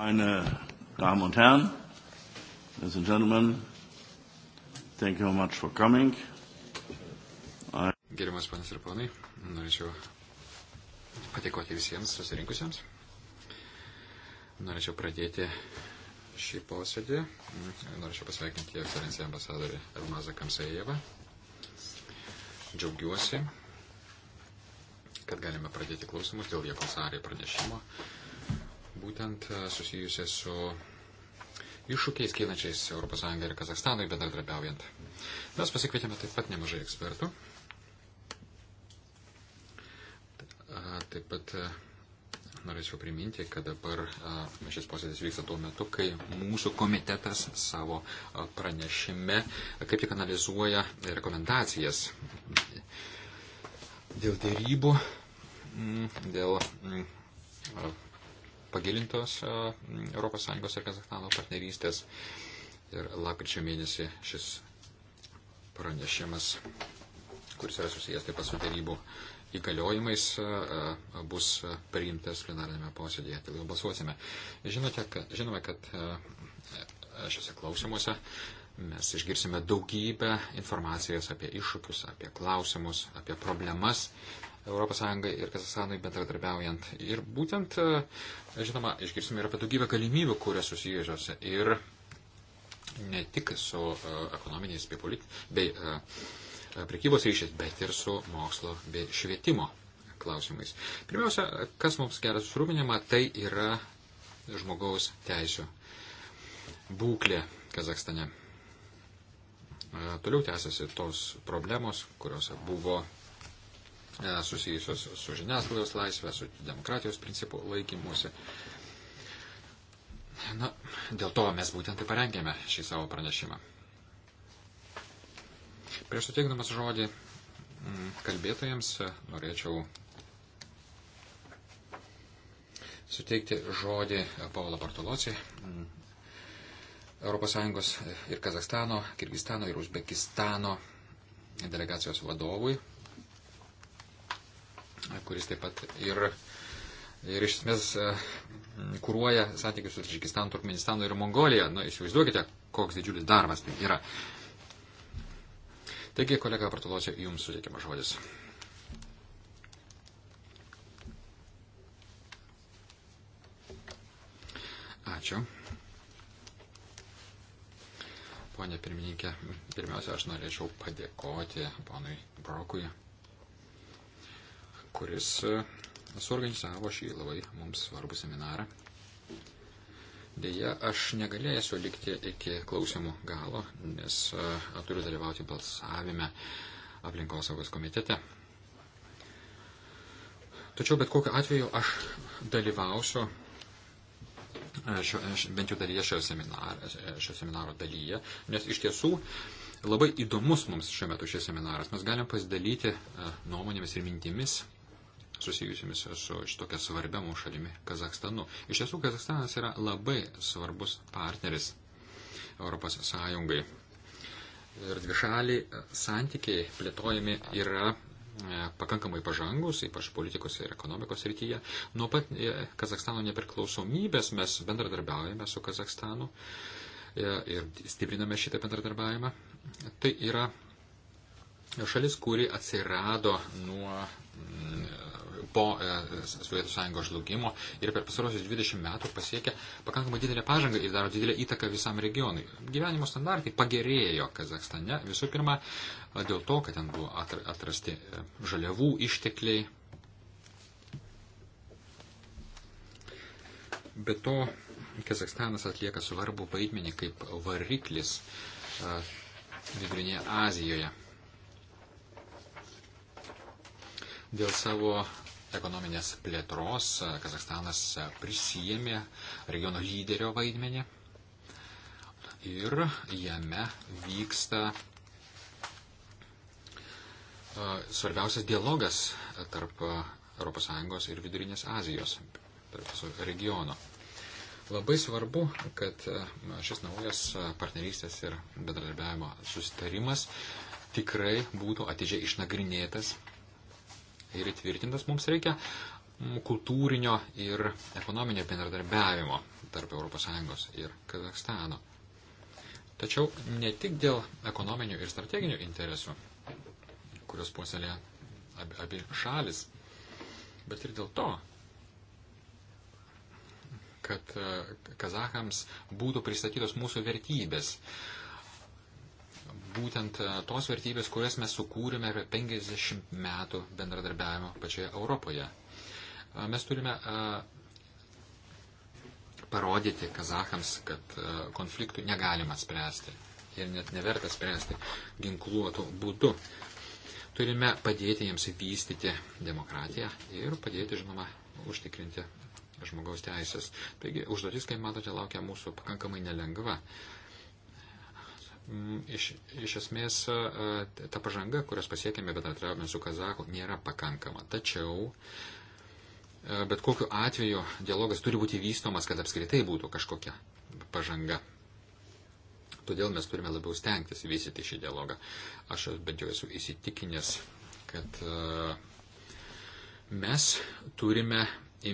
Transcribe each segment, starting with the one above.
Meine Damen und Herren, ladies and gentlemen, thank you very much for coming. I... Gerimas panas ir ponai, norėčiau patikoti visiems susirinkusiems. Norėčiau pradėti šį posėdį. Norėčiau pasveikinti ekscelenciją ambasadorį Elmazą Kamsejevą. Džiaugiuosi, kad galime pradėti klausimus dėl Jekonsarį pranešimo būtent e, susijusią su iššūkiais kylančiais ES ir Kazakstanui bendradarbiaujant. Mes pasikvietėme taip pat nemažai ekspertų. Taip pat e, norėčiau priminti, kad dabar šis posėdis vyksta tuo metu, kai mūsų komitetas savo pranešime kaip tik analizuoja rekomendacijas dėl dėrybų, dėl pagilintos ES ir Kazakstano partnerystės. Ir lapkričio mėnesį šis pranešimas, kuris yra susijęs taip pat su darybų įgaliojimais, e, e, bus priimtas plenarinėme posėdėje. Tai jau balsuosime. Žinote, kad, žinome, kad e, šiuose klausimuose mes išgirsime daugybę informacijos apie iššūkius, apie klausimus, apie problemas, ES ir Kazakstanui bendradarbiaujant. Ir būtent, e, žinoma, išgirsime ir apie daugybę galimybių, kurios susijusios ir ne tik su e, ekonominiais bei, polit, bei e, prekybos ryšiais, bet ir su mokslo bei švietimo klausimais. Pirmiausia, kas mums kelia susirūpinimą, tai yra žmogaus teisų būklė Kazakstane. Toliau tęsiasi tos problemos, kurios buvo E, susijusios su žiniasklaidos laisvė, su demokratijos principų laikymusi. Na, dėl to mes būtent ir parengėme šį savo pranešimą. Prieš suteikdamas žodį mm, kalbėtojams e, norėčiau suteikti žodį e, Paulo Bartoloci, mm, ES ir Kazakstano, Kirgistano ir Uzbekistano delegacijos vadovui, kuris taip pat ir, ir iš esmės e, kūruoja santykius su Tadžikistanu, Turkmenistanu ir Mongolija. Na, įsivaizduokite, koks didžiulis darbas tai yra. Taigi, kolega Bartolosė, jums suteikiamas žodis. Ačiū. Pone pirmininkė, pirmiausia, aš norėčiau padėkoti ponui Brokui kuris e, suorganizavo šį labai mums svarbų seminarą. Deja, aš negalėsiu likti iki klausimų galo, nes e, turiu dalyvauti balsavime aplinkosaugos komitete. Tačiau bet kokiu atveju aš dalyvausiu e, šio, bent jau dalyje šio, seminar, šio seminaro dalyje, nes iš tiesų labai įdomus mums šiuo metu šis seminaras. Mes galim pasidalyti nuomonėmis ir mintimis susijusiamis su šitokia svarbia mūsų šalimi Kazakstanu. Iš tiesų, Kazakstanas yra labai svarbus partneris Europos Sąjungai. Ir dvišaliai santykiai plėtojami yra e, pakankamai pažangus, ypač politikos ir ekonomikos rytyje. Nuo pat e, Kazakstano nepriklausomybės mes bendradarbiaujame su Kazakstanu e, ir stipriname šitą bendradarbiavimą. Tai yra šalis, kuri atsirado nuo mm, po e, Sovietų sąjungos žlugimo ir per pasarosius 20 metų pasiekė pakankamai didelę pažangą ir daro didelę įtaką visam regionui. Gyvenimo standartai pagerėjo Kazakstane visų pirma e, dėl to, kad ten buvo atrasti e, žaliavų ištekliai. Be to, Kazakstanas atlieka svarbų vaidmenį kaip variklis Vidurinėje Azijoje. Dėl savo ekonominės plėtros Kazakstanas prisijėmė regiono lyderio vaidmenį ir jame vyksta e, svarbiausias dialogas tarp ES ir Vidurinės Azijos, tarp viso regiono. Labai svarbu, kad e, šis naujas partnerystės ir bendradarbiavimo susitarimas tikrai būtų atidžiai išnagrinėtas ir įtvirtintas, mums reikia mm, kultūrinio ir ekonominio bendradarbiavimo tarp ES ir Kazakstano. Tačiau ne tik dėl ekonominių ir strateginių interesų, kurios puoselė abi, abi šalis, bet ir dėl to, kad e, kazakams būtų pristatytos mūsų vertybės, būtent e, tos vertybės, kurias mes sukūrėme per 50 metų bendradarbiavimo pačioje Europoje. E, mes turime e, parodyti kazahams, kad konfliktų negalima spręsti ir net neverta spręsti ginkluotų būdų. Turime padėti jiems vystyti demokratiją ir padėti, žinoma, užtikrinti žmogaus teisės. Taigi užduotis, kaip matote, laukia mūsų pakankamai nelengva. Uh, Mm, iš, iš esmės e, ta pažanga, kurios pasiekėme bendradarbiavime su Kazaku, nėra pakankama. Tačiau e, bet kokiu atveju dialogas turi būti vystomas, kad apskritai būtų kažkokia pažanga. Todėl mes turime labiau stengtis vystyti šį dialogą. Aš bent jau esu įsitikinęs, kad e, mes turime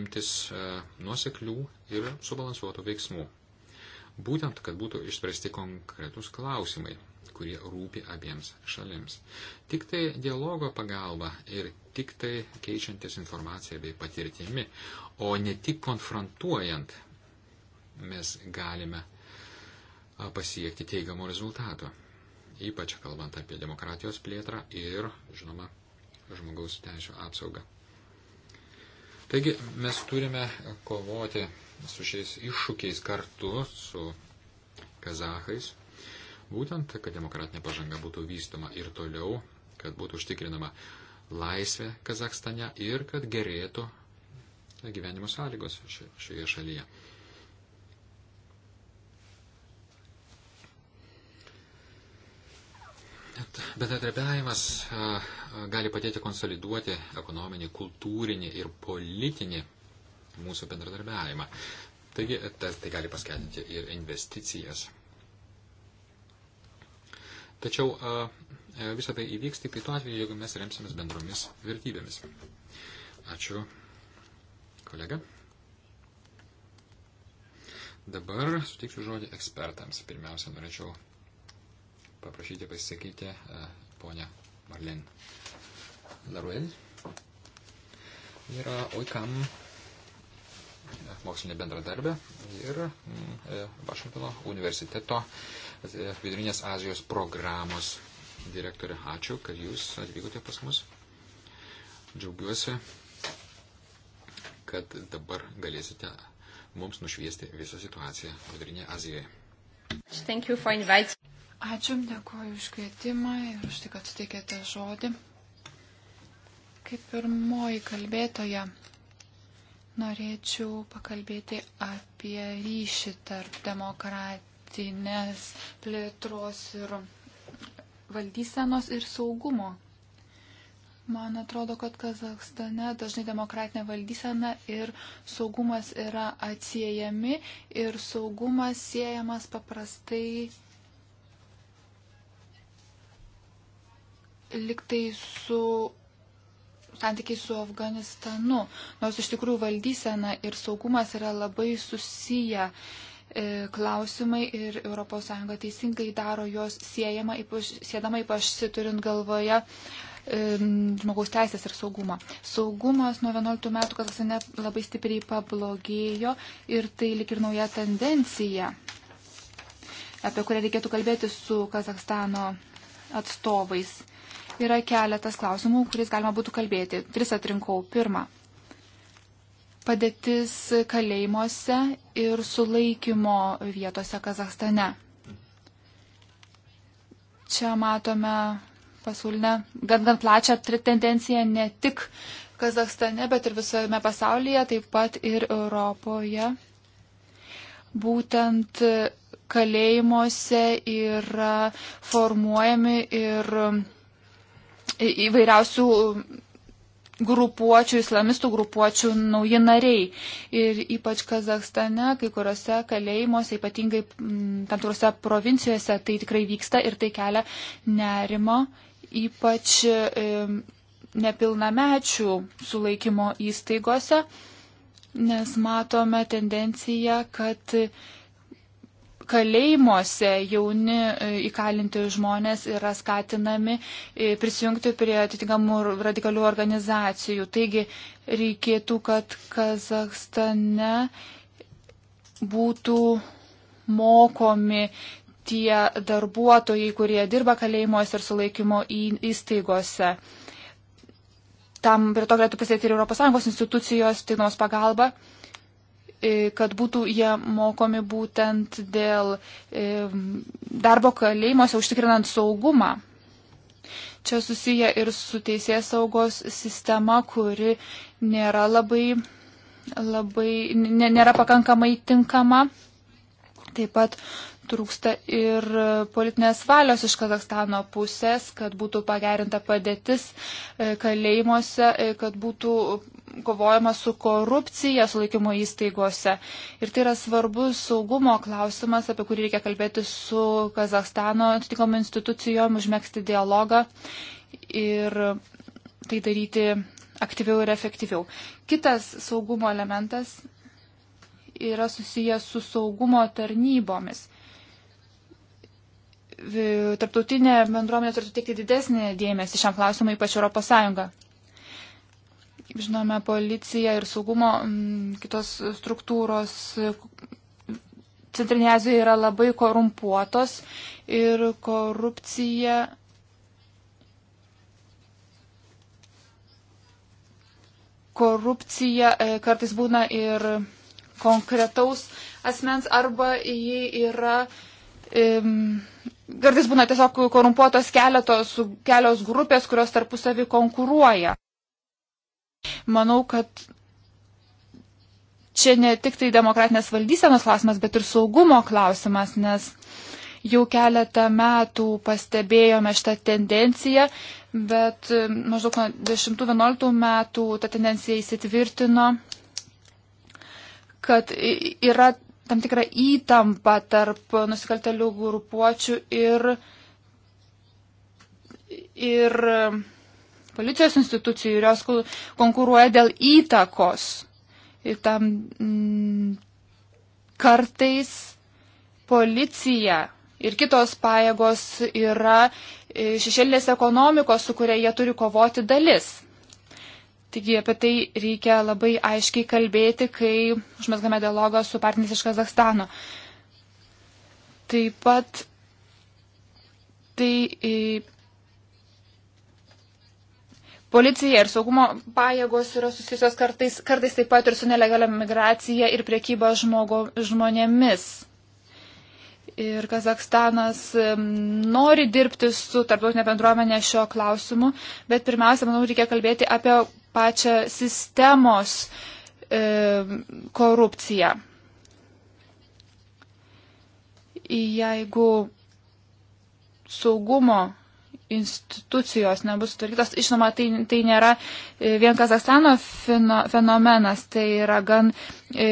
imtis nuoseklių ir subalansuotų veiksmų Būtent, kad būtų išspręsti konkretus klausimai, kurie rūpi abiems šalims. Tik tai dialogo pagalba ir tik tai keičiantis informaciją bei patirtimi, o ne tik konfrontuojant, mes galime pasiekti teigiamų rezultatų. Ypač kalbant apie demokratijos plėtrą ir, žinoma, žmogaus teisų apsaugą. Taigi mes turime kovoti su šiais iššūkiais kartu su kazahais, būtent, kad demokratinė pažanga būtų vystoma ir toliau, kad būtų užtikrinama laisvė Kazakstane ir kad gerėtų gyvenimo sąlygos šioje šalyje. Bendradarbiavimas gali padėti konsoliduoti ekonominį, kultūrinį ir politinį mūsų bendradarbiavimą. Taigi tas, tai gali paskatinti ir investicijas. Tačiau visą tai įvyks tik tai tuo atveju, jeigu mes remsimės bendromis vertybėmis. Ačiū, kolega. Dabar sutiksiu žodį ekspertams. Pirmiausia, norėčiau paprašyti pasisakyti e, ponę Marlen Laruel. Yra OIKAM e, mokslinė bendradarbė ir mm, e, Vašingtono universiteto Vidurinės Azijos programos direktorė. Ačiū, kad jūs atvykote pas mus. Džiaugiuosi, kad dabar galėsite mums nušviesti visą situaciją Vidurinėje Azijoje. Ačiū, dėkuoju už kvietimą ir už tai, kad suteikėte žodį. Kaip pirmoji kalbėtoja, norėčiau pakalbėti apie ryšį tarp demokratinės plėtros ir valdysenos ir saugumo. Man atrodo, kad Kazakstane dažnai demokratinė valdysena ir saugumas yra atsiejami ir saugumas siejamas paprastai liktai su santykiai su Afganistanu, nors iš tikrųjų valdysena ir saugumas yra labai susiję e, klausimai ir ES teisingai daro juos siejama, ypač, siedama ypač turint galvoje e, žmogaus teisės ir saugumą. Saugumas nuo 11 metų Kazakstane labai stipriai pablogėjo ir tai lik ir nauja tendencija, apie kurią reikėtų kalbėti su Kazakstano atstovais yra keletas klausimų, kuriais galima būtų kalbėti. Tris atrinkau. Pirma. Padėtis kalėjimuose ir sulaikymo vietose Kazakstane. Čia matome pasaulinę, gan, gan plačią tendenciją ne tik Kazakstane, bet ir visame pasaulyje, taip pat ir Europoje. Būtent kalėjimuose yra formuojami ir įvairiausių grupuočių, islamistų grupuočių nauji nariai. Ir ypač Kazakstane, kai kuriuose kalėjimuose, ypatingai mm, tam tikrose provincijose, tai tikrai vyksta ir tai kelia nerimo, ypač nepilnamečių sulaikymo įstaigose, nes matome tendenciją, kad kalėjimuose jauni e, įkalinti žmonės yra skatinami e, prisijungti prie atitinkamų radikalių organizacijų. Taigi reikėtų, kad Kazakstane būtų mokomi tie darbuotojai, kurie dirba kalėjimuose ir sulaikymo įstaigose. Tam prie to galėtų prisidėti ir ES institucijos, teikdamos pagalbą. E, kad būtų jie mokomi būtent dėl e, darbo kalėjimuose užtikrinant saugumą. Čia susiję ir su teisės saugos sistema, kuri nėra labai, labai nėra pakankamai tinkama. Taip pat trūksta ir politinės valios iš Kazakstano pusės, kad būtų pagerinta padėtis e, kalėjimuose, kad būtų kovojama su korupcija sulaikymo įstaigose. Ir tai yra svarbus saugumo klausimas, apie kurį reikia kalbėti su Kazakstano atitinkamom institucijom, užmėgsti dialogą ir tai daryti aktyviau ir efektyviau. Kitas saugumo elementas yra susijęs su saugumo tarnybomis tarptautinė bendruomenė turi suteikti didesnį dėmesį šiam klausimui, ypač ES. Žinome, policija ir saugumo kitos struktūros Centrinėje Azijoje yra labai korumpuotos ir korupcija. Korupcija e, kartais būna ir konkretaus asmens arba ji yra. Um, kartais būna tiesiog korumpuotos keletos, kelios grupės, kurios tarpusavį konkuruoja. Manau, kad čia ne tik tai demokratinės valdysenos klausimas, bet ir saugumo klausimas, nes jau keletą metų pastebėjome šitą tendenciją, bet um, maždaug nuo 10-11 metų ta tendencija įsitvirtino, kad yra tam tikra įtampa tarp nusikaltelių grupuočių ir, ir um, policijos institucijų ir jos konkuruoja dėl įtakos. Ir tam mm, kartais policija ir kitos pajėgos yra e, šešėlės ekonomikos, su kuria jie turi kovoti dalis. Taigi apie tai reikia labai aiškiai kalbėti, kai užmesgame dialogą su partneriais iš Kazakstano. Taip pat tai e, Policija ir saugumo pajėgos yra susijusios kartais, kartais taip pat ir su nelegalia migracija ir priekyba žmogo, žmonėmis. Ir Kazakstanas nori dirbti su tarptautinė bendruomenė šio klausimu, bet pirmiausia, manau, reikia kalbėti apie pačią sistemos e, korupciją. Jeigu saugumo institucijos nebus sutvarkytos. Žinoma, tai, tai nėra e, vien Kazakstano fenomenas, tai yra gan e,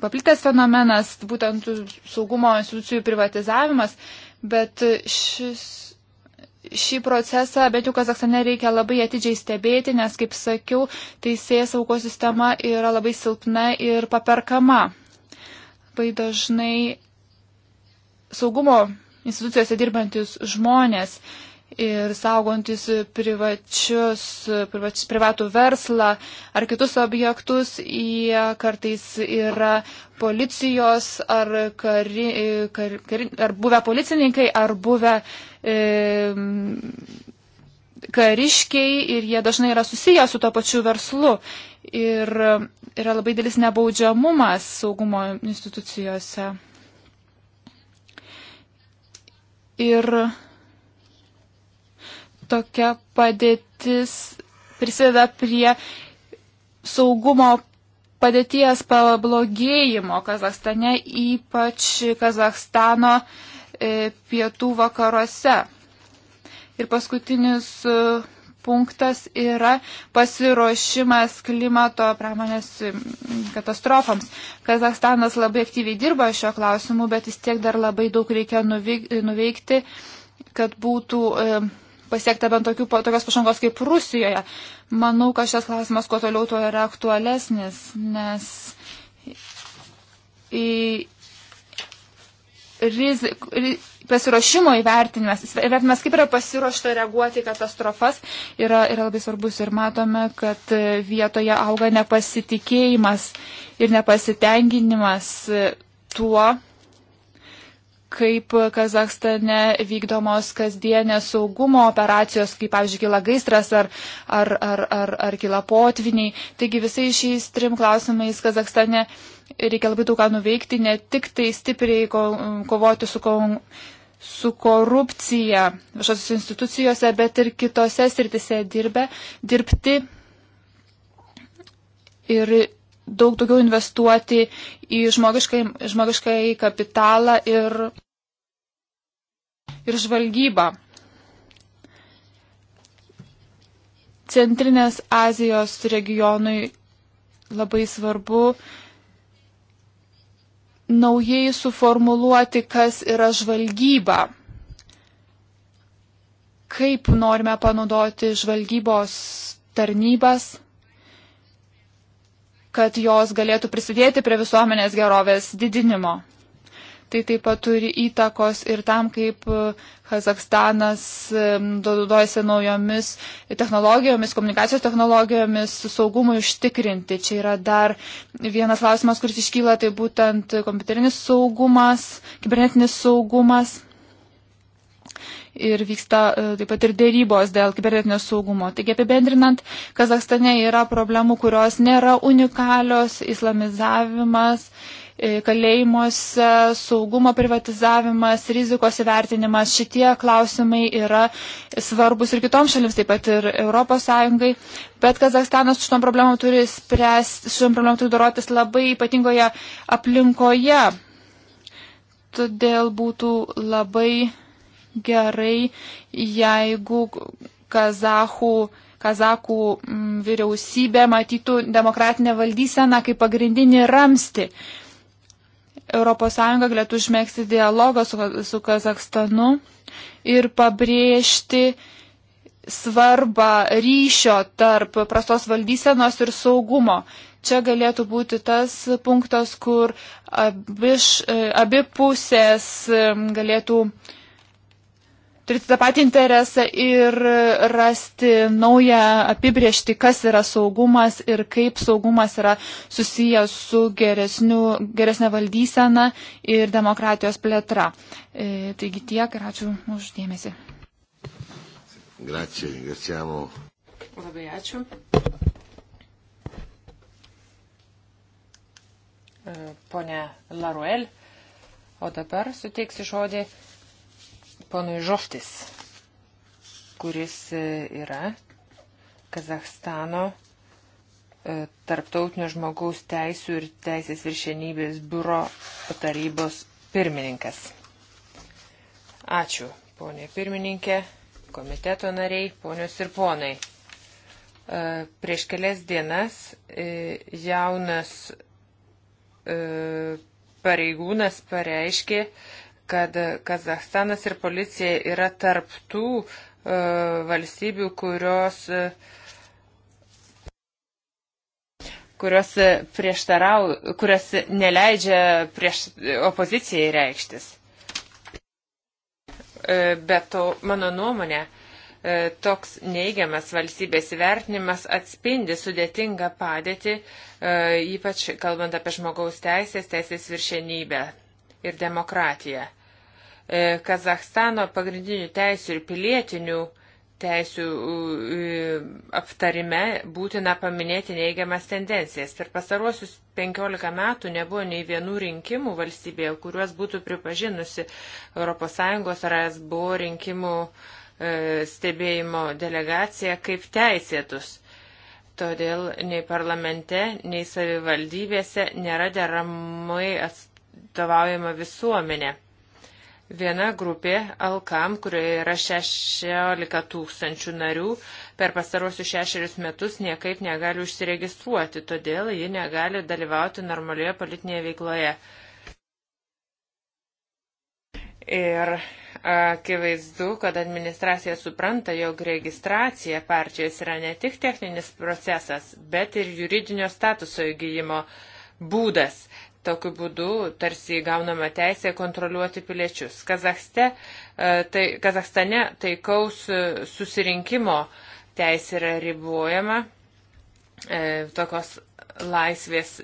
paplitęs fenomenas, būtent saugumo institucijų privatizavimas, bet šis, šį procesą, bet jau Kazakstane reikia labai atidžiai stebėti, nes, kaip sakiau, teisėjas auko sistema yra labai silpna ir paperkama. Labai dažnai saugumo institucijose dirbantis žmonės ir saugantis privačius, privač, privatų verslą ar kitus objektus, jie kartais yra policijos ar, kari, kar, kar, ar buvę policininkai, ar buvę e, kariškiai ir jie dažnai yra susiję su to pačiu verslu. Ir yra labai dėlis nebaudžiamumas saugumo institucijose. Ir tokia padėtis prisideda prie saugumo padėties pablogėjimo Kazakstane, ypač Kazakstano e, pietų vakaruose. Ir paskutinis e, punktas yra pasiruošimas klimato pramonės katastrofams. Kazakstanas labai aktyviai dirba šio klausimu, bet vis tiek dar labai daug reikia nuveikti, kad būtų e, pasiekta bent tokių, tokios pažangos kaip Rusijoje. Manau, kad šis klausimas kuo toliau tuo yra aktualesnis, nes į rizik, riz, pasiruošimo įvertinimas, įvertinimas, kaip yra pasiruošta reaguoti į katastrofas, yra, yra labai svarbus ir matome, kad vietoje auga nepasitikėjimas ir nepasitenkinimas tuo, kaip Kazakstane vykdomos kasdienės saugumo operacijos, kaip, pavyzdžiui, kila gaisras ar, ar, ar, ar, ar kila potviniai. Taigi visai šiais trim klausimais Kazakstane reikia labai daug ką nuveikti, ne tik tai stipriai ko, kovoti su, ko, su korupcija viešosios institucijose, bet ir kitose sritise dirbę, dirbti ir daug daugiau investuoti į žmogiškai, žmogiškai kapitalą ir, ir žvalgybą. Centrinės Azijos regionui labai svarbu naujai suformuluoti, kas yra žvalgyba. Kaip norime panaudoti žvalgybos tarnybas kad jos galėtų prisidėti prie visuomenės gerovės didinimo. Tai taip pat turi įtakos ir tam, kaip e, Kazakstanas dodojasi e, naujomis technologijomis, komunikacijos technologijomis, saugumui užtikrinti. Čia yra dar vienas klausimas, kuris iškyla, tai būtent kompiuterinis saugumas, kibernetinis saugumas ir vyksta e, taip pat ir dėrybos dėl kibernetinio saugumo. Taigi apibendrinant, Kazakstane yra problemų, kurios nėra unikalios - islamizavimas, e, kalėjimuose, saugumo privatizavimas, rizikos įvertinimas. Šitie klausimai yra svarbus ir kitoms šalims, taip pat ir ES. Bet Kazakstanas šitom problemom turi spręsti, šitom problemom turi dorotis labai ypatingoje aplinkoje. Todėl būtų labai gerai, jeigu kazahų, kazakų mm, vyriausybė matytų demokratinę valdyseną kaip pagrindinį ramsti. ES galėtų užmėgsti dialogą su, su Kazakstanu ir pabrėžti svarbą ryšio tarp prastos valdysenos ir saugumo. Čia galėtų būti tas punktas, kur abi, e, abi pusės galėtų uh, turėti tą patį interesą ir rasti naują apibriešti, kas yra saugumas ir kaip saugumas yra susijęs su geresniu, geresnė valdysena ir demokratijos plėtra. E, taigi tiek ir ačiū už dėmesį. Grazie, ringraziamo. Labai ačiū. E, pone Laruel, o dabar suteiksiu žodį ponui Žoftis, kuris e, yra Kazahstano e, tarptautinio žmogaus teisų ir teisės viršenybės biuro tarybos pirmininkas. Ačiū, ponė pirmininkė, komiteto nariai, ponios ir ponai. E, prieš kelias dienas jaunas pareigūnas pareiškė, kad Kazahstanas ir policija yra tarptų uh, e, valstybių, kurios, uh, kurios, prieštarau, kurios neleidžia prieš opozicijai reikštis. Uh, e, bet to, mano nuomonė, toks neigiamas valstybės įvertinimas atspindi sudėtingą padėtį, ypač kalbant apie žmogaus teisės, teisės viršenybę ir demokratiją. E, Kazahstano pagrindinių teisų ir pilietinių teisų e, aptarime būtina paminėti neigiamas tendencijas. Per pastaruosius 15 metų nebuvo nei vienų rinkimų valstybėje, kuriuos būtų pripažinusi ES ar SBO rinkimų e, stebėjimo delegacija kaip teisėtus. Todėl nei parlamente, nei savivaldybėse nėra deramai atstovaujama visuomenė. Viena grupė Alkam, kurioje yra 16 tūkstančių narių, per pastarosius šešerius metus niekaip negali užsiregistruoti, todėl ji negali dalyvauti normalioje politinėje veikloje. Ir akivaizdu, kad administracija supranta, jog registracija partijos yra ne tik techninis procesas, bet ir juridinio statuso įgyjimo būdas. Tokiu būdu tarsi gaunama teisė kontroliuoti piliečius. Kazakste, e, tai, Kazakstane taikaus e, susirinkimo teisė yra ribojama. E, tokios laisvės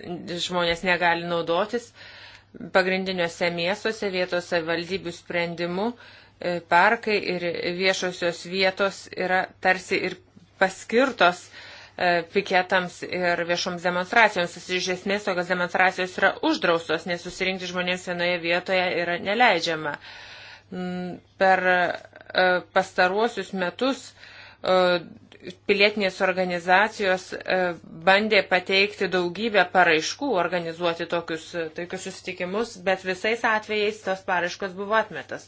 žmonės negali naudotis. Pagrindiniuose miestuose vietos savivaldybių sprendimu parkai ir viešosios vietos yra tarsi ir paskirtos uh, E, piketams ir viešoms demonstracijoms. Iš esmės, tokios demonstracijos yra uždraustos, nes susirinkti žmonėms vienoje vietoje yra neleidžiama. Mm, per e, pastaruosius metus e, pilietinės organizacijos e, bandė pateikti daugybę paraiškų, organizuoti tokius, e, tokius susitikimus, bet visais atvejais tos paraiškos buvo atmetas.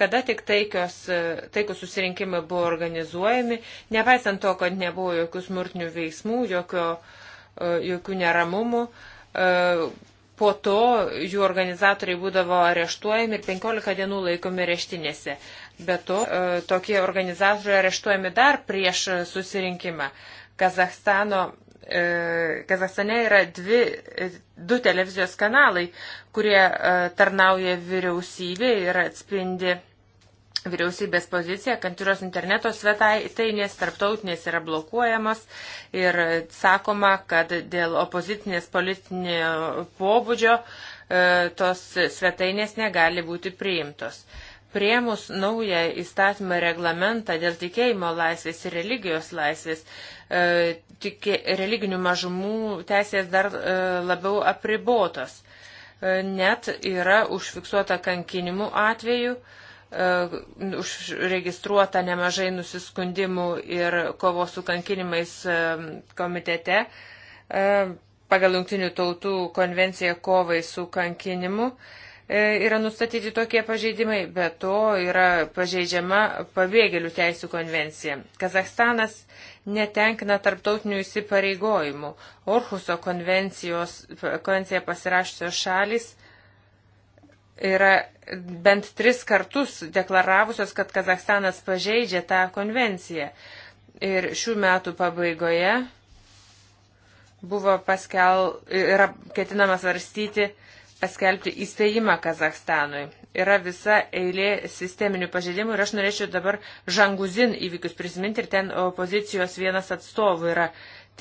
Kada tik taikios, e, taikų susirinkimai buvo organizuojami, nepaisant to, kad nebuvo jokių smurtinių veiksmų, jokio, jokių neramumų, po to jų organizatoriai būdavo areštuojami ir 15 dienų laikomi reštinėse. Be to, e, tokie organizatoriai areštuojami dar prieš susirinkimą. Kazahstano e, Kazastane yra dvi, e, du televizijos kanalai, kurie tarnauja vyriausybė ir atspindi vyriausybės poziciją, kantrios interneto svetainės tarptautinės yra blokuojamos ir sakoma, kad dėl opozicinės politinio pobūdžio tos svetainės negali būti priimtos. Priemus naują įstatymą reglamentą dėl tikėjimo laisvės ir religijos laisvės, e, tikė, religinių mažumų teisės dar e, labiau apribotos. E, net yra užfiksuota kankinimų atveju, užregistruota nemažai nusiskundimų ir kovos su kankinimais komitete pagal Junktinių tautų konvenciją kovai su kankinimu. E, yra nustatyti tokie pažeidimai, bet to yra pažeidžiama pabėgėlių teisų konvencija. Kazakstanas netenkina tarptautinių įsipareigojimų. Orhuso konvenciją pasirašusios šalis yra bent tris kartus deklaravusios, kad Kazakstanas pažeidžia tą konvenciją. Ir šių metų pabaigoje buvo paskel, yra ketinama svarstyti paskelbti įspėjimą Kazakstanui. Yra visa eilė sisteminių pažeidimų ir aš norėčiau dabar Žanguzin įvykius prisiminti ir ten opozicijos vienas atstovų yra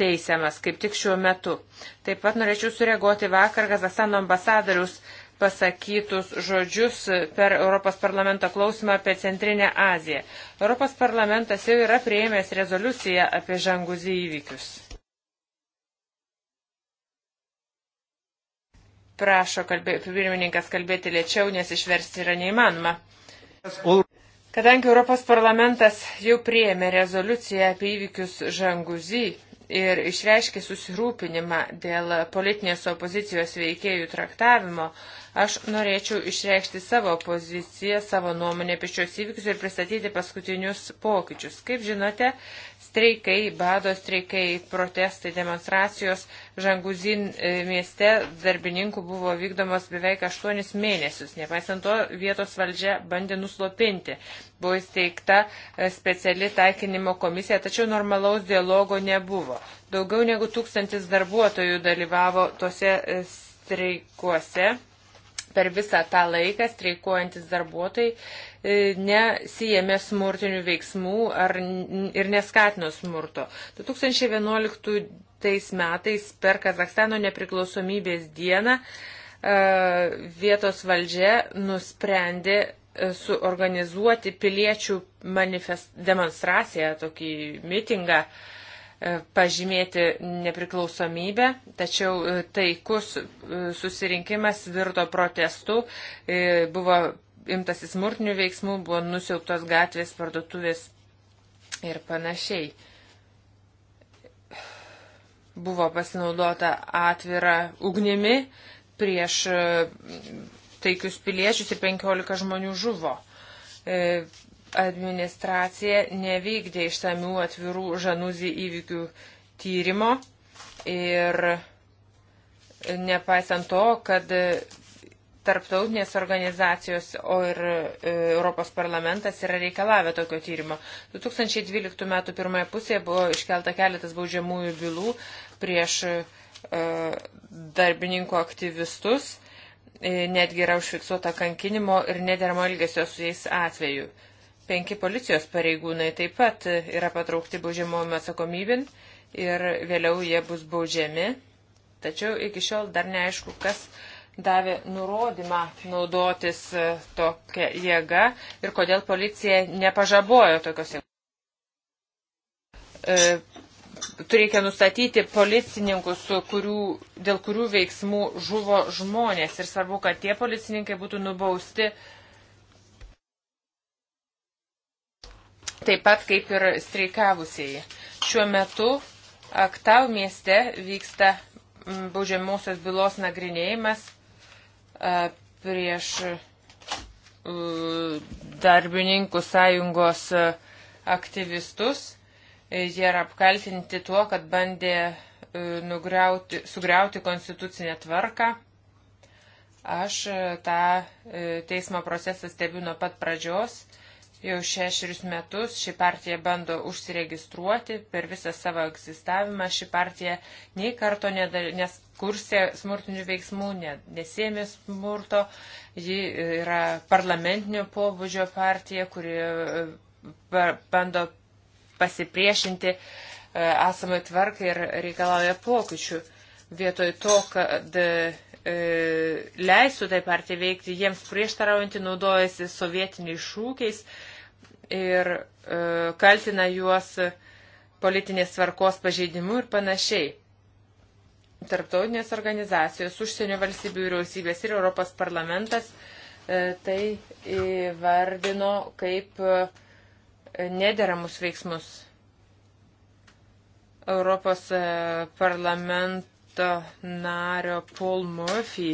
teisiamas kaip tik šiuo metu. Taip pat norėčiau sureaguoti vakar Kazakstano ambasadoriaus pasakytus žodžius per Europos parlamento klausimą apie Centrinę Aziją. Europos parlamentas jau yra prieėmęs rezoliuciją apie Žanguzį įvykius. Prašo kalbė, pirmininkas kalbėti lėčiau, nes išversti yra neįmanoma. Kadangi Europos parlamentas jau priėmė rezoliuciją apie įvykius Žanguzy ir išreiškė susirūpinimą dėl politinės opozicijos veikėjų traktavimo, aš norėčiau išreikšti savo poziciją, savo nuomonę apie šios įvykius ir pristatyti paskutinius pokyčius. Kaip žinote, Streikai, bado streikai, protestai, demonstracijos Žanguzin e, mieste darbininkų buvo vykdomos beveik 8 mėnesius. Nepaisant to, vietos valdžia bandė nuslopinti. Buvo įsteigta e, speciali taikinimo komisija, tačiau normalaus dialogo nebuvo. Daugiau negu tūkstantis darbuotojų dalyvavo tose e, streikuose per visą tą laiką streikuojantis darbuotojai e, nesijėmė smurtinių veiksmų ar, ir neskatino smurto. 2011 metais per Kazakstano nepriklausomybės dieną e, vietos valdžia nusprendė e, suorganizuoti piliečių demonstraciją, tokį mitingą, uh, E, pažymėti nepriklausomybę, tačiau e, taikus e, susirinkimas virto protestu, buvo imtasi smurtinių veiksmų, buvo nusiauktos gatvės, parduotuvės ir panašiai. Buvo pasinaudota atvira ugnimi prieš taikius piliečius ir 15 žmonių žuvo administracija nevykdė ištamių atvirų žanuzį įvykių tyrimo ir nepaisant to, kad tarptautinės organizacijos, o ir e, Europos parlamentas yra reikalavę tokio tyrimo. 2012 m. pirmoje pusėje buvo iškelta keletas baudžiamųjų bylų prieš e, darbininkų aktyvistus, e, netgi yra užfiksuota kankinimo ir nederamo elgesio su jais atveju. Penki policijos pareigūnai taip pat yra patraukti baudžiamojimo atsakomybin ir vėliau jie bus baudžiami. Tačiau iki šiol dar neaišku, kas davė nurodymą naudotis e, tokia jėga ir kodėl policija nepažabojo tokios jėgos. E, Turėkia nustatyti policininkus, kurių, dėl kurių veiksmų žuvo žmonės ir svarbu, kad tie policininkai būtų nubausti uh, taip pat kaip ir streikavusieji. Šiuo metu Aktau mieste vyksta mm, baudžiamosios bylos nagrinėjimas prieš darbininkų sąjungos aktyvistus. E, jie yra apkaltinti tuo, kad bandė e, nugriauti, sugriauti konstitucinę tvarką. Aš e, tą teismo procesą stebiu nuo pat pradžios Jau šešerius metus ši partija bando užsiregistruoti, per visą savo egzistavimą ši partija nei karto neskursė smurtinių veiksmų, nesėmė smurto, ji yra parlamentinio pobūdžio partija, kuri bando pasipriešinti e, esamai tvarkai ir reikalauja pokyčių. Vietoj to, kad e, leistų tai partijai veikti, jiems prieštaraujantį naudojasi sovietiniais šūkiais, ir e, kaltina juos politinės tvarkos pažeidimu ir panašiai. Tarptautinės organizacijos, užsienio valstybių vyriausybės ir Europos parlamentas e, tai įvardino kaip e, nederamus veiksmus. Europos e, parlamento nario Paul Murphy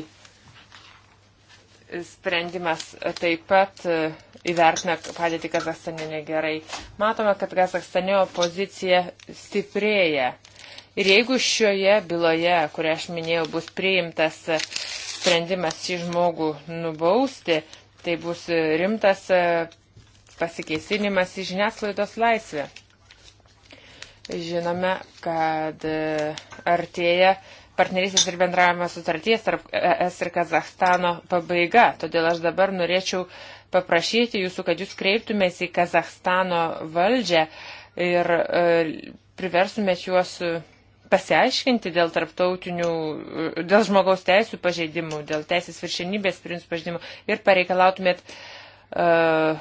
sprendimas taip pat e, įvertina padėti Kazakstane negerai. Matome, kad Kazakstane opozicija stiprėja. Ir jeigu šioje byloje, kurią aš minėjau, bus priimtas e, sprendimas šį žmogų nubausti, tai bus e, rimtas pasikeisinimas į žiniasklaidos laisvę. Žinome, kad artėja partnerystės ir bendravimo sutarties tarp ES ir Kazahstano pabaiga. Todėl aš dabar norėčiau paprašyti jūsų, kad jūs kreiptumės į Kazahstano valdžią ir e, priversumėt juos e, pasiaiškinti dėl tarptautinių, e, dėl žmogaus teisų pažeidimų, dėl teisės viršenybės principų pažeidimų ir pareikalautumėt uh,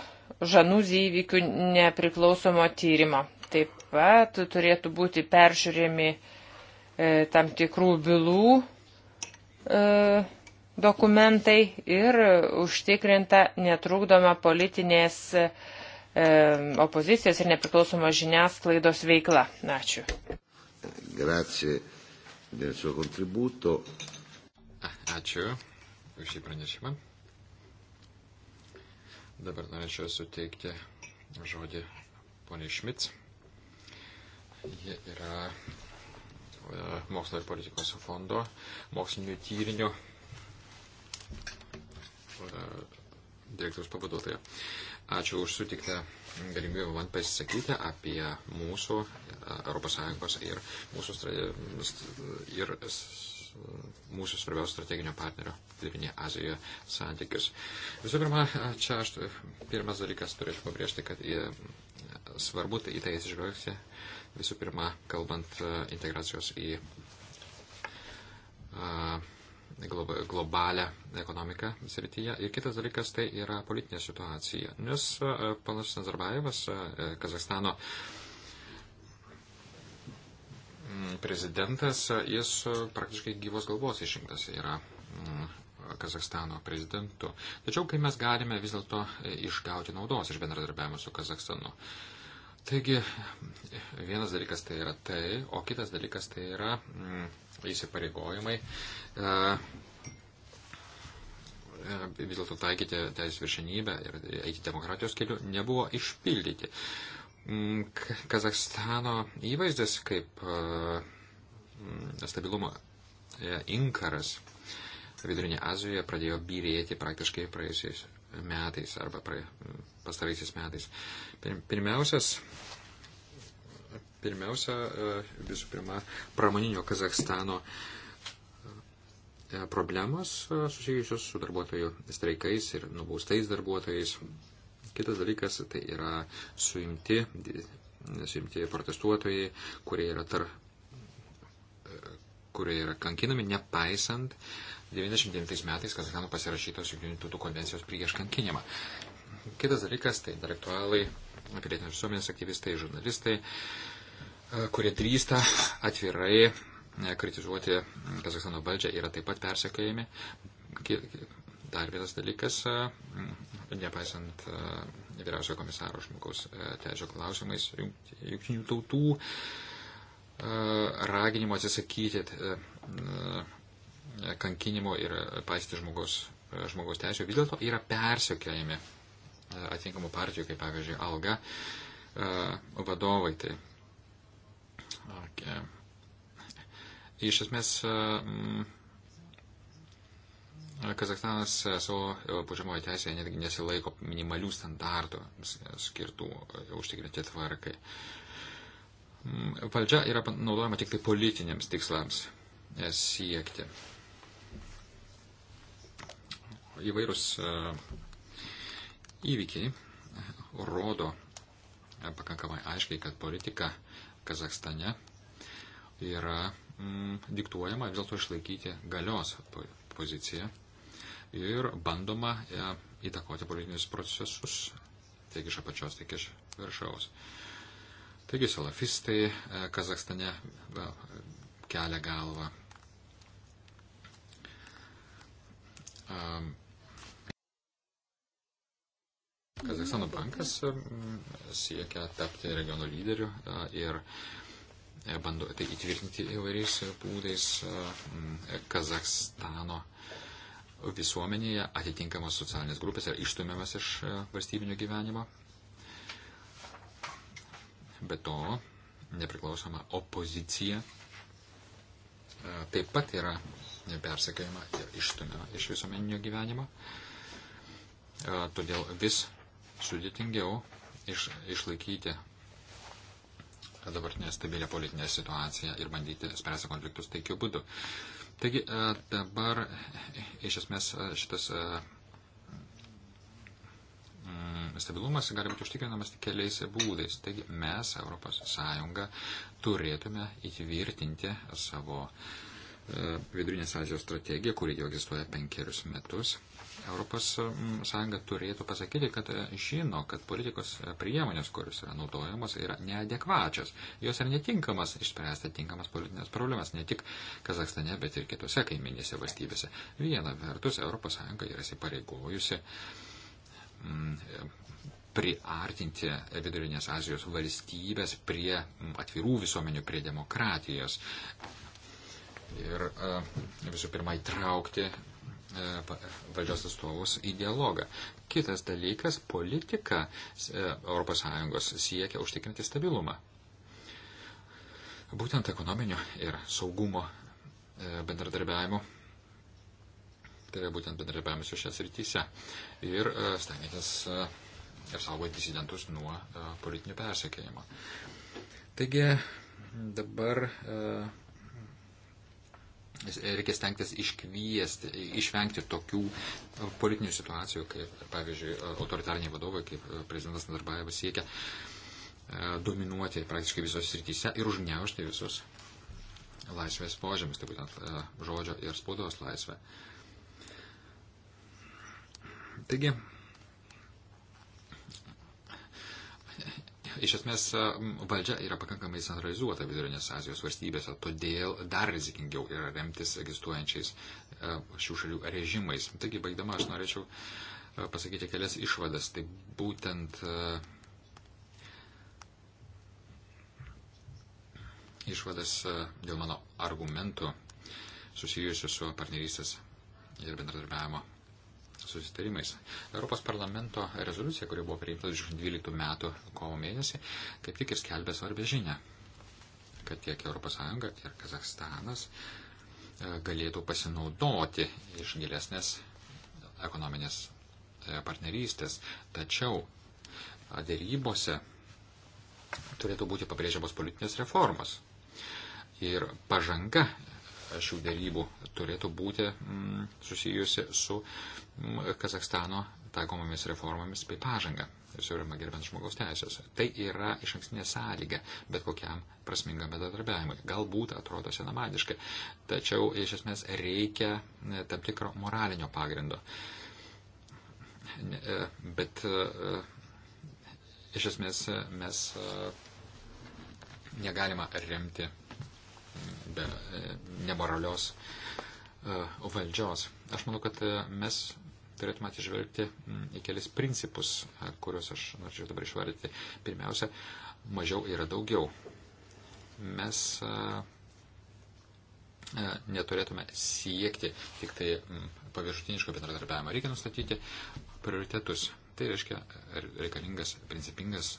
žanūzį įvykių nepriklausomo tyrimo. Taip pat turėtų būti peržiūrėmi uh, E, tam tikrų bylų e, dokumentai ir užtikrinta netrukdoma politinės e, opozicijos ir nepriklausomos žiniasklaidos veikla. Ačiū. Grazie del suo contributo. Ačiū už šį pranešimą. Dabar norėčiau suteikti žodį poniai Šmits. Jie yra E, mokslo ir politikos fondo mokslinių tyrinių e, direktorius pavaduotoja. Ačiū už sutiktą galimybę man pasisakyti apie mūsų ES ir mūsų, ir mūsų svarbiausio strateginio partnerio Tėvinė Azijoje santykius. Visų pirma, čia aš pirmas dalykas turėčiau pabrėžti, kad e, svarbu tai į tai atsižvelgti, Visų pirma, kalbant e, integracijos į e, globalę ekonomiką srityje. Ir kitas dalykas tai yra politinė situacija. Nes e, panas Nazarbajevas, Kazakstano mm, prezidentas, jis praktiškai gyvos galvos išrinktas yra mm, Kazakstano prezidentu. Tačiau kai mes galime vis dėlto išgauti naudos iš bendradarbiavimo su Kazakstanu. Uh, Taigi, vienas dalykas tai yra tai, o kitas dalykas tai yra mm, įsipareigojimai. E, e vis dėlto taikyti teisės viršenybę ir eiti demokratijos keliu nebuvo išpildyti. Mm, Kazakstano įvaizdis kaip e, mm, stabilumo e, inkaras Vidurinė Azijoje pradėjo byrėti praktiškai praėjusiais metais arba pra, pastaraisiais metais. Pirmiausias, pirmiausia, e, visų pirma, pramoninio Kazakstano e, problemos e, susijusios su darbuotojų streikais ir nubaustais darbuotojais. Kitas dalykas tai yra suimti, suimti protestuotojai, kurie yra, tar, kurie yra kankinami, nepaisant uh, 99 metais Kazakstano pasirašytos Junktinių tautų konvencijos prieš kankinimą. Kitas dalykas - tai intelektualai, pilietinės visuomenės aktyvistai, žurnalistai, e, kurie drįsta atvirai e, kritizuoti Kazakstano valdžią, yra taip pat persekėjami. Dar vienas dalykas, e, nepaisant vyriausiojo komisaro žmogaus teisio klausimais jungtinių tautų raginimo atsisakyti kankinimo ir paisyti žmogaus, žmogaus teisų, vis dėlto yra persiekėjami e, atitinkamų partijų, kaip pavyzdžiui, alga e, vadovai. Tai, okay. Iš esmės, e, Kazakstanas savo pužiamoje teisėje netgi nesilaiko minimalių standartų skirtų užtikrinti tvarkai. Valdžia yra naudojama tik tai politiniams tikslams siekti įvairūs e, įvykiai rodo e, pakankamai aiškiai, kad politika Kazakstane yra m, mm, diktuojama vis dėlto išlaikyti galios poziciją ir bandoma e, įtakoti politinius procesus tiek iš apačios, tiek iš viršaus. Taigi salafistai e, Kazakstane e, kelia galvą. E, Kazakstano bankas siekia tapti regiono lyderiu ir e, bando tai įtvirtinti įvairiais e, būdais Kazakstano visuomenėje atitinkamas socialinės grupės yra išstumiamas iš e, valstybinio gyvenimo. Be to, nepriklausoma opozicija taip pat yra persekiojama ir išstumiama iš visuomeninio gyvenimo. Todėl vis sudėtingiau iš, išlaikyti dabartinę stabilę politinę situaciją ir bandyti spręsti konfliktus taikiu būdu. Taigi e, dabar e, iš esmės e, šitas mm, stabilumas gali būti užtikrinamas tik keliais būdais. Taigi mes, ES, turėtume įtvirtinti savo Vidurinės Azijos strategiją, kuri jau egzistuoja penkerius metus ES mm, turėtų pasakyti, kad e, žino, kad politikos e, priemonės, kurios yra naudojamos, yra neadekvačios. Jos yra netinkamas išspręsti tinkamas politinės problemas, ne tik Kazakstane, bet ir kitose kaiminėse valstybėse. Viena vertus, ES yra įsipareigojusi mm, e, priartinti Vidurinės Azijos valstybės prie mm, atvirų visuomenių, prie demokratijos. Ir visų pirma, įtraukti E, valdžios atstovus į dialogą. Kitas dalykas - politika ES siekia užtikrinti stabilumą. Būtent ekonominio ir saugumo e, bendradarbiavimo, tai yra būtent bendradarbiavimas su šias rytise ir e, stengiantis ir saugoti disidentus nuo politinio persekėjimo. Taigi dabar reikia stengtis iškviesti, išvengti tokių politinių situacijų, kaip, pavyzdžiui, autoritariniai vadovai, kaip prezidentas Nazarbajevas siekia e, dominuoti praktiškai visose srityse ir užgneušti visus laisvės požemis, tai būtent e, žodžio ir spaudos laisvę. Taigi, Iš esmės valdžia yra pakankamai centralizuota Vidurinės Azijos valstybėse, todėl dar rizikingiau yra remtis egzistuojančiais e, šių šalių režimais. Taigi, baigdama, aš norėčiau e, pasakyti kelias išvadas. Tai būtent e, išvadas dėl mano argumentų susijusių su partnerystės ir bendradarbiavimo susitarimais. Europos parlamento rezoliucija, kuri buvo priimta 2012 metų kovo mėnesį, kaip tik ir skelbė svarbę žinę, kad tiek ES, tiek Kazakstanas e, galėtų pasinaudoti iš gilesnės ekonominės e, partnerystės. Tačiau e, dėrybose turėtų būti pabrėžiamos politinės reformos. Ir pažanga šių dėrybų turėtų būti mm, susijusi su mm, Kazakstano taikomomis reformomis bei pažanga, siūloma gerbent žmogaus teisės. Tai yra iš ankstinė sąlyga bet kokiam prasmingam bendradarbiavimui. Galbūt atrodo senamadiškai, tačiau iš esmės reikia mm, tam tikro moralinio pagrindo. E, bet e, e, iš esmės mes negalima remti be e, nemoralios e, valdžios. Aš manau, kad e, mes turėtume atsižvelgti į kelis principus, kuriuos aš norėčiau dabar išvardyti. Pirmiausia, mažiau yra daugiau. Mes neturėtume siekti tik tai paviršutiniško bendradarbiavimo. Reikia nustatyti prioritetus. Tai reiškia reikalingas, principingas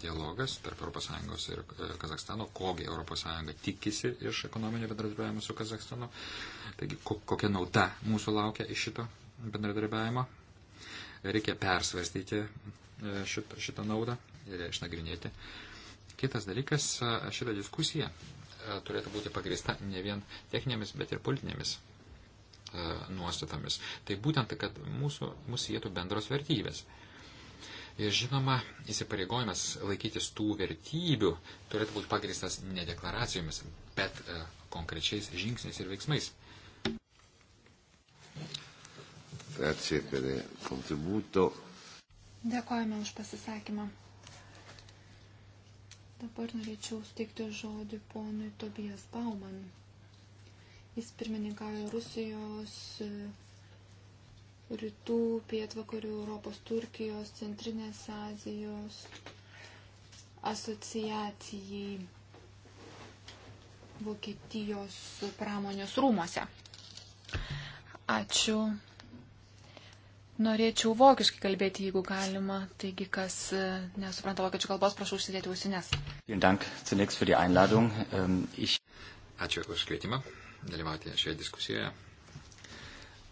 dialogas tarp ES ir e, Kazakstano, kogi ES tikisi iš ekonominio bendradarbiavimo su Kazakstanu, taigi kokia nauda mūsų laukia iš šito bendradarbiavimo. Reikia persvarstyti e, šitą, šitą naudą ir ją išnagrinėti. Kitas dalykas, e, šita diskusija turėtų būti pagrįsta ne vien techninėmis, bet ir politinėmis nuostatomis. Tai būtent, kad mūsų, mūsų sėtų bendros vertybės. Ir žinoma, įsipareigojimas laikytis tų vertybių turėtų būti pagristas ne deklaracijomis, bet e, konkrečiais žingsniais ir veiksmais. Dėkojame už pasisakymą. Dabar norėčiau steikti žodį ponui Tobijas Bauman. Jis pirmininkavo Rusijos e, rytų, pietvakarių Europos, Turkijos, Centrinės Azijos asociacijai Vokietijos pramonės rūmose. Ačiū. Norėčiau vokiškai kalbėti, jeigu galima. Taigi, kas e, nesupranta vokiečių kalbos, prašau užsidėti ausines. Ähm, Ačiū už kvietimą dalyvauti šioje diskusijoje.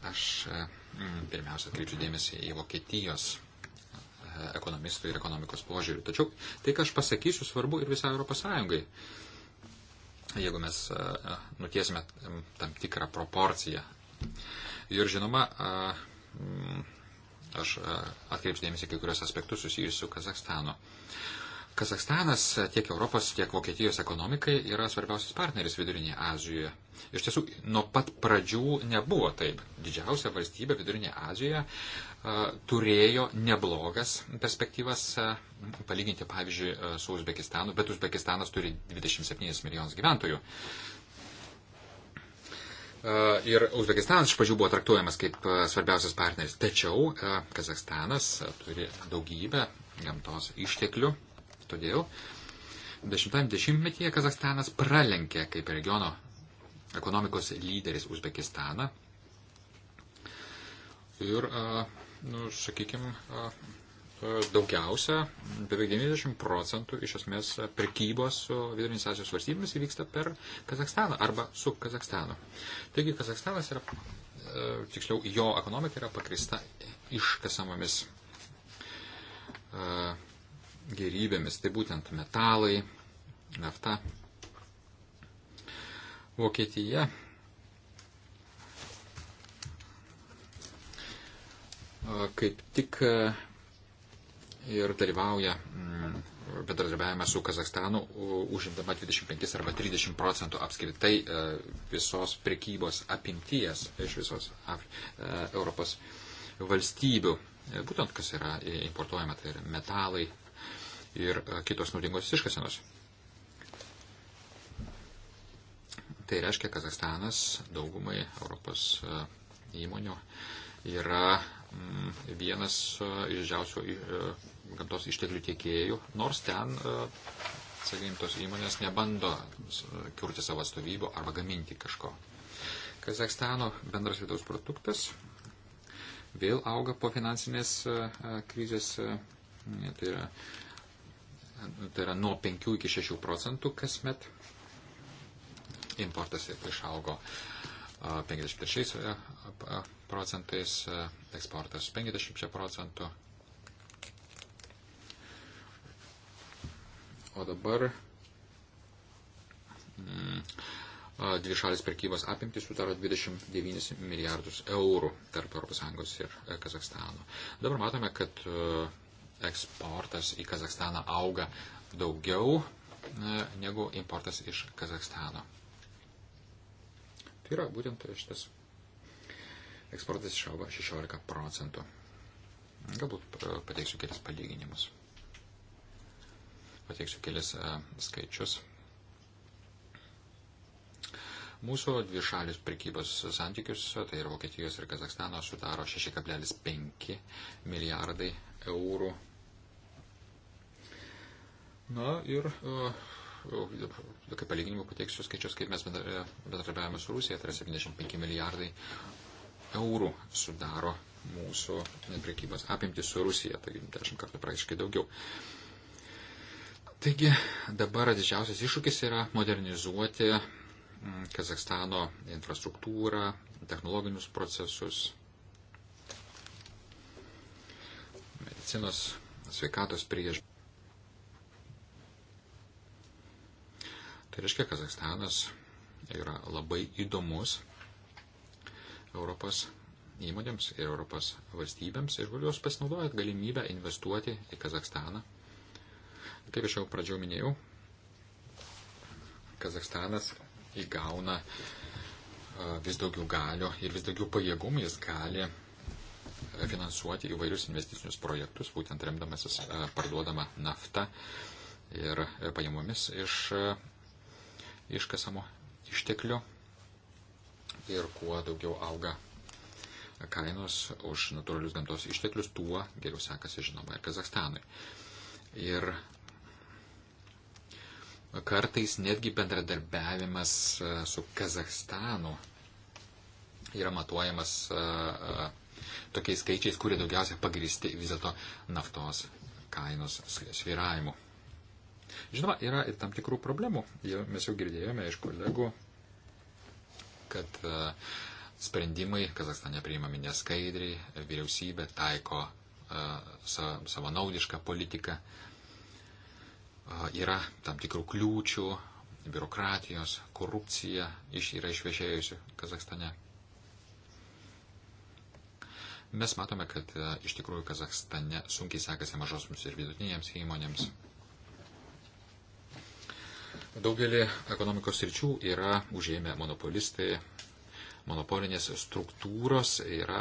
Aš uh, Mm, pirmiausia, atkreipsiu dėmesį į Vokietijos e, ekonomistų ir ekonomikos požiūrį. Tačiau tai, ką aš pasakysiu, svarbu ir visai Europos Sąjungai. Jeigu mes e, e, nutiesime tam tikrą proporciją. Ir žinoma, aš atkreipsiu dėmesį kai kurios aspektus susijusius su Kazakstanu. Kazakstanas tiek Europos, tiek Vokietijos ekonomikai yra svarbiausias partneris Vidurinėje Azijoje. Iš tiesų, nuo pat pradžių nebuvo taip. Didžiausia valstybė Vidurinėje Azijoje a, turėjo neblogas perspektyvas, a, palyginti pavyzdžiui a, su Uzbekistanu, bet Uzbekistanas turi 27 milijonus gyventojų. Ir Uzbekistanas iš pažiūrų buvo traktuojamas kaip svarbiausias partneris. Tačiau Kazakstanas turi daugybę gamtos išteklių, Todėl 10-metyje Kazakstanas pralenkė kaip regiono ekonomikos lyderis Uzbekistaną. Ir, nu, sakykime, daugiausia, beveik 90 procentų iš esmės prekybos su vidurinės Azijos valstybėmis įvyksta per Kazakstaną arba su Kazakstanu. Taigi Kazakstanas yra, tiksliau, jo ekonomika yra pakrista iškasamomis gerybėmis, tai būtent metalai, nafta. Vokietija kaip tik e, ir dalyvauja mm, bendradarbiavime su Kazakstanu, užimdama 25 arba 30 procentų apskritai e, visos prekybos apimties iš visos Afri e, Europos valstybių. Būtent kas yra importuojama, tai yra metalai, ir e, kitos naudingos iškasenos. Tai reiškia, Kazakstanas daugumai Europos e, įmonių yra mm, vienas e, iš didžiausių gamtos išteklių tiekėjų, nors ten, sakykime, tos įmonės nebando kurti savo atstovybo arba gaminti kažko. Kazakstano bendras vidaus produktas vėl auga po finansinės krizės, tai yra Nu, tai yra nuo 5 iki 6 procentų kasmet. Importas išaugo 56 procentais, eksportas 50 procentų. O dabar mm, dvi šalis prekybos apimtis sudaro 29 milijardus eurų tarp ES ir e, Kazakstano. Dabar matome, kad uh, eksportas į Kazakstaną auga daugiau e, negu importas iš Kazakstano. Tai yra būtent šitas eksportas išauga 16 procentų. Galbūt e, pateiksiu kelias palyginimus. Pateiksiu kelias e, skaičius. Mūsų dvišalius prekybos santykius, tai ir Vokietijos ir Kazakstano, sudaro 6,5 milijardai eurų. Na ir e, kaip palyginimų pateiksiu skaičius, kaip mes bendradarbiavame su Rusija, tai yra 75 milijardai eurų sudaro mūsų prekybos apimtis su Rusija, taigi 10 kartų praktiškai daugiau. Taigi dabar didžiausias iššūkis yra modernizuoti mm, Kazakstano infrastruktūrą, technologinius procesus, medicinos sveikatos priežiūros. Tai reiškia, Kazakstanas yra labai įdomus Europos įmonėms ir Europos valstybėms ir galiu jos pasinaudojant galimybę investuoti į Kazakstaną. Kaip aš jau pradžiau minėjau, Kazakstanas įgauna vis daugiau galio ir vis daugiau pajėgumų, jis gali finansuoti įvairius investicinius projektus, būtent remdamasis e, parduodama nafta ir e, pajamomis iš e, iškasamo išteklių. Ir kuo daugiau auga kainos už natūralius gamtos išteklius, tuo geriau sekasi, žinoma, ir Kazakstanui. Ir kartais netgi bendradarbiavimas su Kazakstanu yra matuojamas tokiais skaičiais, kurie daugiausia pagristi vis dėlto naftos kainos sviravimu. Žinoma, yra ir tam tikrų problemų. Mes jau girdėjome iš kolegų, kad e, sprendimai Kazakstane priimami neskaidriai, vyriausybė taiko e, savanaudišką politiką, e, yra tam tikrų kliūčių, biurokratijos, korupcija iš, yra išvešėjusi Kazakstane. Mes matome, kad e, iš tikrųjų Kazakstane sunkiai sekasi mažosiams ir vidutinėms įmonėms. Daugelį ekonomikos ryčių yra užėmę monopolistai, monopolinės struktūros, yra,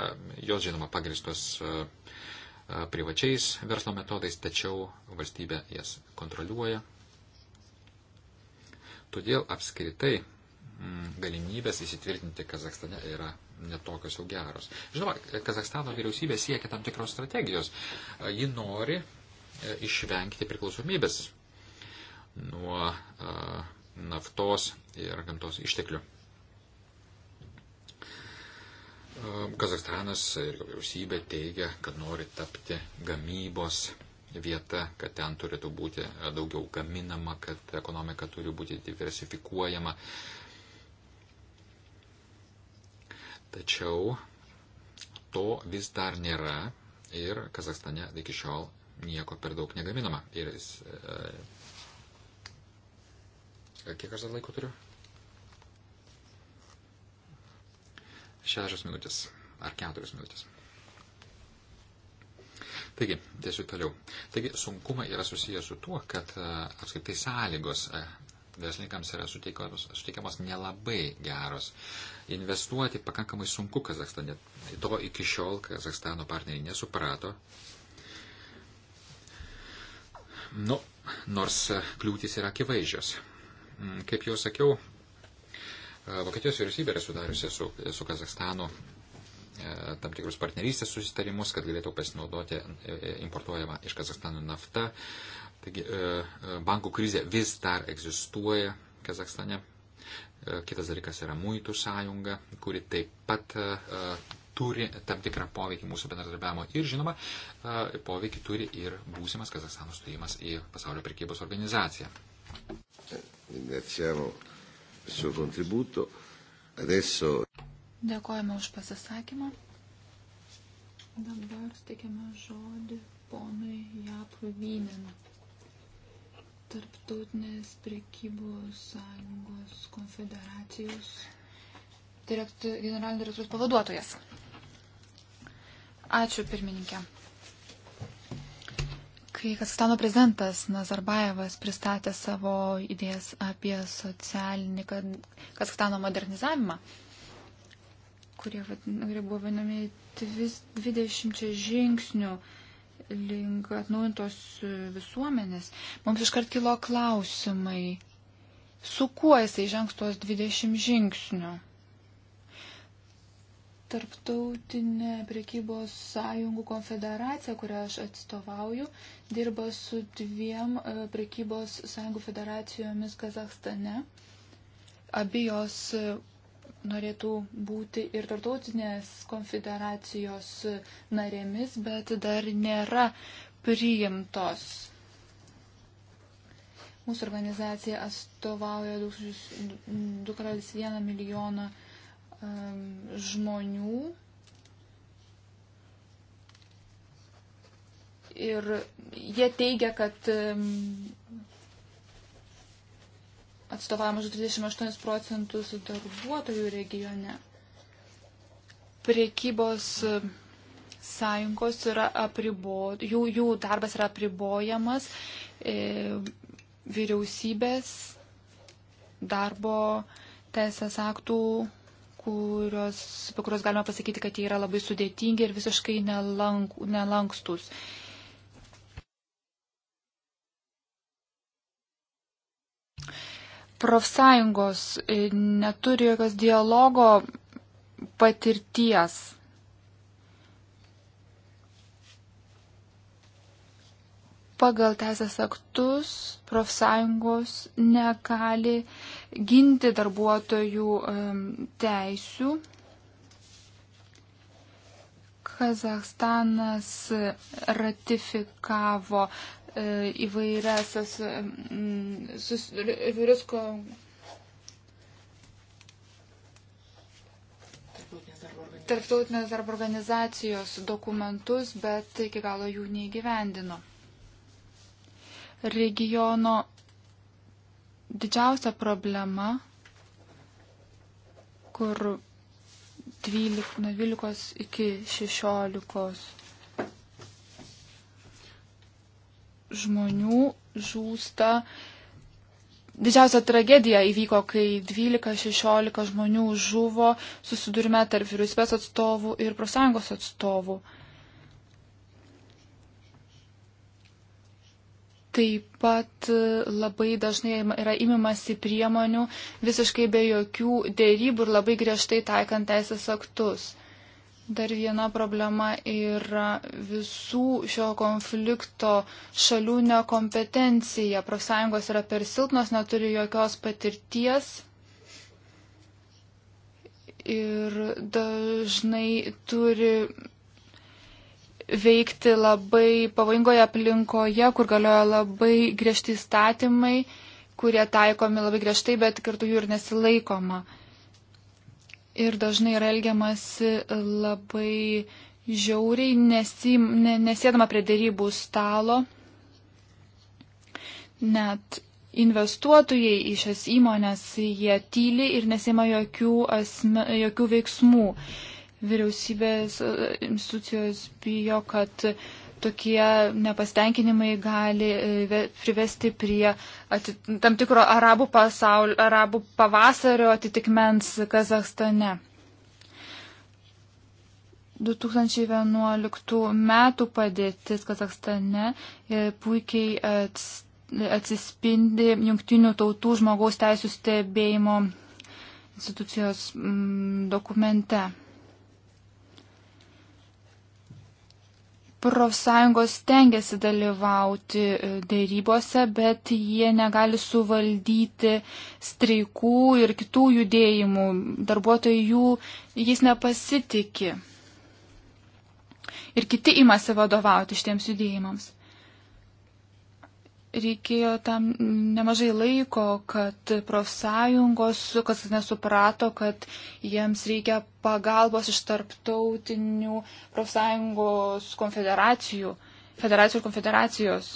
jos žinoma pagristos e, e, privačiais verslo metodais, tačiau valstybė jas kontroliuoja. Todėl apskritai galimybės įsitvirtinti Kazakstane yra netokios jau geros. Žinoma, Kazakstano vyriausybė siekia tam tikros strategijos. Ji nori e, išvengti priklausomybės nuo e, naftos ir gamtos išteklių. E, Kazakstanas ir vyriausybė teigia, kad nori tapti gamybos vieta, kad ten turėtų būti daugiau gaminama, kad ekonomika turi būti diversifikuojama, Tačiau to vis dar nėra ir Kazakstane iki šiol nieko per daug negaminama. Ir jis, e, kiek aš dar laiko turiu? Šešios minutės ar keturios minutės. Taigi, tiesiog toliau. Taigi, sunkumai yra susijęs su tuo, kad e, apskritai sąlygos e, verslininkams yra suteikiamos, suteikiamos nelabai geros investuoti pakankamai sunku Kazakstane. To iki šiol Kazakstano partneriai nesuprato. Nu, nors kliūtis yra akivaizdžios. Mm, kaip jau sakiau, e, Vokietijos vyriausybė yra sudariusi su, su Kazakstanu e, tam tikrus partnerystės susitarimus, kad galėtų pasinaudoti e, importuojama iš Kazakstano nafta. Taigi bankų krizė vis dar egzistuoja Kazakstane. E, kitas dalykas yra muitų sąjunga, kuri taip pat e, e, turi tam tikrą poveikį mūsų bendradarbiavimo ir, žinoma, poveikį turi ir būsimas Kazakstano stojimas į pasaulio prekybos organizaciją. Dėkojame už pasisakymą. Dabar stikime žodį ponui Japui Vyninui. Tarptautinės priekybos sąjungos konfederacijos direkt, generalinio direktorius pavaduotojas. Ačiū pirmininkė. Kai Kazakstano prezidentas Nazarbajevas pristatė savo idėjas apie socialinį Kazakstano modernizavimą, kurie, kurie buvo vienami 20 žingsnių link atnaujintos visuomenės, mums iškart kilo klausimai, su kuo jisai žengs tuos 20 žingsnių. Tarptautinė priekybos sąjungų konfederacija, kurią aš atstovauju, dirba su dviem e, priekybos sąjungų federacijomis Kazakstane. Abi jos e, norėtų būti ir tartautinės konfederacijos narėmis, bet dar nėra priimtos. Mūsų organizacija atstovauja 2,1 milijoną um, žmonių. Ir jie teigia, kad um, atstovavimo 28 procentus darbuotojų regione. Priekybos sąjungos yra apribo, jų, jų darbas yra apribojamas e, vyriausybės darbo teisės aktų, kurios, apie kurios galima pasakyti, kad jie yra labai sudėtingi ir visiškai nelank, nelankstus. profsąjungos e, neturi jokios dialogo patirties. Pagal teisės aktus profsąjungos negali ginti darbuotojų e, teisių. Kazahstanas ratifikavo E, įvairias sus, įvairius ko. Tarptautinės darbo organizacijos dokumentus, bet iki galo jų neįgyvendino. Regiono didžiausia problema, kur 12, nuo 12 iki 16 žmonių žūsta. Didžiausia tragedija įvyko, kai 12-16 žmonių žuvo susidurime tarp vyriausybės atstovų ir prosąjungos atstovų. Taip pat e, labai dažnai yra imimasi priemonių visiškai be jokių dėrybų ir labai griežtai taikant teisės aktus. Dar viena problema yra visų šio konflikto šalių nekompetencija. Profsąjungos yra per silpnos, neturi jokios patirties. Ir dažnai turi veikti labai pavojingoje aplinkoje, kur galioja labai griežti įstatymai, kurie taikomi labai griežtai, bet kartu jų ir nesilaikoma ir dažnai yra elgiamasi labai žiauriai, nesi, ne, nesėdama prie dėrybų stalo. Net investuotojai į šias įmonės, jie tyli ir nesima jokių, asme, jokių veiksmų. Vyriausybės e, institucijos bijo, kad uh, tokie nepastenkinimai gali e, privesti prie atit, tam tikro arabų, pasaulio, arabų pavasario atitikmens Kazakstane. 2011 metų padėtis Kazakstane e, puikiai atsispindi jungtinių tautų žmogaus teisų stebėjimo institucijos dokumente. profsąjungos tengiasi dalyvauti e, dėrybose, bet jie negali suvaldyti streikų ir kitų judėjimų. Darbuotojai jų, jais nepasitikė. Ir kiti imasi vadovauti šitiems judėjimams reikėjo tam nemažai laiko, kad profsąjungos, kas nesuprato, kad jiems reikia pagalbos iš tarptautinių profsąjungos konfederacijų, federacijų ir konfederacijos.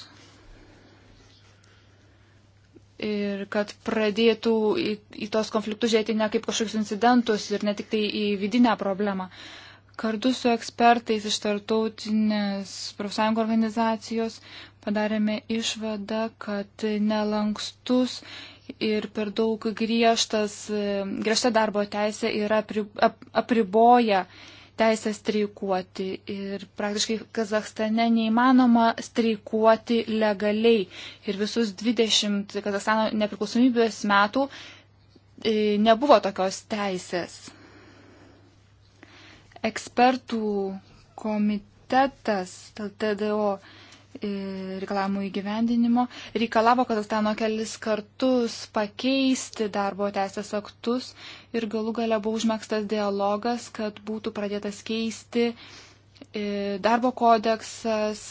Ir kad pradėtų į, į tos konfliktus žiūrėti ne kaip kažkokius incidentus ir ne tik tai į vidinę problemą. Uh, Kartu su ekspertais iš tartautinės profsąjungų organizacijos padarėme išvadą, kad nelankstus ir per daug griežtas, griežta darbo teisė yra apri, ap, apriboja teisę streikuoti. Ir praktiškai Kazakstane neįmanoma streikuoti legaliai. Ir visus 20 Kazakstano nepriklausomybės metų e, nebuvo tokios teisės ekspertų komitetas TDO e, reikalavimų įgyvendinimo reikalavo Kazastano kelis kartus pakeisti darbo teisės aktus ir galų gale buvo užmėgstas dialogas, kad būtų pradėtas keisti e, darbo kodeksas,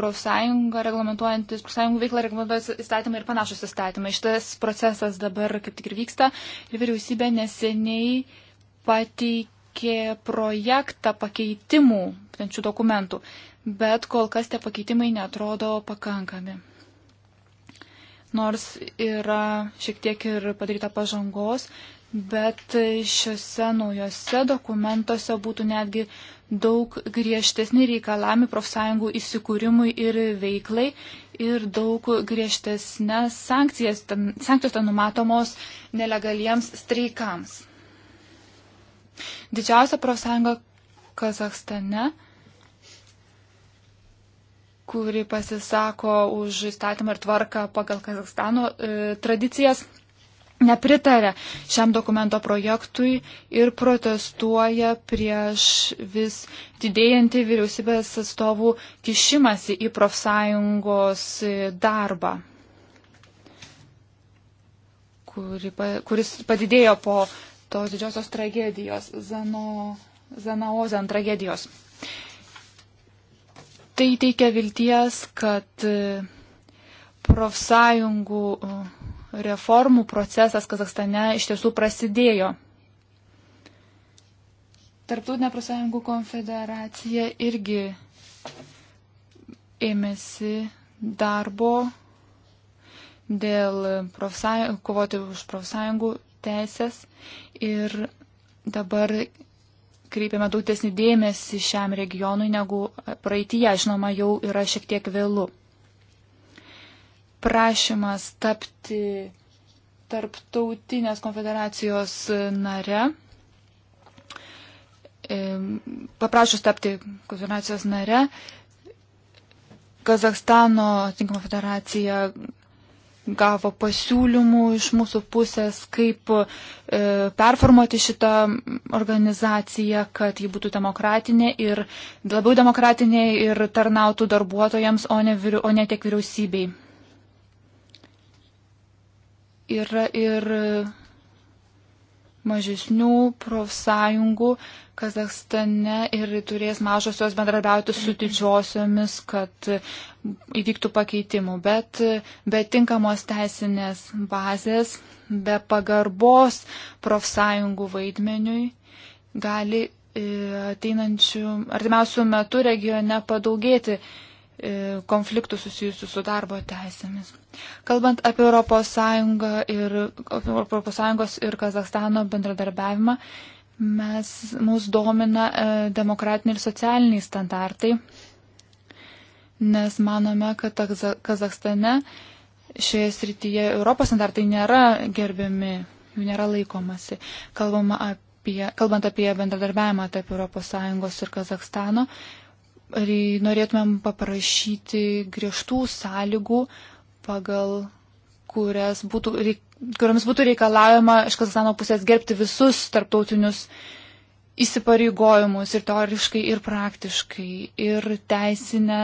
profsąjunga reglamentuojantis, profsąjungų veiklą reglamentuojantis įstatymai ir panašus įstatymai. Šitas procesas dabar kaip tik ir vyksta ir vyriausybė neseniai pateikė pateikė projektą pakeitimų, būtent šių dokumentų, bet kol kas tie pakeitimai netrodo pakankami. Nors yra šiek tiek ir padaryta pažangos, bet šiuose naujose dokumentuose būtų netgi daug griežtesni reikalami profsąjungų įsikūrimui ir veiklai ir daug griežtesnės sankcijas, ten, sankcijos ten numatomos nelegaliems streikams. Didžiausia profsąjunga Kazakstane, kuri pasisako už įstatymą ir tvarką pagal Kazakstano e, tradicijas, nepritarė šiam dokumento projektui ir protestuoja prieš vis didėjantį vyriausybės atstovų kišimasi į profsąjungos e, darbą, kuri, kuris padidėjo po tos didžiosios tragedijos, Zano, Zanaozen tragedijos. Tai teikia vilties, kad e, profsąjungų e, reformų procesas Kazakstane iš tiesų prasidėjo. Tarptautinė profsąjungų konfederacija irgi ėmėsi darbo dėl kovoti už profsąjungų teisės Ir dabar kreipiame daug tesnį dėmesį šiam regionui negu praeitie, žinoma, jau yra šiek tiek vėlu. Prašymas tapti tarptautinės konfederacijos nare. Paprašus tapti konfederacijos nare, Kazakstano tinkama federacija gavo pasiūlymų iš mūsų pusės, kaip e, performuoti šitą organizaciją, kad ji būtų demokratinė ir labiau demokratinė ir tarnautų darbuotojams, o ne, o ne tiek vyriausybei. Yra ir, ir mažesnių profsąjungų Kazakstane ir turės mažosios bendradarbiauti su didžiosiomis, kad įvyktų pakeitimų. Bet be tinkamos teisinės bazės, be pagarbos profsąjungų vaidmeniui gali e, ateinančių artimiausių metų regione padaugėti e, konfliktų susijusių su darbo teisėmis. Kalbant apie ES ir, ES ir Kazakstano bendradarbiavimą, mes, mus domina e, demokratiniai ir socialiniai standartai, nes manome, kad Kazakstane šioje srityje Europos standartai nėra gerbiami, jų nėra laikomasi. Kalbama apie, kalbant apie bendradarbiavimą tarp ES ir Kazakstano, norėtumėm paprašyti griežtų sąlygų, pagal kurias būtų, kuriomis būtų reikalaujama iš Kazakstano pusės gerbti visus tarptautinius įsipareigojimus ir teoriškai, ir praktiškai, ir teisinę,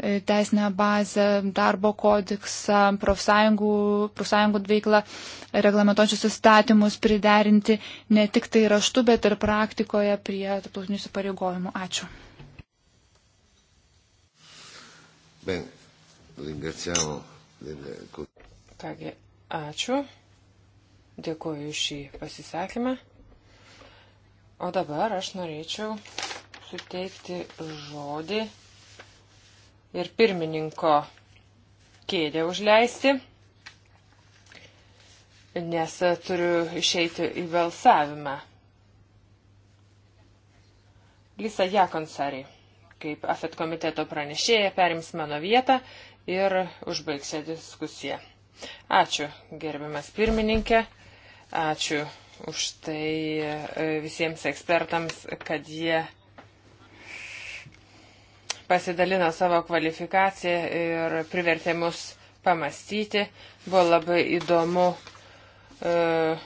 e, teisinę bazę, darbo kodeksą, profsąjungų, profsąjungų veiklą, reglamentuojančius įstatymus priderinti ne tik tai raštu, bet ir praktikoje prie tarptautinių įsipareigojimų. Ačiū. Ben, ringraziamo Kągi, ačiū. Dėkuoju šį pasisakymą. O dabar aš norėčiau suteikti žodį ir pirmininko kėdę užleisti, nes turiu išeiti į balsavimą. Lisa Jakonsari, kaip AFET komiteto pranešėja, perims mano vietą ir užbaigsią diskusiją. Ačiū, gerbiamas pirmininkė. Ačiū už tai e, visiems ekspertams, kad jie pasidalino savo kvalifikaciją ir privertė mus pamastyti. Buvo labai įdomu uh,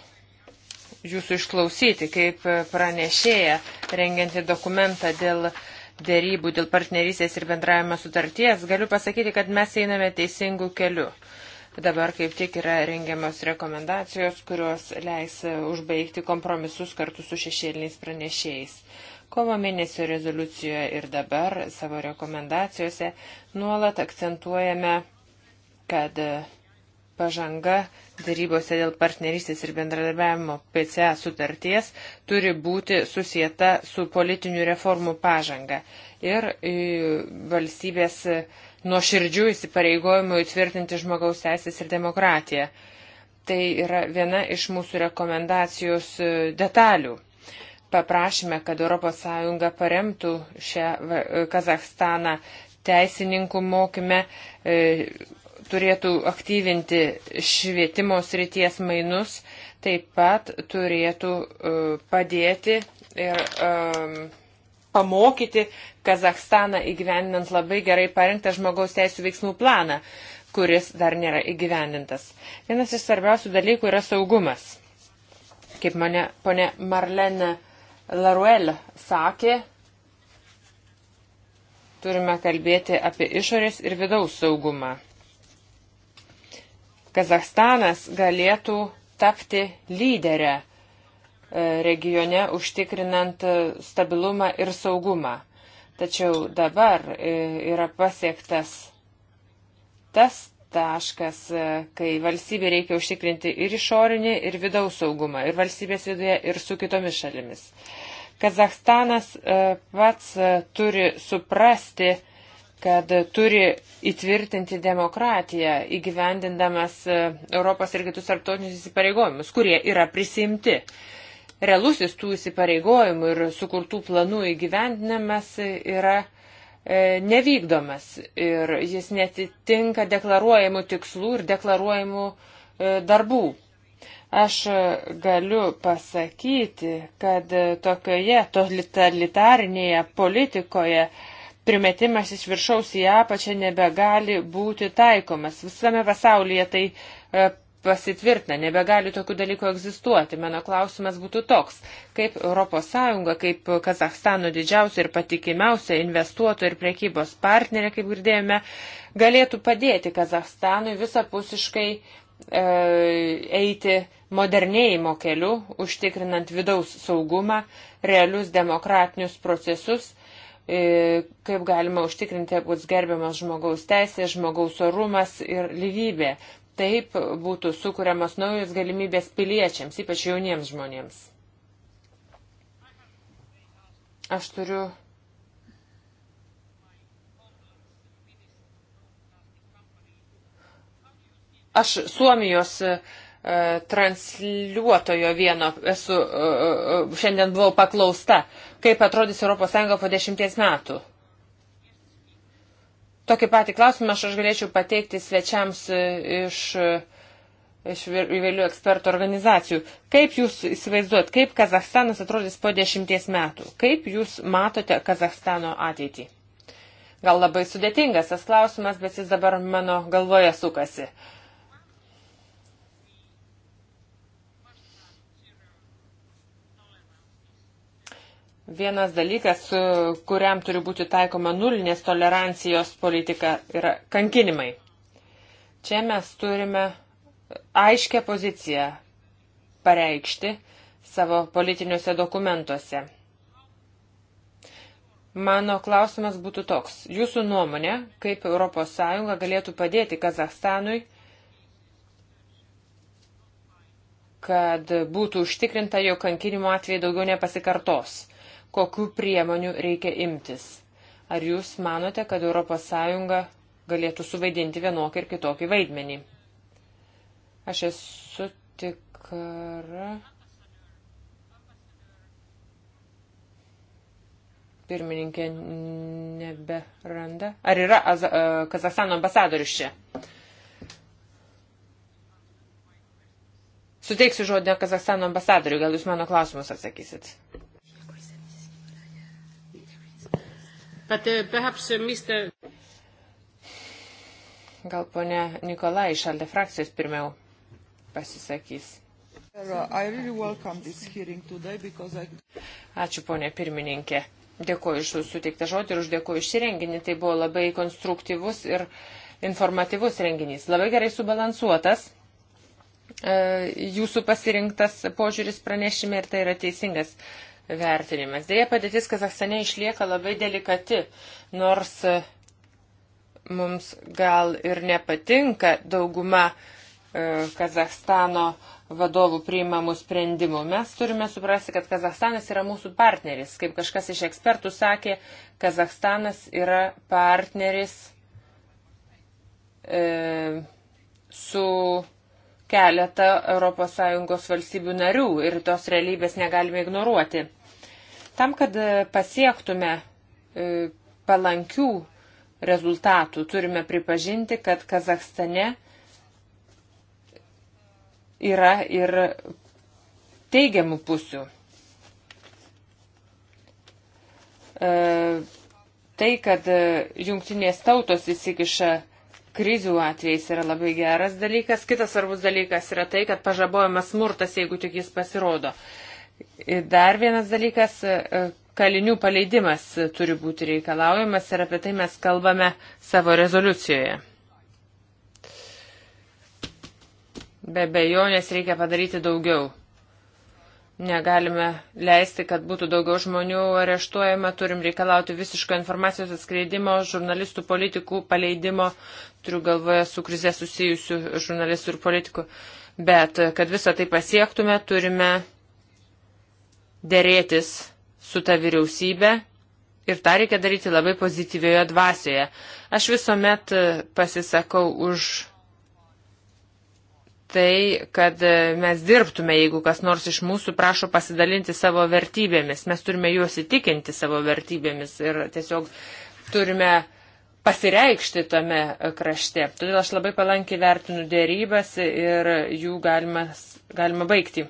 jūsų išklausyti, kaip pranešėja rengianti dokumentą dėl uh, dėrybų dėl partnerysės ir bendravimo sutarties, galiu pasakyti, kad mes einame teisingų kelių. Dabar kaip tik yra rengiamos rekomendacijos, kurios leis užbaigti kompromisus kartu su šešėliniais pranešėjais. Kovo mėnesio rezoliucijoje ir dabar savo rekomendacijose nuolat akcentuojame, kad pažanga darybose dėl partnerystės ir bendradarbiavimo PCA sutarties turi būti susieta su politinių reformų pažanga ir e, valstybės nuoširdžių įsipareigojimų įtvirtinti žmogaus teisės ir demokratiją. Tai yra viena iš mūsų rekomendacijos e, detalių. Paprašyme, kad ES paremtų šią e, Kazakstaną teisininkų mokyme, turėtų aktyvinti švietimo srities mainus, taip pat turėtų e, padėti ir um, pamokyti Kazahstaną įgyvendinant labai gerai parengtą žmogaus teisų veiksmų planą, kuris dar nėra įgyvendintas. Vienas iš svarbiausių dalykų yra saugumas. Kaip mane ponė Marlene Laruel sakė, turime kalbėti apie išorės ir vidaus saugumą. Kazahstanas galėtų tapti lyderę e, regione užtikrinant e, stabilumą ir saugumą. Tačiau dabar e, yra pasiektas tas taškas, kai valstybė reikia užtikrinti ir išorinį, ir vidaus saugumą, ir valstybės viduje, ir su kitomis šalimis. Kazahstanas pats turi suprasti, kad turi įtvirtinti demokratiją, įgyvendindamas e, Europos ir kitus tarptautinius įsipareigojimus, kurie yra prisimti. Realusis tų įsipareigojimų ir sukurtų planų įgyvendinamas yra e, nevykdomas ir jis netitinka deklaruojamų tikslų ir deklaruojamų e, darbų. Aš e, galiu pasakyti, kad e, tokioje totalitarinėje politikoje e, primetimas iš viršaus į apačią nebegali būti taikomas. Visame pasaulyje tai e, pasitvirtina, nebegali tokių dalykų egzistuoti. Mano klausimas būtų toks, kaip ES, kaip Kazahstano didžiausia ir patikimiausia investuotojų ir priekybos partnerė, kaip girdėjome, galėtų padėti Kazahstanui visapusiškai e, eiti modernėjimo keliu, užtikrinant vidaus saugumą, realius demokratinius procesus E, kaip galima užtikrinti, kad bus gerbiamas žmogaus teisės, žmogaus orumas ir lygybė. Taip būtų sukūriamas naujos galimybės piliečiams, ypač jauniems žmonėms. Aš turiu aš Suomijos e, transliuotojo vieno esu, e, e, e šiandien buvau paklausta, kaip atrodys ES po dešimties metų. Tokį patį klausimą aš, aš galėčiau pateikti svečiams e, iš, e, iš įvairių ekspertų organizacijų. Kaip jūs įsivaizduot, kaip Kazahstanas atrodys po dešimties metų? Kaip jūs matote Kazahstano ateitį? Gal labai sudėtingas tas klausimas, bet jis dabar mano galvoje sukasi. Uh, Vienas dalykas, kuriam turi būti taikoma nulinės tolerancijos politika, yra kankinimai. Čia mes turime aiškę poziciją pareikšti savo politiniuose dokumentuose. Mano klausimas būtų toks. Jūsų nuomonė, kaip ES galėtų padėti Kazahstanui, kad būtų užtikrinta, jog kankinimo atvejai daugiau nepasikartos? kokių priemonių reikia imtis. Ar jūs manote, kad ES galėtų suvaidinti vienokį ir kitokį vaidmenį? Aš esu tikra. Pirmininkė neberanda. Ar yra az, uh, e, Kazakstano ambasadorius čia? Suteiksiu žodį Kazakstano ambasadoriui, gal jūs mano klausimus atsakysit. But uh, perhaps uh, Mr. Gal ponia Nikolai iš Alde frakcijos pirmiau pasisakys. Ačiū ponė pirmininkė. Dėkuoju iš jūsų suteiktą žodį ir už dėkuoju iš renginį. Tai buvo labai konstruktyvus ir informatyvus renginys. Labai gerai subalansuotas e, jūsų pasirinktas požiūris pranešime ir tai yra teisingas vertinimas. Dėja, padėtis Kazakstane išlieka labai delikati, nors e, mums gal ir nepatinka dauguma e, Kazakstano vadovų priimamų sprendimų. Mes turime suprasti, kad Kazakstanas yra mūsų partneris. Kaip kažkas iš ekspertų sakė, Kazakstanas yra partneris e, su keletą ES valstybių narių ir tos realybės negalime ignoruoti. Tam, kad e, pasiektume e, palankių rezultatų, turime pripažinti, kad Kazakstane yra ir teigiamų pusių. E, tai, kad jungtinės tautos įsikiša krizių atvejais yra labai geras dalykas. Kitas svarbus dalykas yra tai, kad pažabojamas smurtas, jeigu tik jis pasirodo. Dar vienas dalykas e, - kalinių paleidimas turi būti reikalaujamas ir apie tai mes kalbame savo rezoliucijoje. Be bejonės reikia padaryti daugiau. Negalime leisti, kad būtų daugiau žmonių areštuojama, turim reikalauti visiško informacijos atskleidimo, žurnalistų, politikų paleidimo, turiu galvoje su krize susijusių žurnalistų ir politikų. Bet kad visą tai pasiektume, turime dėrėtis su ta vyriausybė Ir tą reikia daryti labai pozityvioje dvasioje. Aš visuomet e, pasisakau už tai, kad e, mes dirbtume, jeigu kas nors iš mūsų prašo pasidalinti savo vertybėmis. Mes turime juos įtikinti savo vertybėmis ir tiesiog turime pasireikšti tame krašte. Todėl aš labai palankiai vertinu dėrybas ir jų galima, galima baigti.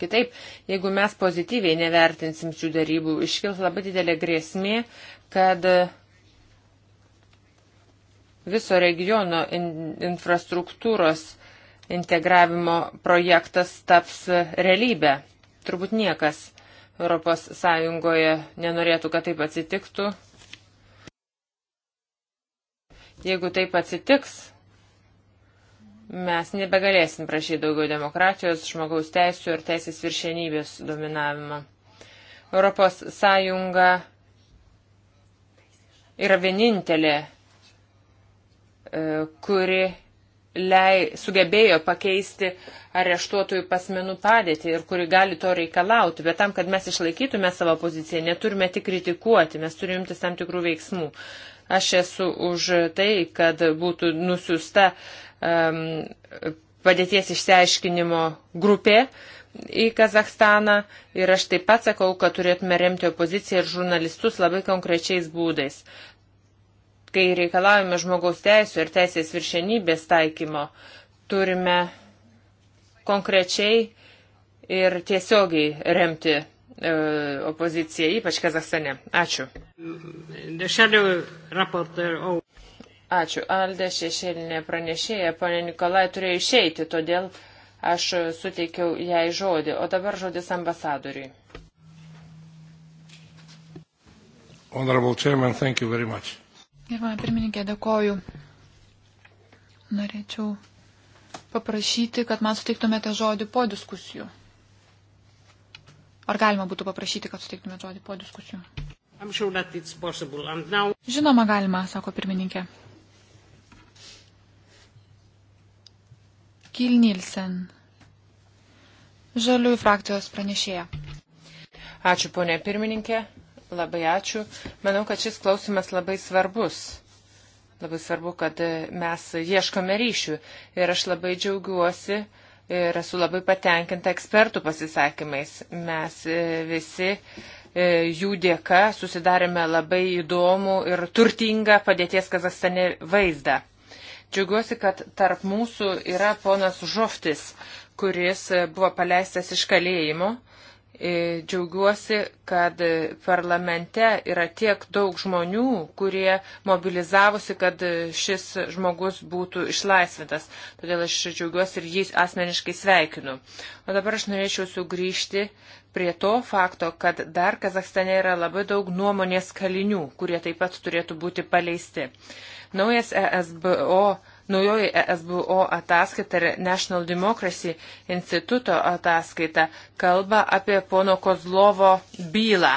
Kitaip, jeigu mes pozityviai nevertinsim šių dėrybų, iškils labai didelė grėsmė, kad viso regiono in, infrastruktūros integravimo projektas taps realybė. Turbūt niekas ES nenorėtų, kad taip atsitiktų. Jeigu taip atsitiks, mes nebegalėsim prašyti daugiau demokratijos, žmogaus teisų ir teisės viršienybės dominavimą. Europos Sąjunga yra vienintelė, e, kuri lei, sugebėjo pakeisti areštuotojų pasmenų padėtį ir kuri gali to reikalauti. Bet tam, kad mes išlaikytume savo poziciją, neturime tik kritikuoti, mes turime imtis tam tikrų veiksmų. Aš esu už tai, kad būtų nusiusta um, padėties išsiaiškinimo grupė į Kazakstaną ir aš taip pat sakau, kad turėtume remti opoziciją ir žurnalistus labai konkrečiais būdais kai reikalavome žmogaus teisų ir teisės viršenybės taikymo, turime konkrečiai ir tiesiogiai remti e, opoziciją, ypač Kazakstane. Ačiū. Oh. Ačiū. Aldė šešėlinė pranešėja, ponė Nikolai turėjo išeiti, todėl aš suteikiau jai žodį, o dabar žodis ambasadoriui. Honorable Chairman, thank you very much. Gerbama pirmininkė, dėkoju. Norėčiau paprašyti, kad man suteiktumėte žodį po diskusijų. Ar galima būtų paprašyti, kad suteiktumėte žodį po diskusijų? Sure now... Žinoma, galima, sako pirmininkė. Kil Nilsen, Žaliųjų frakcijos pranešėja. Ačiū, ponė pirmininkė. Labai ačiū. Manau, kad šis klausimas labai svarbus. Labai svarbu, kad mes ieškome ryšių. Ir aš labai džiaugiuosi ir esu labai patenkinta ekspertų pasisakymais. Mes e, visi e, jų dėka susidarėme labai įdomų ir turtingą padėties Kazastane vaizdą. Džiaugiuosi, kad tarp mūsų yra ponas Žoftis, kuris buvo paleistas iš kalėjimo E, džiaugiuosi, kad parlamente yra tiek daug žmonių, kurie mobilizavosi, kad šis žmogus būtų išlaisvintas. Todėl aš džiaugiuosi ir jį asmeniškai sveikinu. O dabar aš norėčiau sugrįžti prie to fakto, kad dar Kazakstane yra labai daug nuomonės kalinių, kurie taip pat turėtų būti paleisti. Naujas ESBO Naujoji ESBO ataskaita ir National Democracy instituto ataskaita kalba apie pono Kozlovo bylą.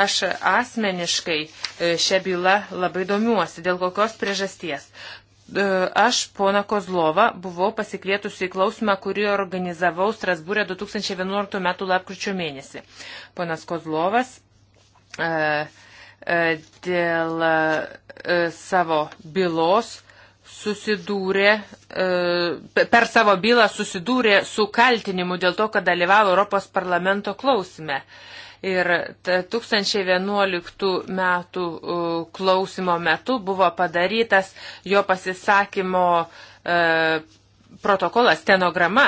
Aš asmeniškai e, šią bylą labai domiuosi. Dėl kokios priežasties? E, aš pona Kozlovą buvau pasikvietusi į klausimą, kurį organizavau Strasbūrė 2011 m. lapkričio mėnesį. Ponas Kozlovas e, dėl savo bylos susidūrė, e, per savo bylą susidūrė su kaltinimu dėl to, kad dalyvavo Europos parlamento klausime. Ir 2011 metų klausimo metu buvo padarytas jo pasisakymo e, protokolas, stenograma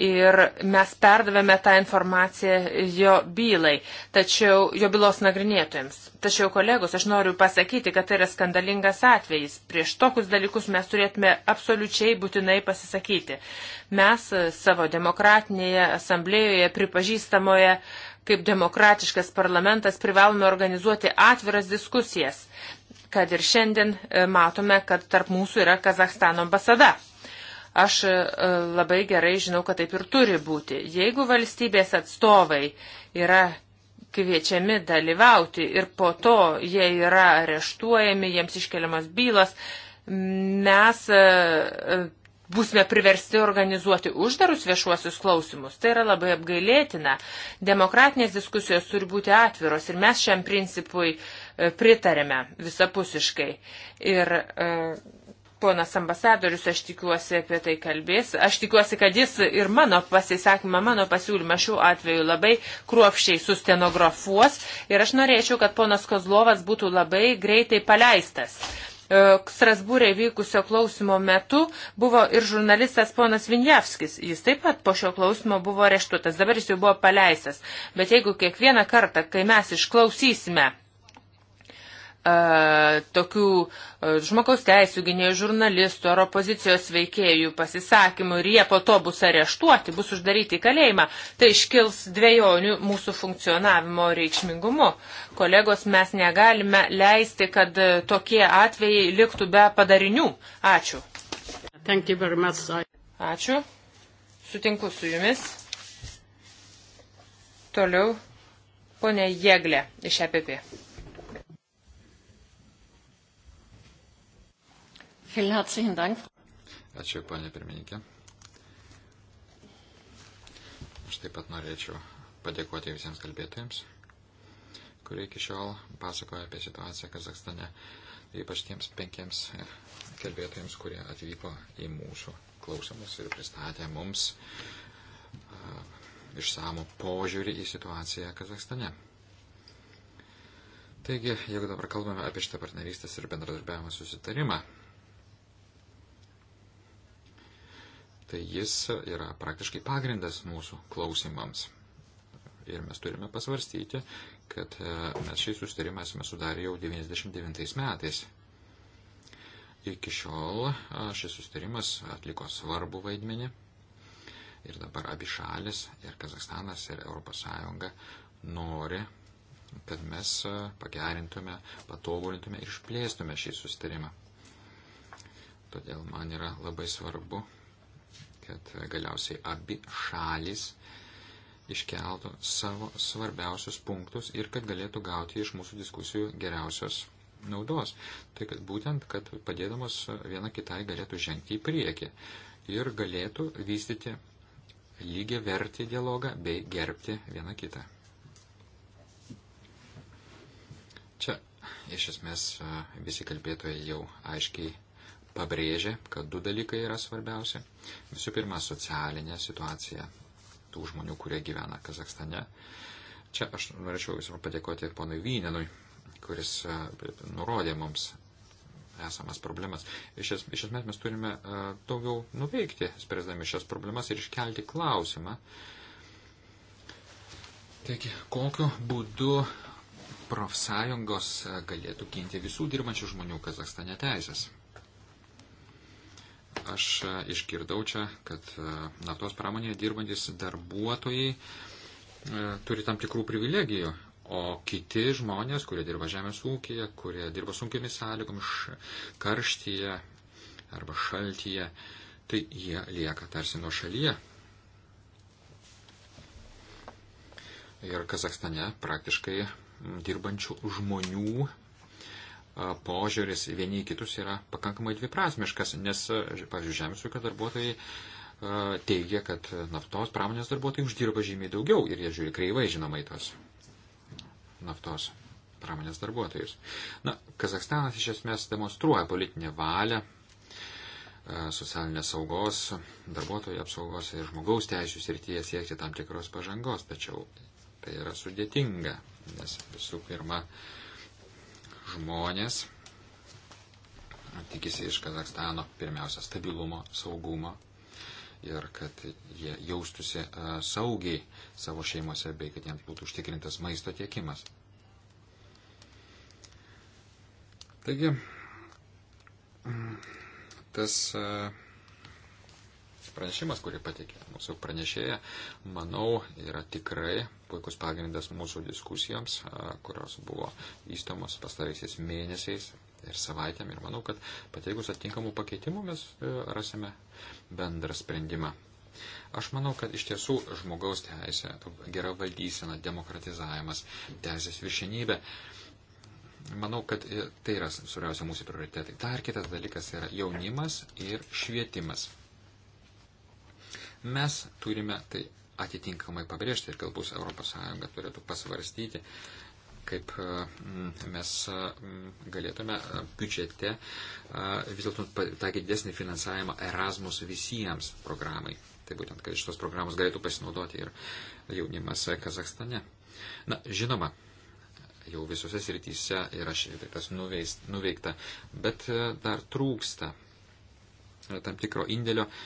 ir mes perdavėme tą informaciją jo bylai, tačiau jo bylos nagrinėtojams. Tačiau, kolegos, aš noriu pasakyti, kad tai yra skandalingas atvejis. Prieš tokius dalykus mes turėtume absoliučiai būtinai pasisakyti. Mes savo demokratinėje asamblėjoje pripažįstamoje kaip demokratiškas parlamentas privalome organizuoti atviras diskusijas, kad ir šiandien e, matome, kad tarp mūsų yra Kazahstano ambasada. Aš e, labai gerai žinau, kad taip ir turi būti. Jeigu valstybės atstovai yra kviečiami dalyvauti ir po to jie yra areštuojami, jiems iškeliamas bylas, mes e, e, būsime priversti organizuoti uždarus viešuosius klausimus. Tai yra labai apgailėtina. Demokratinės diskusijos turi būti atviros ir mes šiam principui pritarėme visapusiškai. Ir, uh, ponas ambasadorius, aš tikiuosi apie tai kalbės. Aš tikiuosi, kad jis ir mano pasisakymą, mano pasiūlymą šiuo atveju labai kruopščiai sustenografuos. Ir aš norėčiau, kad ponas Kozlovas būtų labai greitai paleistas. E, Strasbūrė vykusio klausimo metu buvo ir žurnalistas ponas Vinjavskis. Jis taip pat po šio klausimo buvo areštuotas, dabar jis jau buvo paleistas. Bet jeigu kiekvieną kartą, kai mes išklausysime tokių žmogaus teisų gynėjų žurnalistų ar opozicijos veikėjų pasisakymų ir jie po to bus areštuoti, bus uždaryti į kalėjimą, tai iškils dviejonių mūsų funkcionavimo reikšmingumu. Kolegos, mes negalime leisti, kad tokie atvejai liktų be padarinių. Ačiū. Ačiū. Sutinku su jumis. Toliau, ponė Jėglė iš EPP. Ačiū, ponė pirmininkė. Aš taip pat norėčiau padėkoti visiems kalbėtojams, kurie iki šiol pasakoja apie situaciją Kazakstane, ypač tiems penkiems kalbėtojams, kurie atvyko į mūsų klausimus ir pristatė mums išsamų požiūrį į situaciją Kazakstane. Taigi, jeigu dabar kalbame apie šitą partnerystės ir bendradarbiavimo susitarimą, tai jis yra praktiškai pagrindas mūsų klausimams. Ir mes turime pasvarstyti, kad e, mes šį sustarimą esame sudarę jau 99 metais. Iki šiol e, šis sustarimas atliko svarbų vaidmenį ir dabar abi šalis, ir Kazakstanas, ir ES nori, kad mes e, pagerintume, patobulintume ir išplėstume šį sustarimą. Todėl man yra labai svarbu kad galiausiai abi šalis iškeltų savo svarbiausius punktus ir kad galėtų gauti iš mūsų diskusijų geriausios naudos. Tai kad būtent, kad padėdamos viena kitai galėtų žengti į priekį ir galėtų vystyti lygiai verti dialogą bei gerbti vieną kitą. Čia iš esmės visi kalbėtojai jau aiškiai pabrėžė, kad du dalykai yra svarbiausia. Visų pirma, socialinė situacija tų žmonių, kurie gyvena Kazakstane. Čia aš norėčiau visų padėkoti ponui Vyninui, kuris e, nurodė mums esamas problemas. Iš, es, iš esmės mes turime e, daugiau nuveikti, spręsdami šias problemas ir iškelti klausimą. Taigi, kokiu būdu profsąjungos e, galėtų ginti visų dirbančių žmonių Kazakstane teisės? Aš e, išgirdau čia, kad e, naftos pramonėje dirbantis darbuotojai e, turi tam tikrų privilegijų, o kiti žmonės, kurie dirba žemės ūkėje, kurie dirba sunkiamis sąlygomis, karštyje arba šaltyje, tai jie lieka tarsi nuo šalyje. Ir Kazakstane praktiškai dirbančių žmonių požiūris vieni į kitus yra pakankamai dviprasmiškas, nes, pavyzdžiui, žemės ūkio darbuotojai teigia, kad naftos pramonės darbuotojai uždirba žymiai daugiau ir jie žiūri kreivai, žinoma, į tos naftos pramonės darbuotojus. Na, Kazakstanas iš esmės demonstruoja politinę valią socialinės saugos, darbuotojų apsaugos ir žmogaus teisų srityje siekti tam tikros pažangos, tačiau tai yra sudėtinga, nes visų pirma, uh, žmonės tikisi iš Kazakstano pirmiausia stabilumo, saugumo ir kad jie jaustusi e, saugiai savo šeimose bei kad jiems būtų užtikrintas maisto tiekimas. Taigi, mm, tas uh, pranešimas, kurį patikė mūsų pranešėja, manau, yra tikrai puikus pagrindas mūsų diskusijoms, kurios buvo įstamos pastaraisiais mėnesiais ir savaitėm. Ir manau, kad pateikus atinkamų pakeitimų mes e, rasime bendrą sprendimą. Aš manau, kad iš tiesų žmogaus teisė, gera valdysena, demokratizavimas, teisės viršenybė manau, kad e, tai yra svarbiausia mūsų prioritetai. Dar kitas dalykas yra jaunimas ir švietimas. Mes turime tai atitinkamai pabrėžti ir galbūt ES turėtų pasvarstyti, kaip e, mes e, galėtume e, biudžete vis dėlto taikyti didesnį finansavimą Erasmus visiems programai. Tai būtent, kad šitos programos galėtų pasinaudoti ir jaunimas Kazakstane. Na, žinoma, jau visose srityse yra šitas nuveikta, bet dar trūksta tam tikro indėlio uh,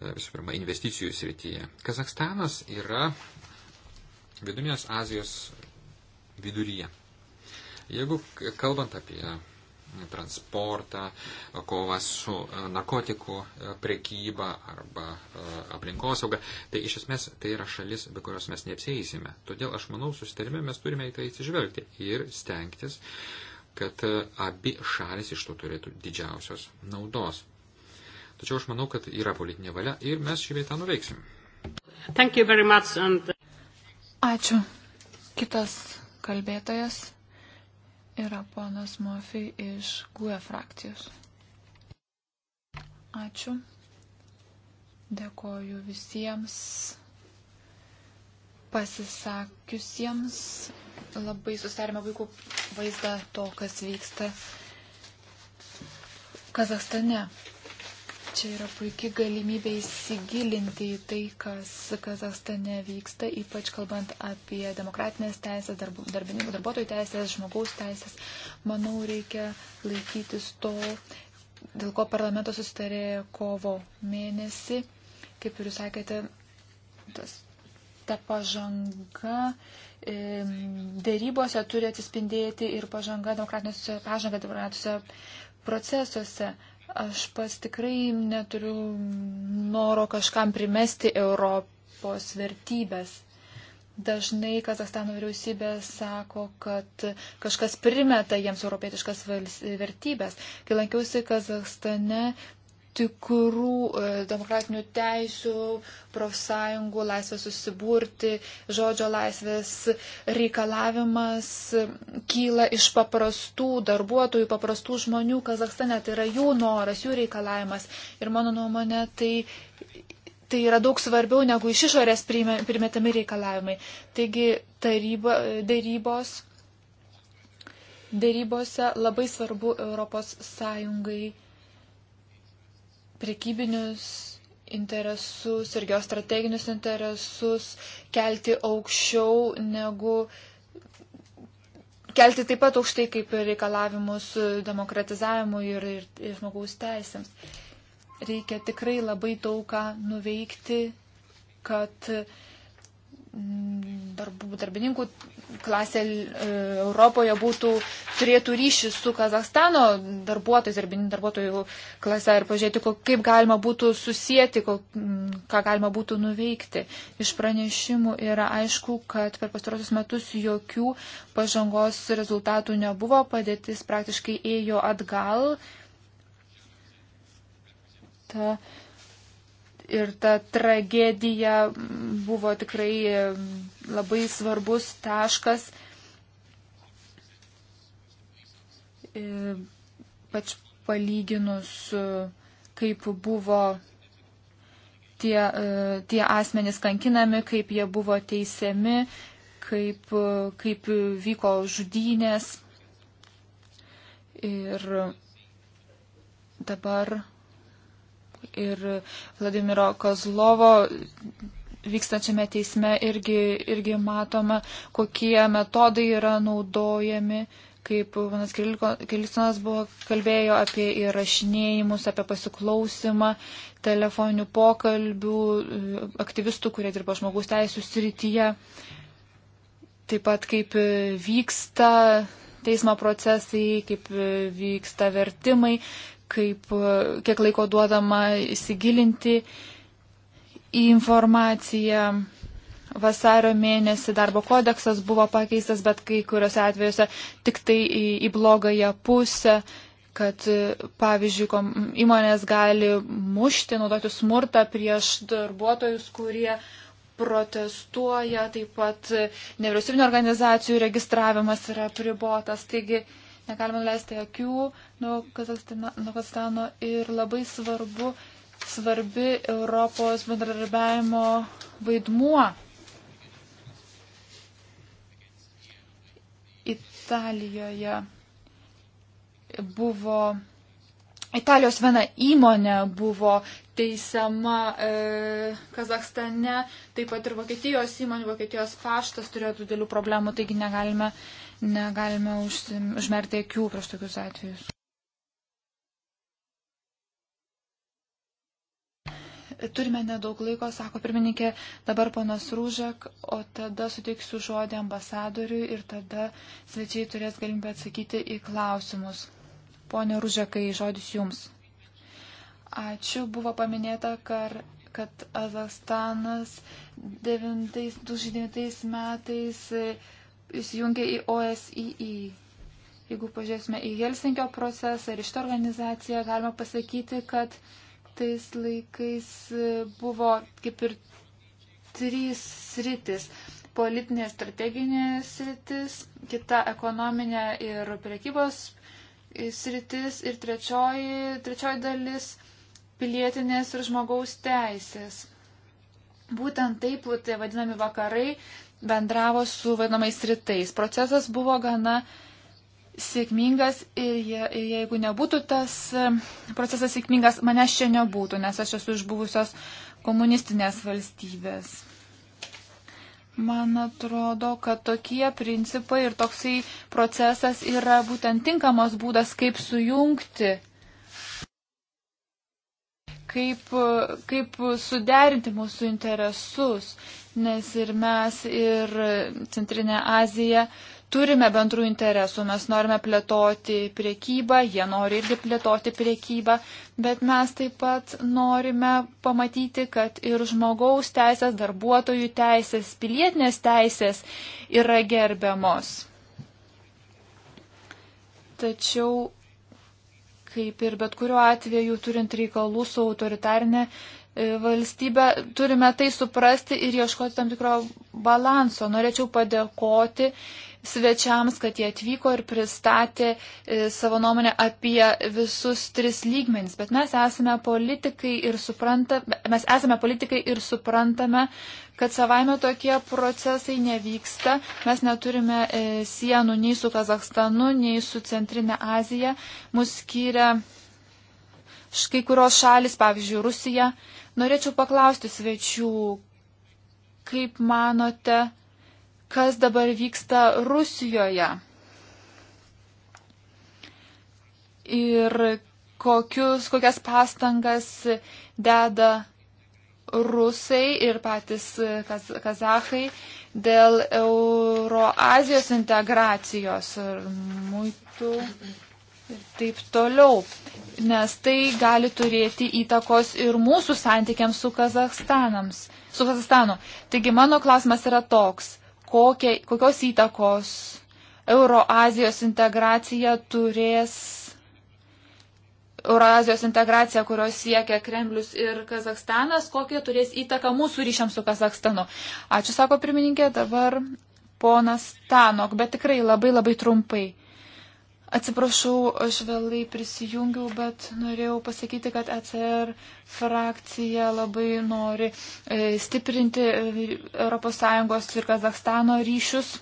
E, visų pirma, investicijų srityje. Kazakstanas yra Vidurinės Azijos viduryje. Jeigu kalbant apie e, transportą, kovą su e, narkotikų prekyba arba aplinkosauga, tai iš esmės tai yra šalis, be kurios mes neapsėsime. Todėl aš manau, susitarime mes turime į tai atsižvelgti ir stengtis, kad abi šalis iš to turėtų didžiausios naudos. Tačiau aš manau, kad yra politinė valia ir mes šį veitą nuveiksim. And... Uh, Ačiū. Kitas kalbėtojas yra ponas Murphy iš GUE frakcijos. Ačiū. Dėkoju visiems pasisakiusiems. Labai susidarėme vaikų vaizdą to, kas vyksta Kazakstane. Čia yra puikia galimybė įsigilinti į tai, kas Kazakstane vyksta, ypač kalbant apie demokratinės teisės, darb, darbininkų darbuotojų teisės, žmogaus teisės. Manau, reikia laikytis to, dėl ko parlamento susitarė kovo mėnesį. Kaip ir jūs sakėte, tas, ta pažanga dėrybose turi atsispindėti ir pažanga demokratinėse, pažanga demokratinėse procesuose. Aš pats tikrai neturiu noro kažkam primesti Europos vertybės. Dažnai Kazakstano vyriausybė sako, kad kažkas primeta jiems europietiškas vertybės. Kai lankiausi Kazakstane, tikrų e, demokratinių teisių, profsąjungų, laisvės susiburti, žodžio laisvės reikalavimas kyla iš paprastų darbuotojų, paprastų žmonių Kazakstane. Tai yra jų noras, jų reikalavimas. Ir mano nuomonė, tai, tai yra daug svarbiau negu iš išorės primetami reiikalavimai. Taigi taryba, darybos. Dėrybose labai svarbu Europos Sąjungai prekybinius interesus ir geostrateginius interesus kelti aukščiau negu. Kelti taip pat aukštai kaip ir reikalavimus demokratizavimui ir, ir, ir žmogaus teisėms. Reikia tikrai labai daug ką nuveikti, kad uh, Mm, darbų, darbininkų klasė e, Europoje būtų, turėtų ryšį su Kazakstano darbuotojais, darbininkų darbuotojų klase ir pažiūrėti, kaip galima būtų susijęti, mm, ką galima būtų nuveikti. Iš pranešimų yra aišku, kad per pastarosius metus jokių pažangos rezultatų nebuvo, padėtis praktiškai ėjo atgal. Ta, uh, ir ta tragedija buvo tikrai labai svarbus taškas. E, pač palyginus, kaip buvo tie, e, tie asmenys kankinami, kaip jie buvo teisiami, kaip, kaip vyko žudynės. Ir dabar ir Vladimiro Kozlovo vykstančiame teisme irgi, irgi matoma, kokie metodai yra naudojami, kaip Vanas Kilisonas buvo kalbėjo apie įrašinėjimus, apie pasiklausimą, telefoninių pokalbių, aktyvistų, kurie dirba žmogus teisų srityje, taip pat kaip vyksta teismo procesai, kaip vyksta vertimai, kaip, e, kiek laiko duodama įsigilinti į informaciją. Vasario mėnesį darbo kodeksas buvo pakeistas, bet kai kuriuose atvejuose tik tai į, į blogąją pusę, kad e, pavyzdžiui, kom, įmonės gali mušti, naudoti smurtą prieš darbuotojus, kurie protestuoja, taip pat e, nevyriausybinio organizacijų registravimas yra pribotas. Taigi, negalima leisti akių nuo Kazakstano, nuo Kazakstano ir labai svarbu, svarbi Europos bendradarbiavimo vaidmuo. Italijoje buvo Italijos viena įmonė buvo teisiama e, Kazakstane, taip pat ir Vokietijos įmonė, Vokietijos paštas turėjo didelių problemų, taigi negalime negalime užmerkti akių prieš tokius atvejus. Turime nedaug laiko, sako pirmininkė, dabar ponas Rūžek, o tada suteiksiu žodį ambasadoriui ir tada svečiai turės galimybę atsakyti į klausimus. Pone Rūžekai, žodis jums. Ačiū, buvo paminėta, kad kad Azastanas 2009 metais įsijungia į OSII. Jeigu pažiūrėsime į Helsinkio procesą ir šitą organizaciją, galima pasakyti, kad tais laikais e, buvo kaip ir trys sritis. Politinė strateginė sritis, kita ekonominė ir priekybos sritis ir trečioji, trečioji dalis pilietinės ir žmogaus teisės. Būtent taip, tai vadinami vakarai, bendravo su vadinamais rytais. Procesas buvo gana sėkmingas ir je, jeigu nebūtų tas e, procesas sėkmingas, manęs čia nebūtų, nes aš esu iš buvusios komunistinės valstybės. Man atrodo, kad tokie principai ir toksai procesas yra būtent tinkamas būdas, kaip sujungti kaip, kaip suderinti mūsų interesus, nes ir mes, ir Centrinė Azija turime bendrų interesų, mes norime plėtoti priekybą, jie nori irgi plėtoti priekybą, bet mes taip pat norime pamatyti, kad ir žmogaus teisės, darbuotojų teisės, pilietinės teisės yra gerbiamos. Tačiau kaip ir bet kuriuo atveju turint reikalų su autoritarne E, valstybę, turime tai suprasti ir ieškoti tam tikro balanso. Norėčiau padėkoti svečiams, kad jie atvyko ir pristatė e, savo nuomonę apie visus tris lygmenis. Bet mes esame politikai ir, supranta, mes esame politikai ir suprantame, kad savaime tokie procesai nevyksta. Mes neturime e, sienų nei su Kazakstanu, nei su Centrinė Azija. Mus skiria kai kurios šalis, pavyzdžiui, Rusija. Norėčiau paklausti svečių, kaip manote, kas dabar vyksta Rusijoje? Ir kokius, kokias pastangas deda rusai ir patys kaz, kazahai dėl Euroazijos integracijos ir muitų ir taip toliau. Nes tai gali turėti įtakos ir mūsų santykiams su, su Kazakstanu. Taigi mano klausimas yra toks, kokie, kokios įtakos Euroazijos integracija turės. Eurazijos integracija, kurios siekia Kremlius ir Kazakstanas, kokie turės įtaką mūsų ryšiams su Kazakstanu. Ačiū, sako pirmininkė, dabar ponas Tanok, bet tikrai labai labai trumpai. Atsiprašau, aš vėlai prisijungiau, bet norėjau pasakyti, kad ECR frakcija labai nori e, stiprinti ES ir Kazakstano ryšius.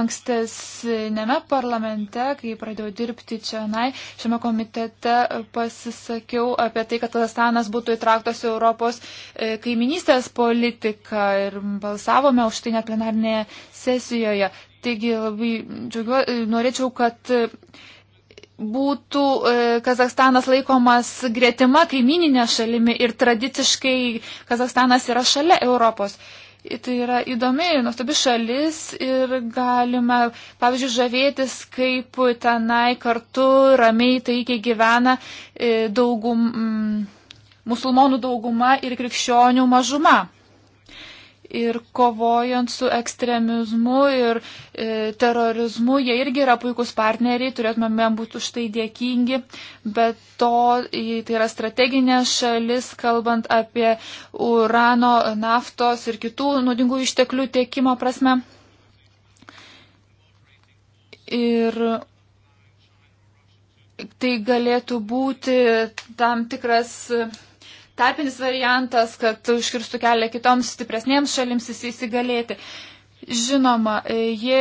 Ankstesnėme parlamente, kai pradėjau dirbti čia, nai, šiame komitete pasisakiau apie tai, kad Kazakstanas būtų įtrauktas į Europos e, kaiminystės politiką ir balsavome už tai net plenarnėje sesijoje. Taigi labai džiaugiuosi, e, norėčiau, kad e, būtų e, Kazakstanas laikomas gretima kaimininė šalimi ir tradiciškai Kazakstanas yra šalia Europos. Tai yra įdomi, nuostabi šalis ir galime, pavyzdžiui, žavėtis, kaip tenai kartu ramiai taikiai gyvena daugum, musulmonų dauguma ir krikščionių mažuma ir kovojant su ekstremizmu ir e, terorizmu, jie irgi yra puikūs partneriai, turėtume būti už tai dėkingi, bet to tai yra strateginė šalis, kalbant apie urano, naftos ir kitų nuodingų išteklių tiekimo prasme. Ir tai galėtų būti tam tikras tarpinis variantas, kad užkirstų kelią kitoms stipresniems šalims įsigalėti. Žinoma, ji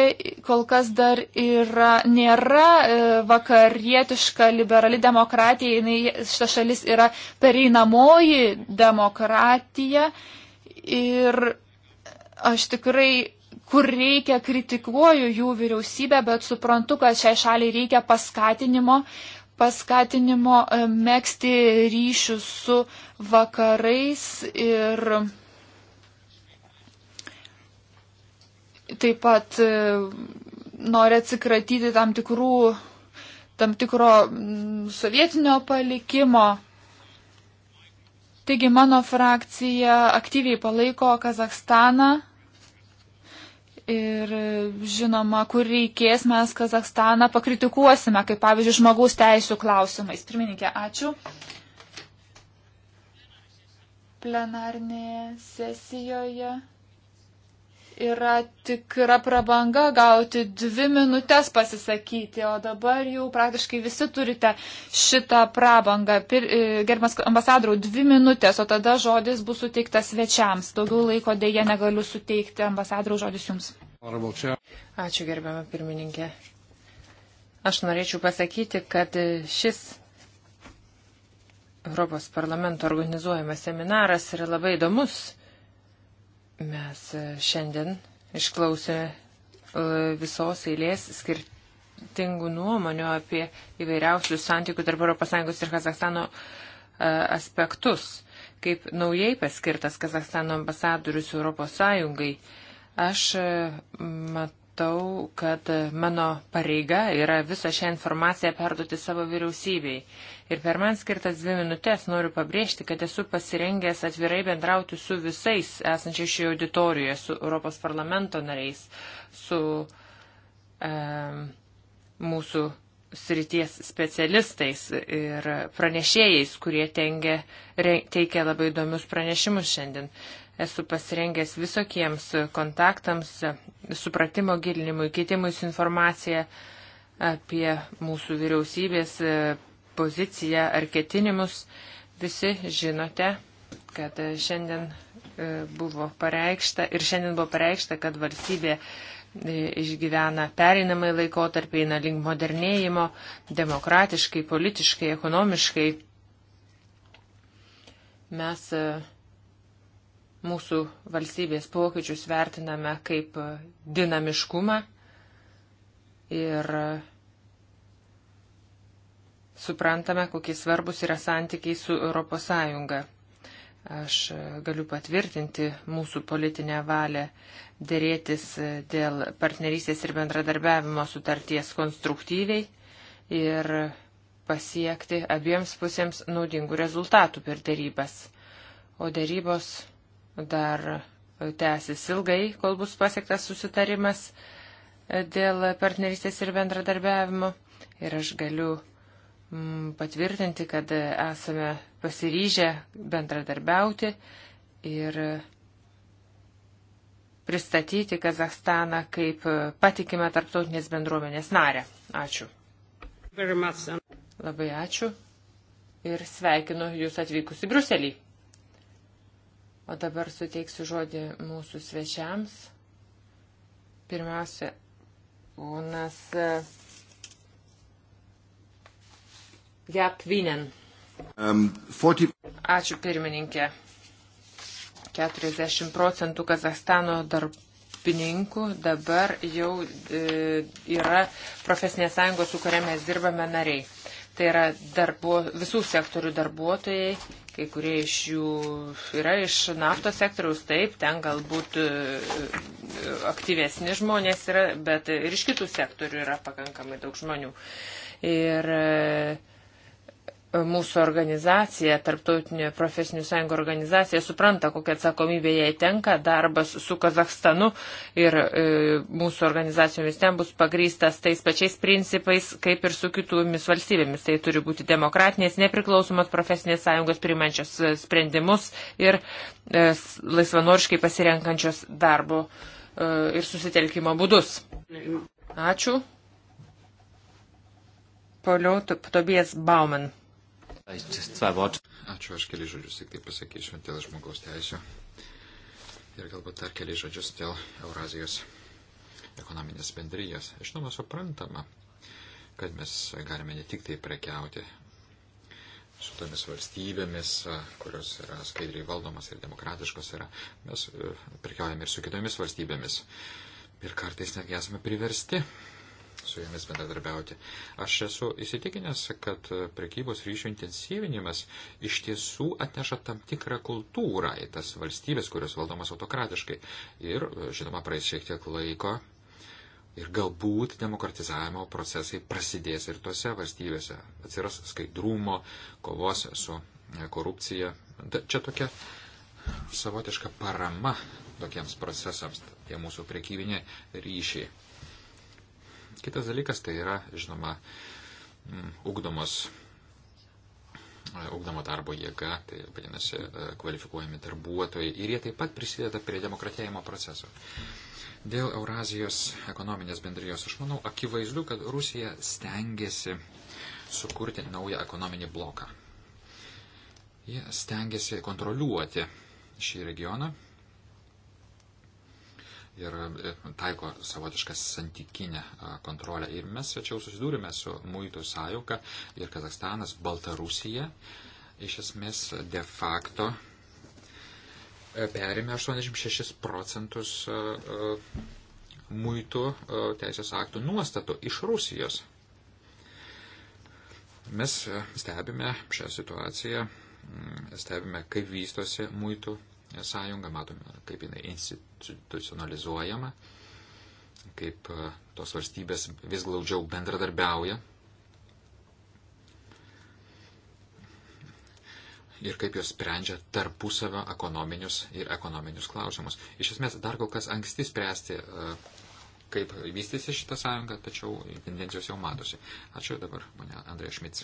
kol kas dar yra, nėra e, vakarietiška liberali demokratija, jinai, šita šalis yra pereinamoji demokratija ir aš tikrai kur reikia, kritikuoju jų vyriausybę, bet suprantu, kad šiai šaliai reikia paskatinimo, paskatinimo e, mėgsti ryšius su vakarais ir taip pat e, nori atsikratyti tam, tikrų, tam tikro sovietinio palikimo. Taigi mano frakcija aktyviai palaiko Kazakstaną Ir žinoma, kur reikės, mes Kazakstaną pakritikuosime, kaip pavyzdžiui, žmogaus teisų klausimais. Pirmininkė, ačiū. Plenarnėje sesijoje yra tikra prabanga gauti dvi minutės pasisakyti, o dabar jau praktiškai visi turite šitą prabangą. Pir, e, gerbiamas ambasadoriau, dvi minutės, o tada žodis bus suteiktas svečiams. Daugiau laiko dėje negaliu suteikti. Ambasadoriau, žodis jums. Ačiū, gerbiama pirmininkė. Aš norėčiau pasakyti, kad šis Europos parlamento organizuojamas seminaras yra labai įdomus Mes e, šiandien išklausėme e, visos eilės skirtingų nuomonių apie įvairiausius santykių tarp ES ir Kazakstano e, aspektus. Kaip naujai paskirtas Kazakstano ambasadorius ES, aš mat, supratau, kad mano pareiga yra visą šią informaciją perduoti savo vyriausybei. Ir per man skirtas dvi minutės noriu pabrėžti, kad esu pasirengęs atvirai bendrauti su visais esančiais šioje auditorijoje, su Europos parlamento nariais, su e, mūsų srities specialistais ir pranešėjais, kurie tengia, teikia labai įdomius pranešimus šiandien. E, Esu pasirengęs visokiems kontaktams, supratimo gilinimui, keitimus informaciją apie mūsų vyriausybės poziciją ar ketinimus. Visi žinote, kad šiandien e, buvo pareikšta ir šiandien buvo pareikšta, kad valstybė e, išgyvena pereinamai laikotarpį, eina link modernėjimo, demokratiškai, politiškai, ekonomiškai. Mes uh, mūsų valstybės pokyčius vertiname kaip dinamiškumą ir suprantame, kokie svarbus yra santykiai su ES. Aš galiu patvirtinti mūsų politinę valią dėrėtis dėl partnerystės ir bendradarbiavimo sutarties konstruktyviai ir pasiekti abiems pusėms naudingų rezultatų per dėrybas. O dėrybos dar tęsis ilgai, kol bus pasiektas susitarimas dėl partnerystės ir bendradarbiavimo. Ir aš galiu mm, patvirtinti, kad esame pasiryžę bendradarbiauti ir pristatyti Kazahstaną kaip patikimą tarptautinės bendruomenės narę. Ačiū. Labai ačiū ir sveikinu Jūs atvykus į Bruselį. O dabar suteiksiu žodį mūsų svečiams. Pirmiausia, ponas e, Gapvinen. Um, 40... Ačiū pirmininkė. 40 procentų Kazakstano darbininkų dabar jau e, yra profesinės sąjungos, su kuria mes dirbame nariai. Tai yra darbuo, visų sektorių darbuotojai Kai kurie iš jų yra iš naftos sektoriaus, taip, ten galbūt e, e, aktyvesni žmonės yra, bet ir iš kitų sektorių yra pakankamai daug žmonių. Ir e, mūsų organizacija, tarptautinė profesinių sąjungų organizacija, supranta, kokia atsakomybė jai tenka. Darbas su Kazakstanu ir e, mūsų organizacijomis ten bus pagrystas tais pačiais principais, kaip ir su kitomis valstybėmis. Tai turi būti demokratinės, nepriklausomos profesinės sąjungos primančios e, sprendimus ir e, laisvanoriškai pasirenkančios darbo e, ir susitelkimo būdus. Ačiū. Toliau Tobijas Bauman. Ačiū, aš keli žodžius tik tai pasakysiu dėl žmogaus teisų ir galbūt dar keli žodžius dėl Eurazijos ekonominės bendrijos. Žinoma, suprantama, kad mes galime ne tik tai prekiauti su tomis valstybėmis, kurios yra skaidriai valdomas ir demokratiškos yra, mes e, prekiaujame ir su kitomis valstybėmis. Ir kartais netgi esame priversti su jomis bendradarbiauti. Aš esu įsitikinęs, kad prekybos ryšių intensyvinimas iš tiesų atneša tam tikrą kultūrą į tas valstybės, kurios valdomas autokratiškai. Ir, žinoma, praeis šiek tiek laiko. Ir galbūt demokratizavimo procesai prasidės ir tose valstybėse. Atsiras skaidrumo, kovos su e, korupcija. Čia tokia savotiška parama tokiems procesams, tie mūsų priekybiniai ryšiai. Kitas dalykas tai yra, žinoma, mm, ugdomos, e, ugdomo darbo jėga, tai vadinasi, e, kvalifikuojami darbuotojai ir jie taip pat prisideda prie demokratėjimo proceso. Dėl Eurazijos ekonominės bendrijos, aš manau, akivaizdu, kad Rusija stengiasi sukurti naują ekonominį bloką. Jie stengiasi kontroliuoti šį regioną ir e, taiko savotišką santykinę e, kontrolę. Ir mes tačiau susidūrėme su muitų sąjunga ir Kazakstanas, Baltarusija iš esmės de facto e, perėmė 86 procentus muitų teisės aktų nuostatų iš Rusijos. Mes stebime šią situaciją, stebime, kaip vystosi muitų sąjungą, matome, kaip jinai institucionalizuojama, kaip e, tos valstybės vis glaudžiau bendradarbiauja ir kaip jos sprendžia tarpusavio ekonominius ir ekonominius klausimus. Iš esmės, dar kol kas anksti spręsti, e, kaip vystysi šitą sąjungą, tačiau tendencijos jau matosi. Ačiū dabar, mane Andrė Šmits.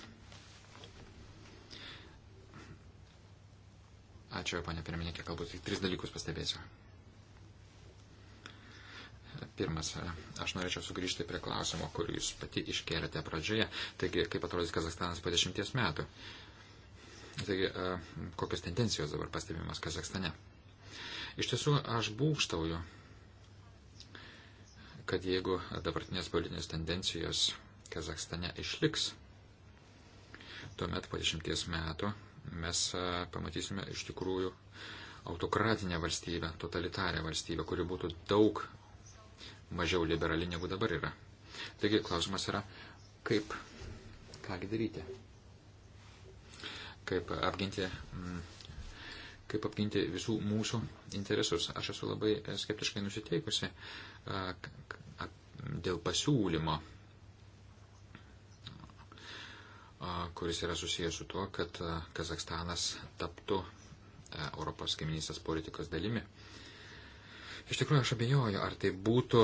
Ačiū, ponė pirmininkė, galbūt tik tris dalykus pastebėsiu. Pirmas, aš norėčiau sugrįžti prie klausimo, kurį jūs pati iškėlėte pradžioje. Taigi, kaip atrodys Kazakstanas po dešimties metų? Taigi, e, kokios tendencijos dabar pastebimas Kazakstane? Iš tiesų, aš būkštauju, kad jeigu dabartinės politinės tendencijos Kazakstane išliks, tuomet po dešimties metų mes e, pamatysime iš tikrųjų autokratinę valstybę, totalitarę valstybę, kuri būtų daug mažiau liberali negu dabar yra. Taigi klausimas yra, kaip, kągi daryti, kaip apginti, mm, kaip apginti visų mūsų interesus. Aš esu labai skeptiškai nusiteikusi e, dėl pasiūlymo kuris yra susijęs su tuo, kad Kazakstanas taptų Europos kaiminystės politikos dalimi. Iš tikrųjų, aš abejoju, ar tai būtų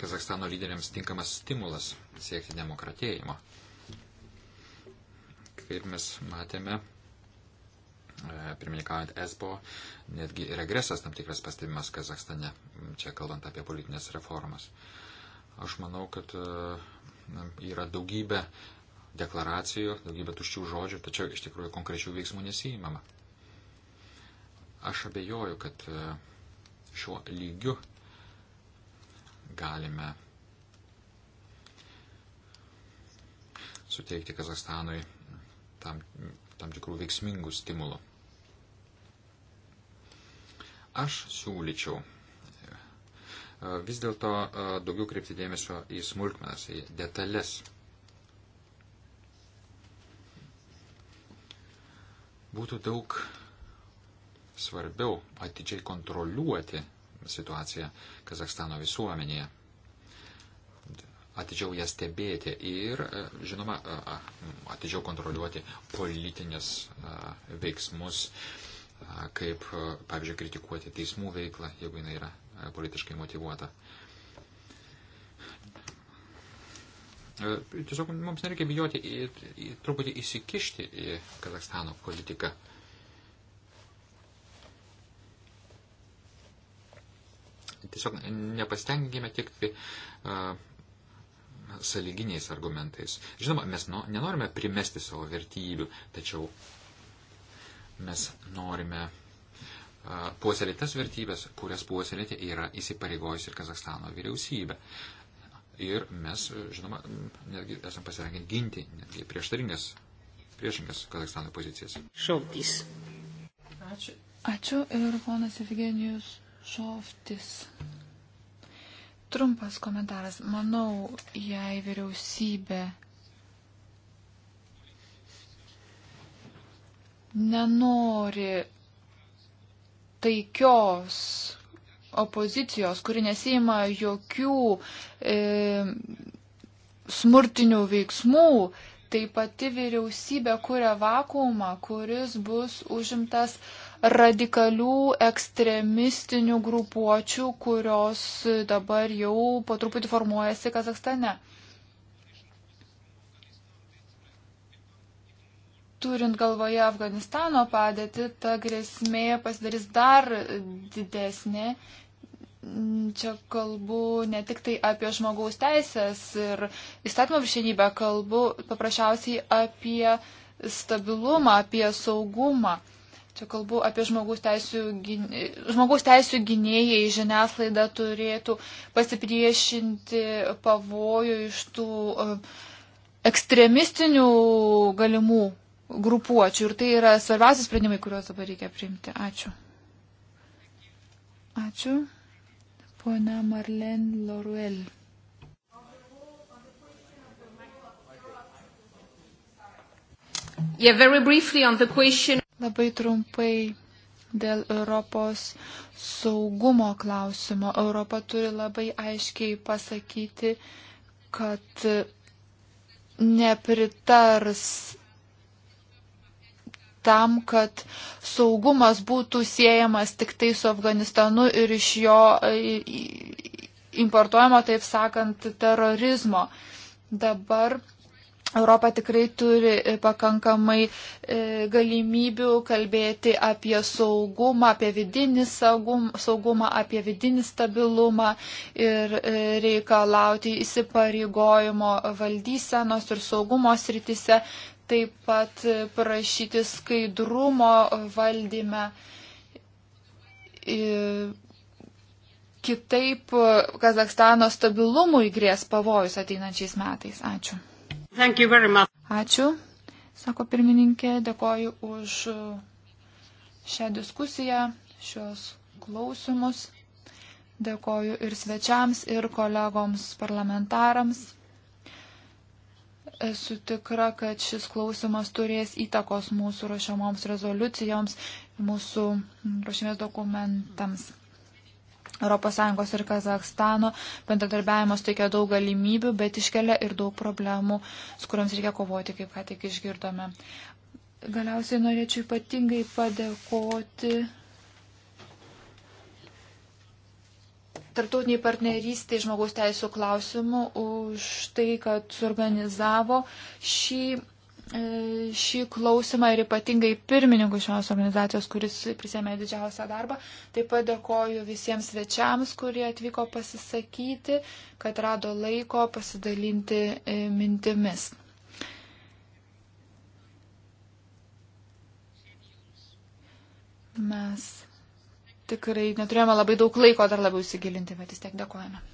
Kazakstano lyderiams tinkamas stimulas siekti demokratėjimo. Kaip mes matėme, pirmininkaujant ESPO, netgi regresas tam tikras pastebimas Kazakstane, čia kalbant apie politinės reformas. Aš manau, kad uh, yra daugybė deklaracijų, daugybė tuščių žodžių, tačiau iš tikrųjų konkrečių veiksmų nesijimama. Aš abejoju, kad e, šiuo lygiu galime suteikti Kazakstanui tam, tam tikrų veiksmingų stimulų. Aš siūlyčiau vis dėlto daugiau kreipti dėmesio į smulkmenas, į detalės. Būtų daug svarbiau atidžiai kontroliuoti situaciją Kazakstano visuomenėje, atidžiau ją stebėti ir, žinoma, atidžiau kontroliuoti politinės veiksmus, kaip, pavyzdžiui, kritikuoti teismų veiklą, jeigu jinai yra politiškai motivuota. E, tiesiog mums nereikia bijoti į, į, truputį įsikišti į Kazakstano politiką. Tiesiog nepastengime tik tai uh, e, saliginiais argumentais. Žinoma, mes no, nenorime primesti savo vertybių, tačiau mes norime uh, puoselėti tas vertybės, kurias puoselėti yra įsipareigojus ir Kazakstano vyriausybė. Ir mes, žinoma, netgi esame pasirengę ginti netgi prieštaringas, priešingas Kazakstano pozicijas. Šauktis. Ačiū. Ačiū ir ponas Evgenijus Šoftis. Trumpas komentaras. Manau, jei vyriausybė nenori taikios opozicijos, kuri nesima jokių e, smurtinių veiksmų, tai pati vyriausybė kuria vakumą, kuris bus užimtas radikalių ekstremistinių grupuočių, kurios dabar jau po truputį formuojasi Kazakstane. turint galvoje Afganistano padėtį, ta grėsmė pasidarys dar didesnė. Čia kalbu ne tik tai apie žmogaus teisės ir įstatymo viršienybę, kalbu paprasčiausiai apie stabilumą, apie saugumą. Čia kalbu apie žmogaus teisų, žmogaus teisų gynėjai, žiniaslaida turėtų pasipriešinti pavojų iš tų e, ekstremistinių galimų grupuočių. Ir tai yra svarbiausi sprendimai, kuriuos dabar reikia priimti. Ačiū. Ačiū. Pone Marlen Loruel. Yeah, very briefly on the question. Labai trumpai dėl Europos saugumo klausimo. Europa turi labai aiškiai pasakyti, kad nepritars tam, kad saugumas būtų siejamas tik tai su Afganistanu ir iš jo e, importuojamo, taip sakant, terorizmo. Dabar Europa tikrai turi e, pakankamai e, galimybių kalbėti apie saugumą, apie vidinį saugumą, apie vidinį stabilumą ir reikalauti įsipareigojimo valdysenos ir saugumo sritise, taip pat prašyti skaidrumo valdyme. Kitaip Kazakstano stabilumui grės pavojus ateinančiais metais. Ačiū. Ačiū, sako pirmininkė, dėkoju už šią diskusiją, šios klausimus. Dėkoju ir svečiams, ir kolegoms parlamentarams. Esu tikra, kad šis klausimas turės įtakos mūsų ruošiamoms rezoliucijoms, mūsų ruošimės dokumentams. ES ir Kazakstano bendradarbiavimas teikia daug galimybių, bet iškelia ir daug problemų, su kuriams reikia kovoti, kaip ką tik išgirdome. Galiausiai norėčiau ypatingai padėkoti tarptautiniai partnerystai žmogaus teisų klausimų už tai, kad suorganizavo šį, e, šį klausimą ir ypatingai pirmininkų šios organizacijos, kuris prisėmė didžiausią darbą. Taip pat dėkoju visiems svečiams, kurie atvyko pasisakyti, kad rado laiko pasidalinti e, mintimis. Mes tikrai neturėjome labai daug laiko dar labiau įsigilinti, bet vis tiek dėkojame.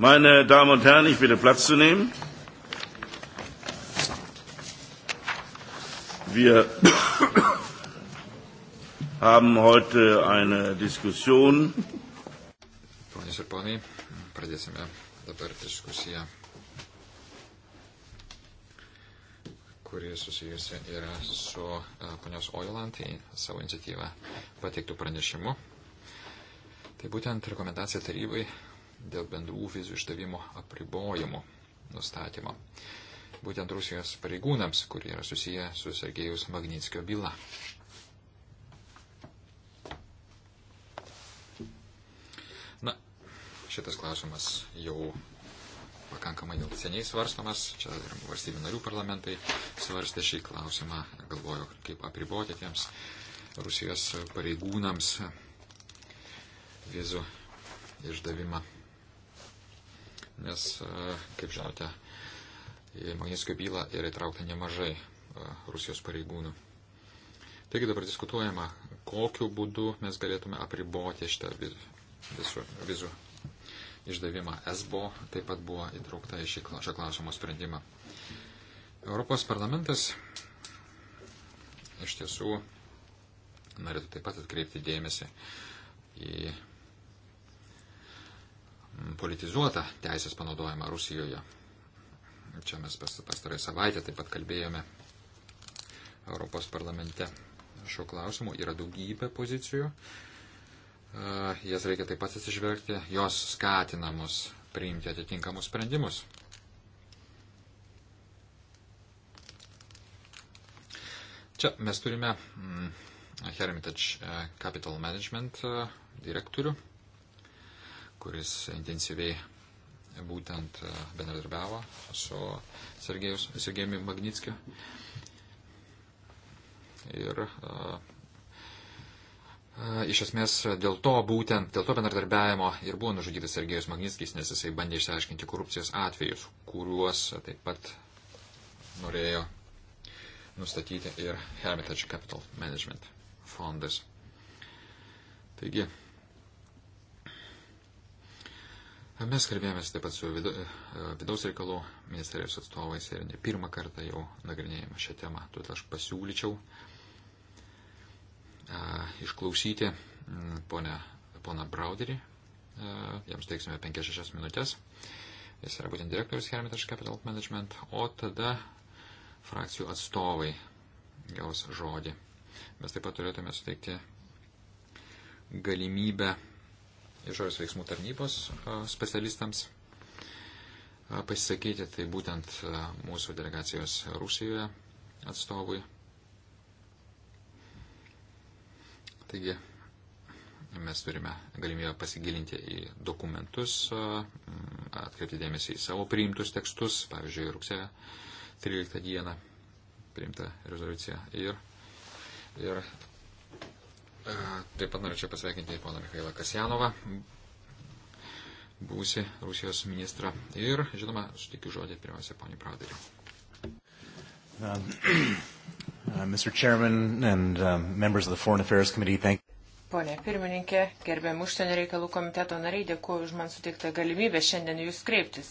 Meine Damen und Herren, ich bitte Platz zu nehmen. Wir haben heute eine Diskussion. Ponios ir ponai, pradėsime dabar diskusiją, kuri susijusi yra su e, ponios Oiland į savo iniciatyvą pateiktų pranešimu. Tai būtent rekomendacija tarybai dėl bendrų vizų ištavimo apribojimų nustatymo. Būtent Rusijos pareigūnams, kurie yra susiję su Sergejus Magnitskio byla. Na, šitas klausimas jau pakankamai jau seniai svarstomas, čia ir valstybių narių parlamentai svarstė šį klausimą, galvojo, kaip apriboti tiems Rusijos pareigūnams vizų išdavimą nes, e, kaip žinote, į Magnitskio bylą yra įtraukta nemažai e, Rusijos pareigūnų. Taigi dabar diskutuojama, kokiu būdu mes galėtume apriboti šitą visų vizų išdavimą. SBO taip pat buvo įtraukta į šį klausimo sprendimą. Europos parlamentas iš tiesų norėtų taip pat atkreipti dėmesį į politizuotą teisės panaudojimą Rusijoje. Čia mes pastarąją savaitę taip pat kalbėjome Europos parlamente šiuo klausimu. Yra daugybė pozicijų. E, jas reikia taip pat atsižvelgti. Jos skatinamus priimti atitinkamus sprendimus. Čia mes turime mm, Hermitage e, Capital Management e, direktorių kuris intensyviai būtent e, bendradarbiavo su Sergejumi Magnitskiu. Ir a, e, a, e, iš esmės dėl to būtent, dėl to bendradarbiavimo ir buvo nužudytas Sergejus Magnitskis, nes jisai bandė išsiaiškinti korupcijos atvejus, kuriuos taip pat norėjo nustatyti ir Hermitage Capital Management fondas. Taigi, Mes kalbėjomės taip pat su e, vidaus reikalų ministerijos atstovais ir ne pirmą kartą jau nagrinėjame šią temą. Todėl aš pasiūlyčiau a, e, išklausyti ponę, poną Brauderį. A, jam steiksime 5-6 minutės. Jis yra būtent direktorius Hermitage Capital Management. O tada frakcijų atstovai gaus žodį. Mes taip pat turėtume suteikti galimybę išorės veiksmų tarnybos specialistams pasisakyti, tai būtent mūsų delegacijos Rusijoje atstovui. Taigi mes turime galimybę pasigilinti į dokumentus, atkreipti dėmesį į savo priimtus tekstus, pavyzdžiui, rugsėjo 13 dieną priimta rezoliucija ir, ir E, taip pat norėčiau pasveikinti poną Mikhailą Kasjanovą, buvusi Rusijos ministrą. Ir, žinoma, sutikiu žodį pirmiausia, poniai Pradarį. Um, uh, um, Pone pirmininkė, gerbiam užsienio reikalų komiteto nariai, dėkuoju už man sutiktą galimybę šiandien jūs kreiptis.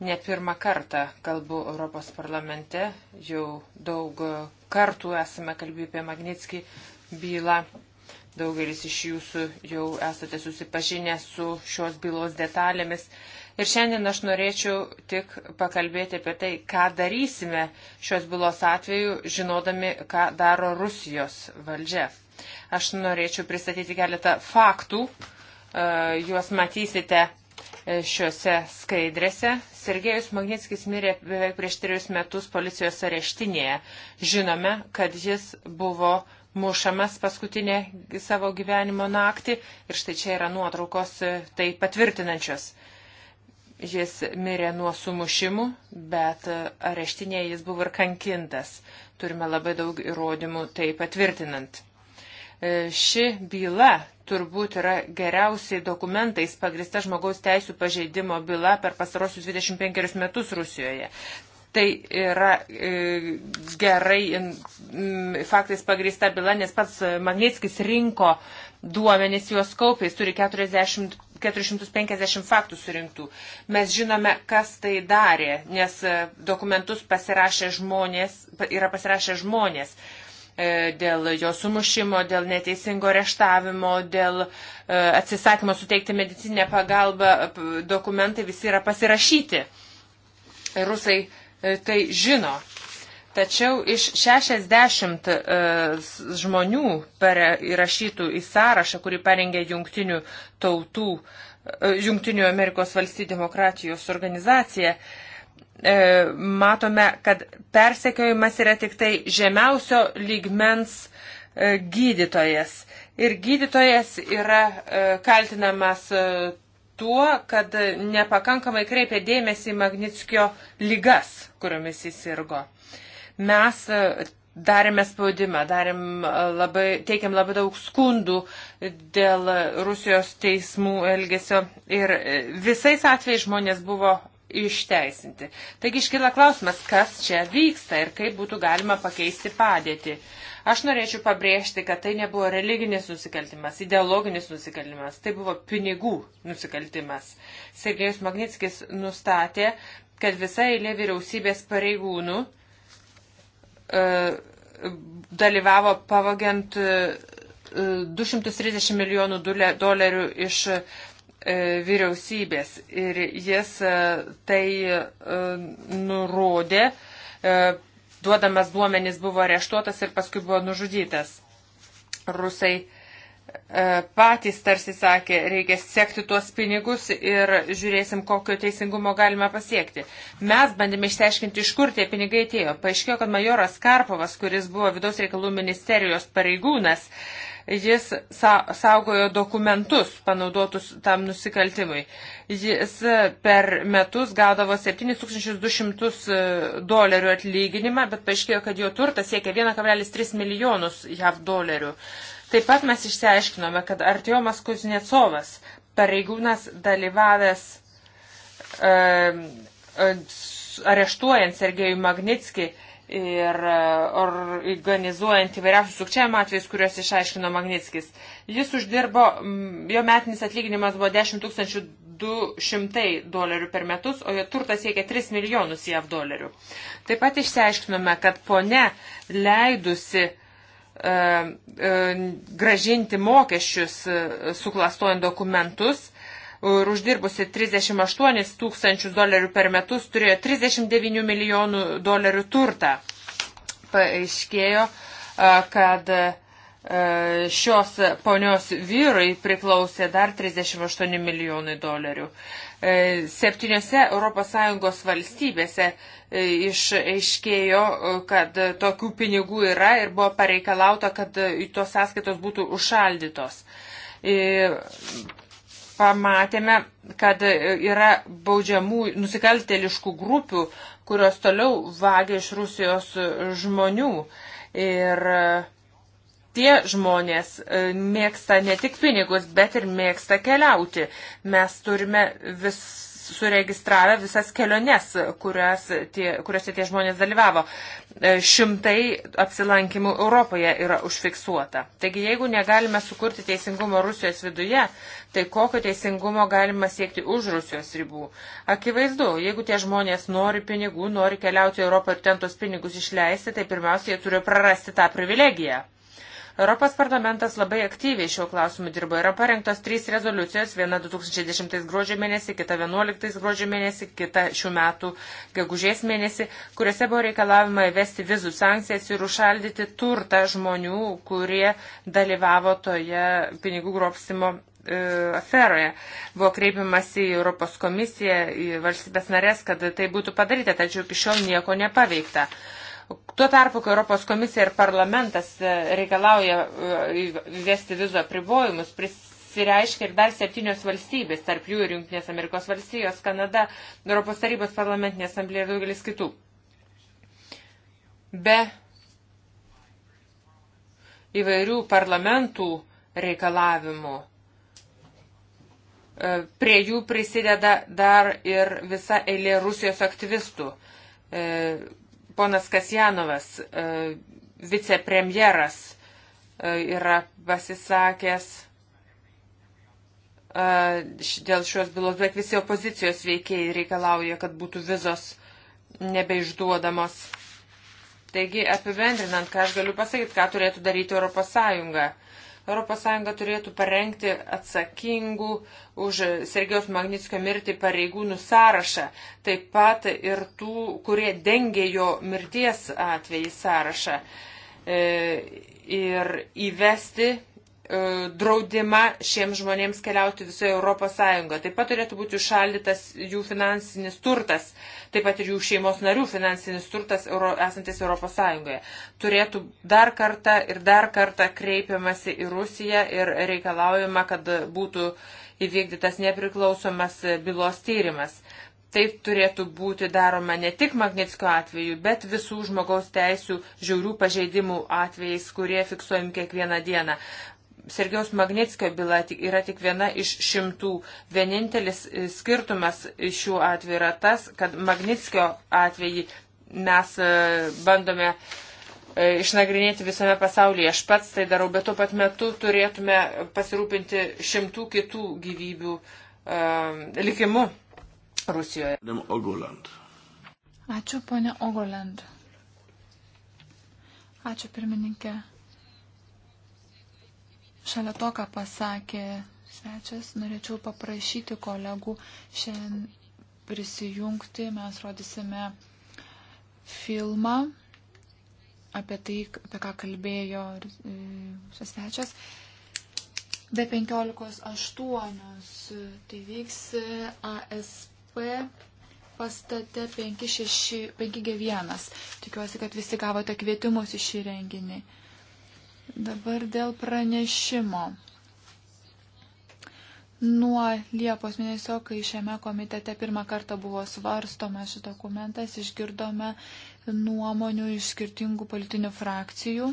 Ne pirmą kartą kalbu Europos parlamente, jau daug kartų esame kalbėję apie Magnitskį bylą Daugelis iš jūsų jau esate susipažinę su šios bylos detalėmis. Ir šiandien aš norėčiau tik pakalbėti apie tai, ką darysime šios bylos atveju, žinodami, ką daro Rusijos valdžia. Aš norėčiau pristatyti keletą faktų. E, juos matysite e, šiuose skaidrėse. Sergejus Magnitskis mirė beveik prieš trejus metus policijos areštinėje. Žinome, kad jis buvo mušamas paskutinę savo gyvenimo naktį ir štai čia yra nuotraukos e, tai patvirtinančios. Jis mirė nuo sumušimų, bet e, areštinėje jis buvo ir kankintas. Turime labai daug įrodymų tai patvirtinant. E, ši byla turbūt yra geriausiai dokumentais pagrista žmogaus teisų pažeidimo byla per pastarosius 25 metus Rusijoje. Tai yra e, gerai in, m, faktais pagrįsta byla, nes pats Magnitskis rinko duomenys juos kaupė, jis turi 40, 450 faktų surinktų. Mes žinome, kas tai darė, nes e, dokumentus pasirašė žmonės, yra pasirašę žmonės e, dėl jo sumušimo, dėl neteisingo reštavimo, dėl e, atsisakymo suteikti medicinę pagalbą, dokumentai visi yra pasirašyti. Rusai E, tai žino. Tačiau iš 60 e, žmonių įrašytų į sąrašą, kurį parengė Junktinių tautų, e, Junktinių Amerikos valstybių demokratijos organizacija, matome, kad persekiojimas yra tik tai žemiausio lygmens gydytojas. Ir gydytojas yra kaltinamas tuo, kad nepakankamai kreipė dėmesį į Magnitskio lygas, kuriomis jis sirgo. Mes e, darėme spaudimą, darėm e, labai, teikėm labai daug skundų dėl Rusijos teismų elgesio ir e, visais atvejais žmonės buvo išteisinti. Taigi iškyla klausimas, kas čia vyksta ir kaip būtų galima pakeisti padėtį. Uh, Aš norėčiau pabrėžti, kad tai nebuvo religinis nusikaltimas, ideologinis nusikaltimas, tai buvo pinigų nusikaltimas. Sergejus Magnitskis nustatė, kad visa eilė vyriausybės pareigūnų e, dalyvavo pavagiant e, 230 milijonų dolerių iš e, vyriausybės ir jis e, tai e, nurodė duodamas duomenys buvo areštuotas ir paskui buvo nužudytas. Rusai e, patys tarsi sakė, reikia sekti tuos pinigus ir žiūrėsim, kokio teisingumo galime pasiekti. Mes bandėme išsiaiškinti, iš kur tie pinigai atėjo. Paaiškėjo, kad majoras Karpovas, kuris buvo vidaus reikalų ministerijos pareigūnas, e, Jis saugojo dokumentus panaudotus tam nusikaltimui. Jis e, per metus gaudavo 7200 e, dolerių atlyginimą, bet paaiškėjo, kad jo turtas siekia 1,3 milijonus JAV dolerių. Taip pat mes išsiaiškinome, kad Artiomas Kuznecovas, pareigūnas dalyvavęs e, e, areštuojant Sergejų Magnitskį, e, ir e, organizuojant įvairiausius sukčiavimo atvejus, kuriuos išaiškino Magnitskis. Jis uždirbo, jo metinis atlyginimas buvo 10 200 dolerių per metus, o jo turtas siekia 3 milijonus JAV dolerių. Taip pat išsiaiškinome, kad pone leidusi e, e, gražinti mokesčius, e, suklastojant dokumentus, ir uždirbusi 38 tūkstančius dolerių per metus turėjo 39 milijonų dolerių turtą. Paaiškėjo, kad šios ponios vyrui priklausė dar 38 milijonai dolerių. E, septyniose ES valstybėse e, išaiškėjo, e, kad tokių pinigų yra ir buvo pareikalauta, kad tos sąskaitos būtų užšaldytos pamatėme, kad yra baudžiamų nusikalteliškų grupių, kurios toliau vagia iš Rusijos žmonių. Ir e, tie žmonės e, mėgsta ne tik pinigus, bet ir mėgsta keliauti. Mes turime vis suregistravę visas keliones, kurias tie, kuriuose tie žmonės dalyvavo. E, šimtai apsilankimų Europoje yra užfiksuota. Taigi, jeigu negalime sukurti teisingumo Rusijos viduje, tai kokio teisingumo galima siekti už Rusijos ribų? Akivaizdu, jeigu tie žmonės nori pinigų, nori keliauti į Europą ir ten tos pinigus išleisti, tai pirmiausia, jie turi prarasti tą privilegiją. Europos parlamentas labai aktyviai šiuo klausimu dirbo. Yra parengtos trys rezoliucijos, viena 2010 gruodžio mėnesį, kita 11 gruodžio mėnesį, kita šių metų gegužės mėnesį, kuriuose buvo reikalavima įvesti vizų sankcijas ir užšaldyti turtą žmonių, kurie dalyvavo toje pinigų grobstimo e, aferoje. Buvo kreipiamas į Europos komisiją, į valstybės narės, kad tai būtų padaryta, tačiau iki šiol nieko nepaveikta. Tuo tarpu, kai Europos komisija ir parlamentas e, reikalauja e, įvesti vizo apribojimus, pasireiškia ir dar septynios valstybės, tarp jų ir Junktinės Amerikos valstijos, Kanada, Europos tarybos parlamentinė asamblėje ir daugelis kitų. Be įvairių parlamentų reikalavimų e, prie jų prisideda dar ir visa eilė Rusijos aktyvistų, ponas Kasjanovas, e, vicepremjeras, e, yra pasisakęs e, dėl šios bylos, bet visi opozicijos veikėjai reikalauja, kad būtų vizos nebeišduodamos. Taigi, apibendrinant, ką aš galiu pasakyti, ką turėtų daryti Europos Sąjunga. ES turėtų parengti atsakingų už Sergejus Magnitskio mirtį pareigūnų sąrašą, taip pat ir tų, kurie dengė jo mirties atvejį sąrašą e, ir įvesti E, draudimą šiems žmonėms keliauti visoje Europos Sąjungoje. Taip pat turėtų būti užšaldytas jų finansinis turtas, taip pat ir jų šeimos narių finansinis turtas euro, esantis Europos Sąjungoje. Turėtų dar kartą ir dar kartą kreipiamasi į Rusiją ir reikalaujama, kad būtų įvykdytas nepriklausomas bylos tyrimas. Taip turėtų būti daroma ne tik Magnitskio atveju, bet visų žmogaus teisų žiaurių pažeidimų atvejais, kurie fiksuojam kiekvieną dieną. Sergejus Magnitskio byla yra tik viena iš šimtų. Vienintelis e, skirtumas šių atvejų yra tas, kad Magnitskio atvejį mes e, bandome e, išnagrinėti visame pasaulyje. Aš pats tai darau, bet tuo pat metu turėtume pasirūpinti šimtų kitų gyvybių um, likimu Rusijoje. Ačiū, ponė Ogoland. Ačiū, pirmininkė. Šalia to, ką pasakė svečias, norėčiau paprašyti kolegų šiandien prisijungti. Mes rodysime filmą apie tai, apie ką kalbėjo e, svečias. Be 15.8 tai vyks ASP pastate 561. Tikiuosi, kad visi gavote kvietimus į šį renginį. Dabar dėl pranešimo. Nuo Liepos mėnesio, kai šiame komitete pirmą kartą buvo svarstomas šis dokumentas, išgirdome nuomonių iš skirtingų politinių frakcijų.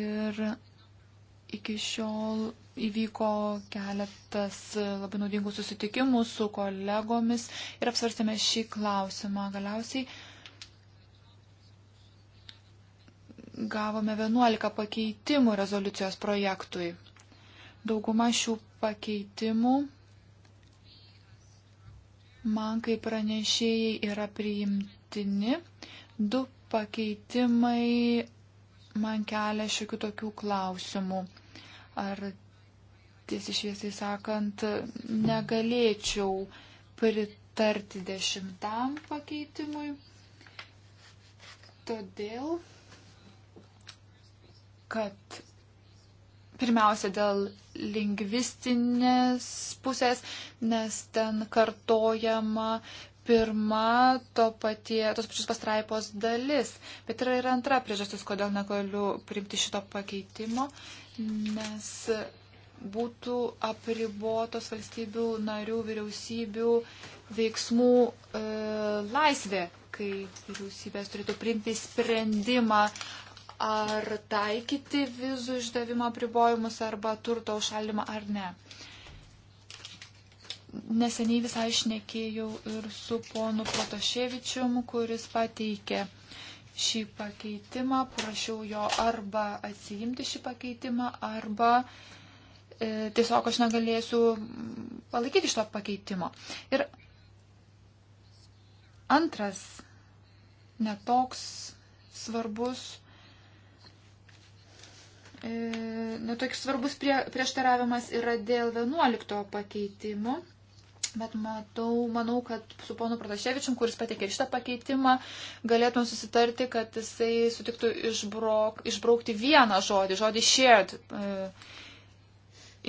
Ir iki šiol įvyko keletas labai naudingų susitikimų su kolegomis ir apsvarstėme šį klausimą. Galiausiai gavome 11 pakeitimų rezoliucijos projektui. Dauguma šių pakeitimų man kaip pranešėjai yra priimtini. Du pakeitimai man kelia šiokių tokių klausimų. Ar tiesiai šviesiai sakant, negalėčiau pritarti dešimtam pakeitimui. Todėl kad pirmiausia dėl lingvistinės pusės, nes ten kartojama pirma to patie, tos pačios pastraipos dalis. Bet yra ir antra priežastis, kodėl negaliu priimti šito pakeitimo, nes būtų apribotos valstybių narių vyriausybių veiksmų e, laisvė, kai vyriausybės turėtų priimti sprendimą ar taikyti vizų išdavimo pribojimus arba turto užšaldimą ar ne. Neseniai visai išnekėjau ir su ponu Protoševičium, kuris pateikė šį pakeitimą, prašiau jo arba atsiimti šį pakeitimą, arba e, tiesiog aš negalėsiu palaikyti šito pakeitimo. Ir antras netoks svarbus nu, toks svarbus prie, prieštaravimas yra dėl 11 pakeitimų. Bet matau, manau, kad su ponu Prataševičium, kuris patikė šitą pakeitimą, galėtume susitarti, kad jisai sutiktų išbrauk, išbraukti vieną žodį, žodį shared e,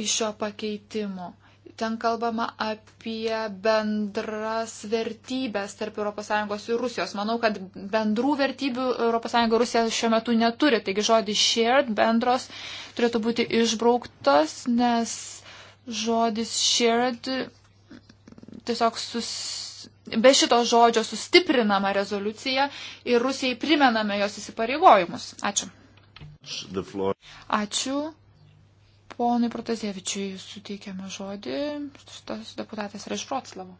iš šio pakeitimo ten kalbama apie bendras vertybės tarp ES ir Rusijos. Manau, kad bendrų vertybių ES ir Rusija šiuo metu neturi. Taigi žodis shared, bendros, turėtų būti išbrauktas, nes žodis shared tiesiog sus... be šito žodžio sustiprinama rezoliucija ir Rusijai primename jos įsipareigojimus. Ačiū. Ačiū. Ponui Protasievičiui suteikiame žodį. Šitas deputatas yra iš Vroclavo.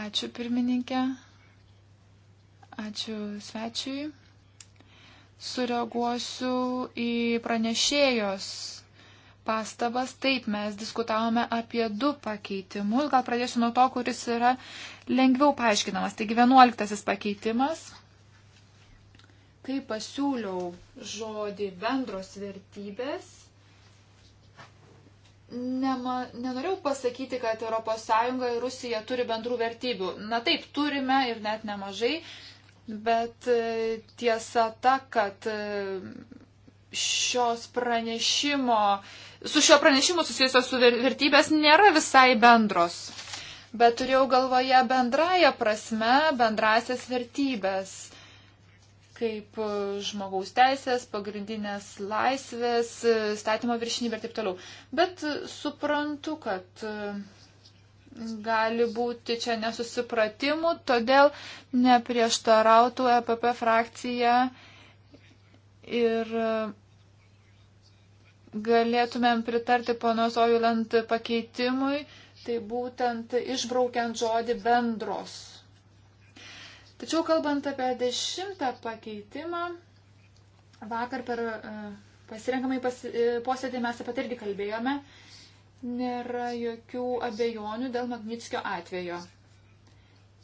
Ačiū pirmininkė. Ačiū svečiui. Sureaguosiu į pranešėjos pastabas. Taip, mes diskutavome apie du pakeitimus. Gal pradėsiu nuo to, kuris yra lengviau paaiškinamas. Taigi, vienuoliktasis pakeitimas kai pasiūliau žodį bendros vertybės, nema, nenorėjau pasakyti, kad ES ir Rusija turi bendrų vertybių. Na taip, turime ir net nemažai, bet e, tiesa ta, kad e, šios pranešimo, su šio pranešimu susijusios su vertybės nėra visai bendros. Bet turėjau galvoje bendrąją prasme, bendrasias vertybės kaip e, žmogaus teisės, pagrindinės laisvės, e, statymo viršinybė ir taip toliau. Bet e, suprantu, kad gali būti čia nesusipratimų, todėl neprieštarautų EPP frakcija ir galėtumėm pritarti ponos Ojulant pakeitimui, tai būtent išbraukiant žodį bendros Tačiau kalbant apie dešimtą pakeitimą, vakar per e, pasirenkamai pasi, e, posėdį mes apie tai irgi kalbėjome, nėra jokių abejonių dėl Magnitskio atvejo.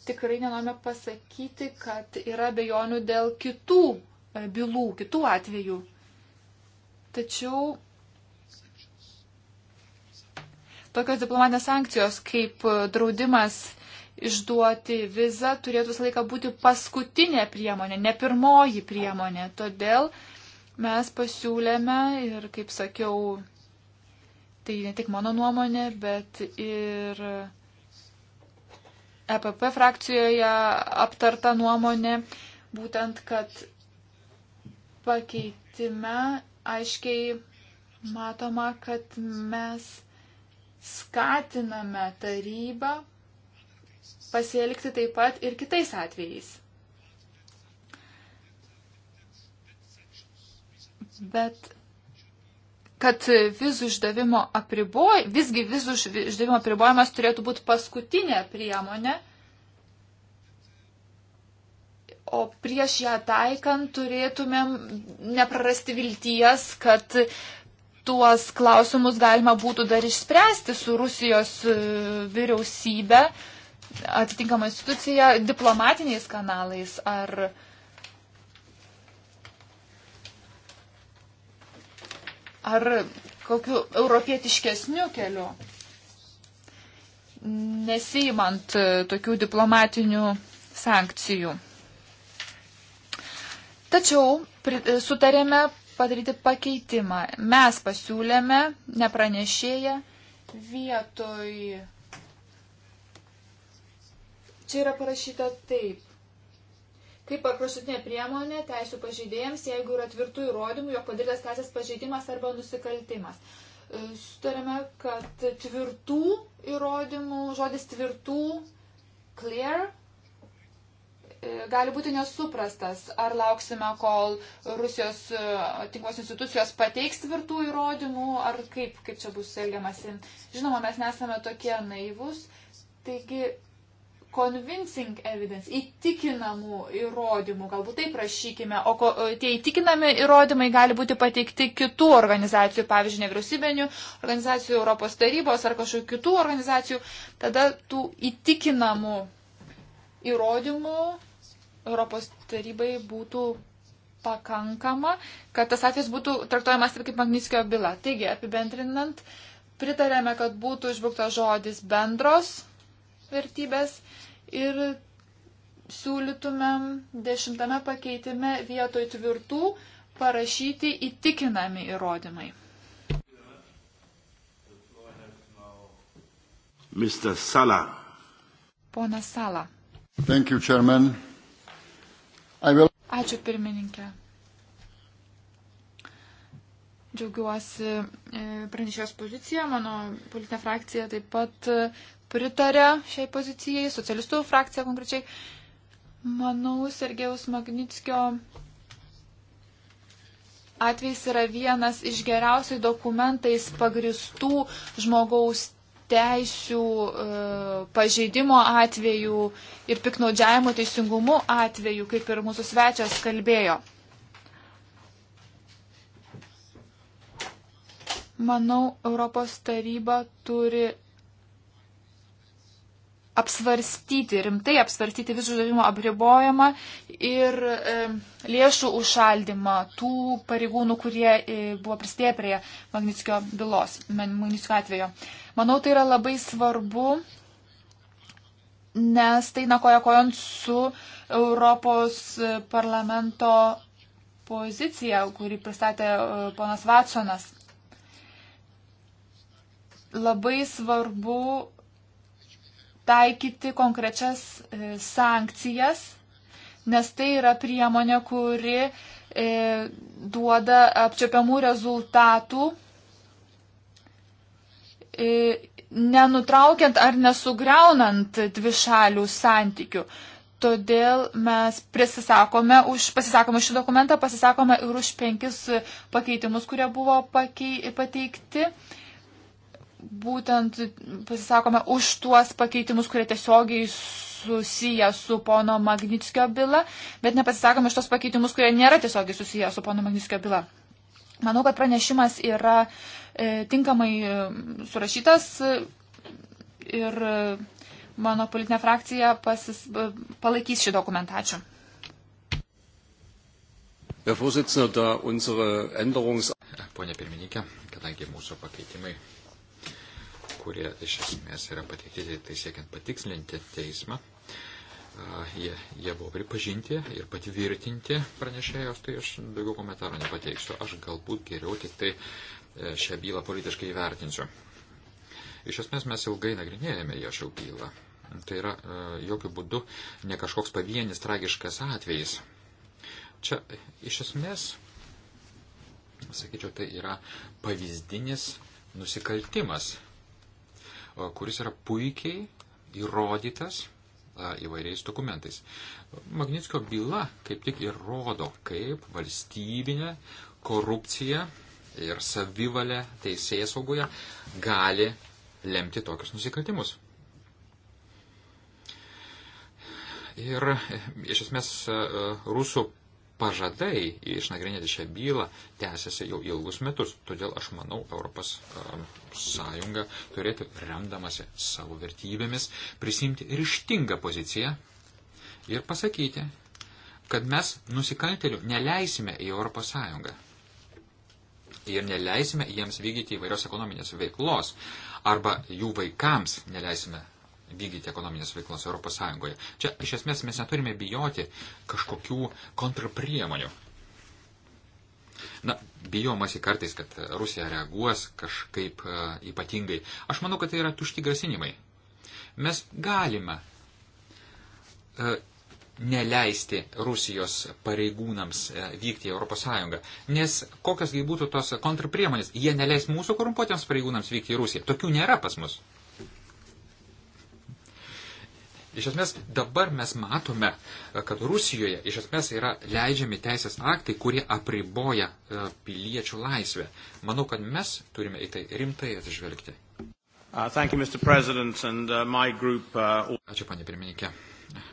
Tikrai nenorime pasakyti, kad yra abejonių dėl kitų e, bylų, kitų atvejų. Tačiau tokios diplomatinės sankcijos kaip draudimas išduoti vizą turėtų visą laiką būti paskutinė priemonė, ne pirmoji priemonė. Todėl mes pasiūlėme ir, kaip sakiau, tai ne tik mano nuomonė, bet ir EPP frakcijoje aptarta nuomonė, būtent, kad pakeitime aiškiai matoma, kad mes skatiname tarybą pasielgti taip pat ir kitais atvejais. Bet kad vizų išdavimo apriboj, visgi vizų išdavimo apribojimas turėtų būti paskutinė priemonė, o prieš ją taikant turėtumėm neprarasti vilties, kad tuos klausimus galima būtų dar išspręsti su Rusijos e, vyriausybe. Uh, atitinkamą instituciją diplomatiniais kanalais ar. Ar kokiu europietiškesniu keliu, nesijimant e, tokių diplomatinių sankcijų. Tačiau e, sutarėme padaryti pakeitimą. Mes pasiūlėme nepranešėję vietoj Čia yra parašyta taip. Kaip paprašutinė priemonė teisų pažeidėjams, jeigu yra tvirtų įrodymų, jog padarytas teisės pažeidimas arba nusikaltimas. E, sutarėme, kad tvirtų įrodymų, žodis tvirtų, clear, e, gali būti nesuprastas. Ar lauksime, kol Rusijos e, tinklos institucijos pateiks tvirtų įrodymų, ar kaip, kaip čia bus elgiamasi. Žinoma, mes nesame tokie naivus. Taigi convincing evidence, įtikinamų įrodymų, galbūt taip rašykime, o ko, e, tie įtikinami įrodymai gali būti pateikti kitų organizacijų, pavyzdžiui, nevyriausybinių organizacijų, Europos tarybos ar kažkokių kitų organizacijų, tada tų įtikinamų įrodymų Europos tarybai būtų pakankama, kad tas atvejis būtų traktuojamas taip kaip Magnitskio byla. Taigi, apibendrinant, pritarėme, kad būtų išbūktas žodis bendros vertybės ir siūlytumėm dešimtame pakeitime vietoj tvirtų parašyti įtikinami įrodymai. Mr. Sala. Pona Sala. Thank you, Chairman. I will... Ačiū pirmininkė. Džiaugiuosi e, pranešės poziciją, mano politinė frakcija taip pat pritarė šiai pozicijai, socialistų frakcija konkrečiai. Manau, Sergejaus Magnitskio atvejs yra vienas iš geriausiai dokumentais pagristų žmogaus teisių e, pažeidimo atvejų ir piknaudžiavimo teisingumu atvejų, kaip ir mūsų svečias kalbėjo. Manau, Europos taryba turi apsvarstyti, rimtai apsvarstyti visų žudimo apribojimą ir e, lėšų užšaldimą tų pareigūnų, kurie e, buvo pristėję prie Magnitskio bylos, Magnitskio atvejo. Manau, tai yra labai svarbu, nes tai nakoja kojant su Europos parlamento pozicija, kurį pristatė e, ponas Vatsonas. Labai svarbu taikyti konkrečias e, sankcijas, nes tai yra priemonė, kuri e, duoda apčiopiamų rezultatų e, nenutraukiant ar nesugriaunant dvišalių santykių. Todėl mes prisisakome už, pasisakome šį dokumentą, pasisakome ir už penkis pakeitimus, kurie buvo pakei, pateikti. E, būtent pasisakome už tuos pakeitimus, kurie tiesiogiai susiję su pono Magnitskio byla, bet nepasisakome už tos pakeitimus, kurie nėra tiesiogiai susiję su pono Magnitskio byla. Manau, kad pranešimas yra e, tinkamai e, surašytas e, ir e, mano politinė frakcija pasis, e, palaikys šį dokumentą. Ačiū. Pone pirmininkė, kadangi mūsų pakeitimai kurie iš esmės yra pateikti tai, tai siekiant patikslinti teismą. Jie, jie buvo pripažinti ir patvirtinti pranešėjos, tai aš daugiau komentarų nepateiksiu. Aš galbūt geriau tik tai e, šią bylą politiškai įvertinsiu. Iš esmės mes ilgai nagrinėjame jo šią bylą. Tai yra e, jokių būdų ne kažkoks pavienis tragiškas atvejis. Čia iš esmės, sakyčiau, tai yra pavyzdinis nusikaltimas kuris yra puikiai įrodytas įvairiais dokumentais. Magnitskio byla kaip tik ir rodo, kaip valstybinė korupcija ir savivalė teisėjas saugoje gali lemti tokius nusikaltimus. Ir e, iš esmės e, e, rusų pažadai išnagrinėti šią bylą tęsiasi jau ilgus metus. Todėl aš manau, Europos um, Sąjunga turėtų remdamasi savo vertybėmis prisimti ryštingą poziciją ir pasakyti, kad mes nusikaltelių neleisime į Europos Sąjungą. Ir neleisime jiems vykdyti įvairios ekonominės veiklos. Arba jų vaikams neleisime vykdyti ekonominės veiklos ES. Čia iš esmės mes neturime bijoti kažkokių kontrpriemonių. Na, bijomasi kartais, kad Rusija reaguos kažkaip e, ypatingai. Aš manau, kad tai yra tušti grasinimai. Mes galime e, neleisti Rusijos pareigūnams e, vykti į ES. Nes kokiasgi būtų tos kontrpriemonės, jie neleis mūsų korumpuotiems pareigūnams vykti į Rusiją. Tokių nėra pas mus. Iš esmės dabar mes matome, kad Rusijoje iš esmės yra leidžiami teisės aktai, kurie apriboja e, piliečių laisvę. Manau, kad mes turime į tai rimtai atsižvelgti. Uh, you, and, uh, group, uh... Ačiū, panė pirmininkė.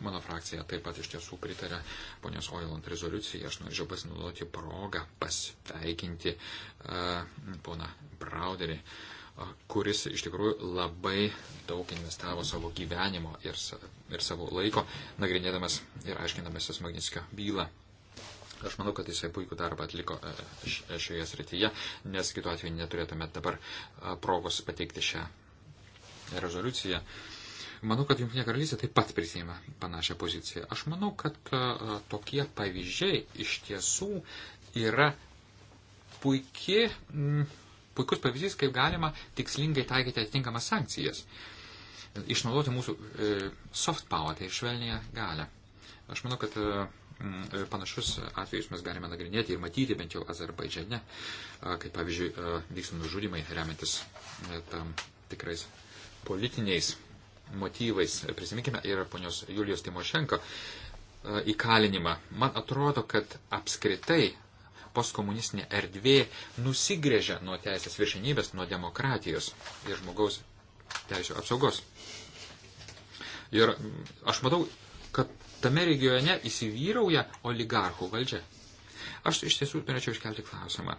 Mano frakcija taip pat iš tiesų pritarė ponios Oiland rezoliucijai. Aš norėčiau pasinaudoti progą pasveikinti uh, poną Brauderį. Uh, kuris iš tikrųjų labai daug investavo savo gyvenimo ir, ir savo laiko, nagrinėdamas ir aiškinamasis Magnitskio bylą. Aš manau, kad jisai puikų darbą atliko e, e, šioje srityje, nes kitu atveju neturėtume dabar e, progos pateikti šią rezoliuciją. Manau, kad Junktinė karalystė taip pat prisėmė panašią poziciją. Aš manau, kad tokie pavyzdžiai iš tiesų yra puikiai puikus pavyzdys, kaip galima tikslingai taikyti atitinkamas sankcijas. Išnaudoti mūsų e, soft power, tai švelnėje galę. Aš manau, kad e, panašus atvejus mes galime nagrinėti ir matyti bent jau Azerbaidžiane, kaip pavyzdžiui e, vyksta nužudimai remiantis e, tam tikrais politiniais motyvais. Prisiminkime ir ponios Julijos Timošenko e, įkalinimą. Man atrodo, kad apskritai postkomunistinė erdvė nusigrėžia nuo teisės viršinybės, nuo demokratijos ir žmogaus teisų apsaugos. Ir aš matau, kad tame regione įsivyrauja oligarchų valdžia. Aš iš tiesų norėčiau iškelti klausimą.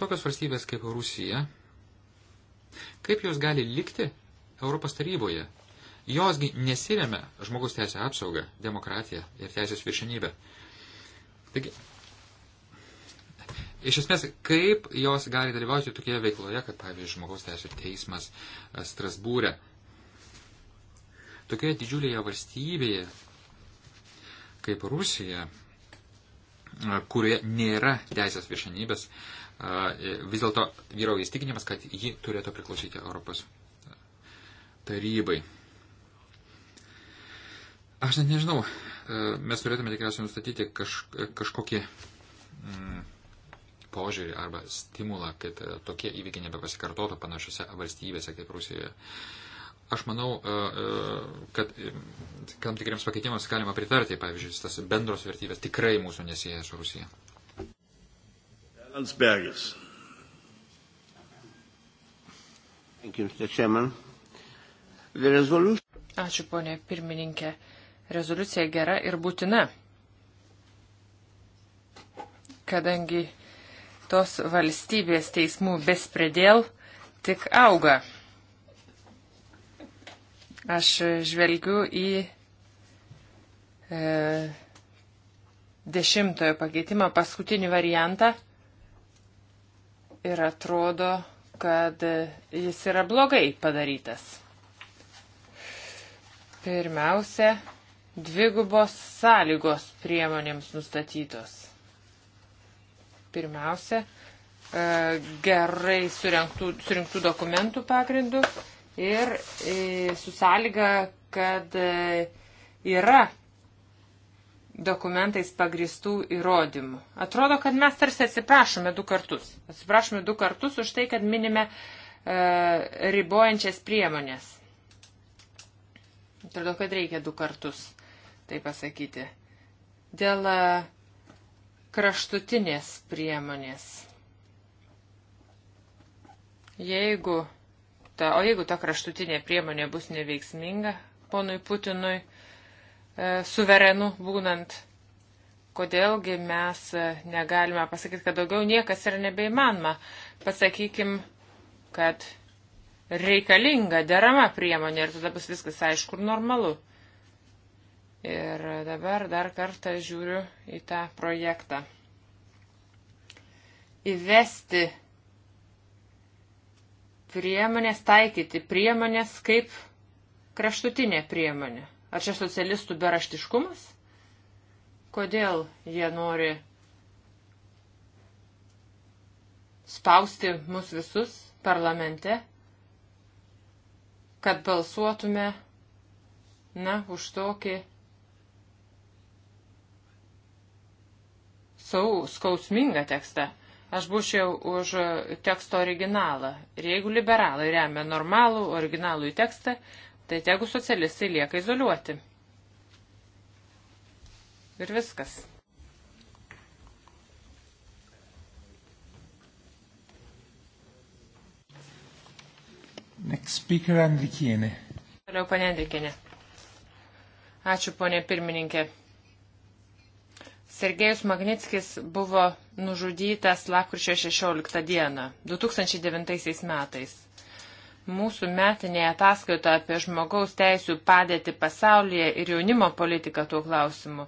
Tokios valstybės kaip Rusija, kaip jos gali likti Europos taryboje? Josgi nesiremia žmogus teisė apsauga, demokratija ir teisės viršinybė. Taigi, Iš esmės, kaip jos gali dalyvauti tokioje veikloje, kaip pavyzdžiui, žmogaus teisų teismas e, Strasbūrė. Tokioje didžiulėje valstybėje, kaip Rusija, e, kurioje nėra teisės viršanybės, e, vis dėlto vyrauja įstikinimas, kad ji turėtų priklausyti Europos tarybai. Aš net nežinau, mes turėtume tikriausiai nustatyti kaž, kažkokį mm, požiūrį arba stimulą, kad e, tokie įvykiai nebepasikartotų panašiose valstybėse kaip Rusijoje. Aš manau, e, e, kad tam tikriams pakeitimams galima pritarti, pavyzdžiui, tas bendros vertybės tikrai mūsų nesieja su Rusija. Landsbergis. Ačiū, ponė pirmininkė. Rezoliucija gera ir būtina kadangi tos valstybės teismų bespredėl tik auga. Aš žvelgiu į e, dešimtojo pakeitimą, paskutinį variantą ir atrodo, kad jis yra blogai padarytas. Pirmiausia, dvigubos sąlygos priemonėms nustatytos pirmiausia, e, gerai surinktų, surinktų dokumentų pagrindų ir e, su sąlyga, kad e, yra dokumentais pagristų įrodymų. Atrodo, kad mes tarsi atsiprašome du kartus. Atsiprašome du kartus už tai, kad minime e, ribojančias priemonės. Atrodo, kad reikia du kartus tai pasakyti. Dėl e, kraštutinės priemonės. Jeigu ta, o jeigu ta kraštutinė priemonė bus neveiksminga, ponui Putinui, e, suverenu būnant, kodėlgi mes e, negalime pasakyti, kad daugiau niekas yra nebeimanoma. Pasakykim, kad reikalinga derama priemonė ir tada bus viskas aišku ir normalu. Ir dabar dar kartą žiūriu į tą projektą. Įvesti priemonės, taikyti priemonės kaip kraštutinė priemonė. Ar čia socialistų beraštiškumas? Kodėl jie nori spausti mus visus parlamente, kad balsuotume, na, už tokį sau, skausmingą tekstą, aš būčiau už teksto originalą. Ir jeigu liberalai remia normalų originalų į tekstą, tai tegu socialistai lieka izoliuoti. Ir viskas. Next speaker Andrikienė. Toliau ponė Andrikienė. Ačiū ponė pirmininkė. Sergejus Magnitskis buvo nužudytas lapkričio 16 dieną 2009 metais. Mūsų metinėje ataskaitoje apie žmogaus teisų padėtį pasaulyje ir jaunimo politiką tuo klausimu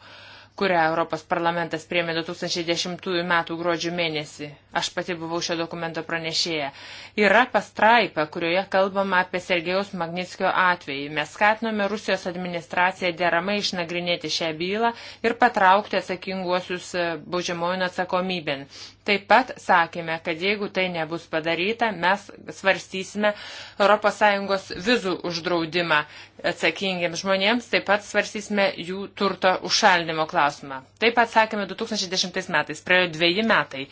kurią Europos parlamentas priemė 2010 m. gruodžio mėnesį. Aš pati buvau šio dokumento pranešėja. Yra pastraipa, kurioje kalbama apie Sergejaus Magnitskio atvejį. Mes skatinome Rusijos administraciją deramai išnagrinėti šią bylą ir patraukti atsakinguosius e, baudžiamojų atsakomybėn. Taip pat sakėme, kad jeigu tai nebus padaryta, mes svarstysime ES vizų uždraudimą atsakingiems žmonėms, taip pat svarstysime jų turto užšaldimo klausimą klausimą. Taip pat sakėme 2010 metais, praėjo dviejį metai.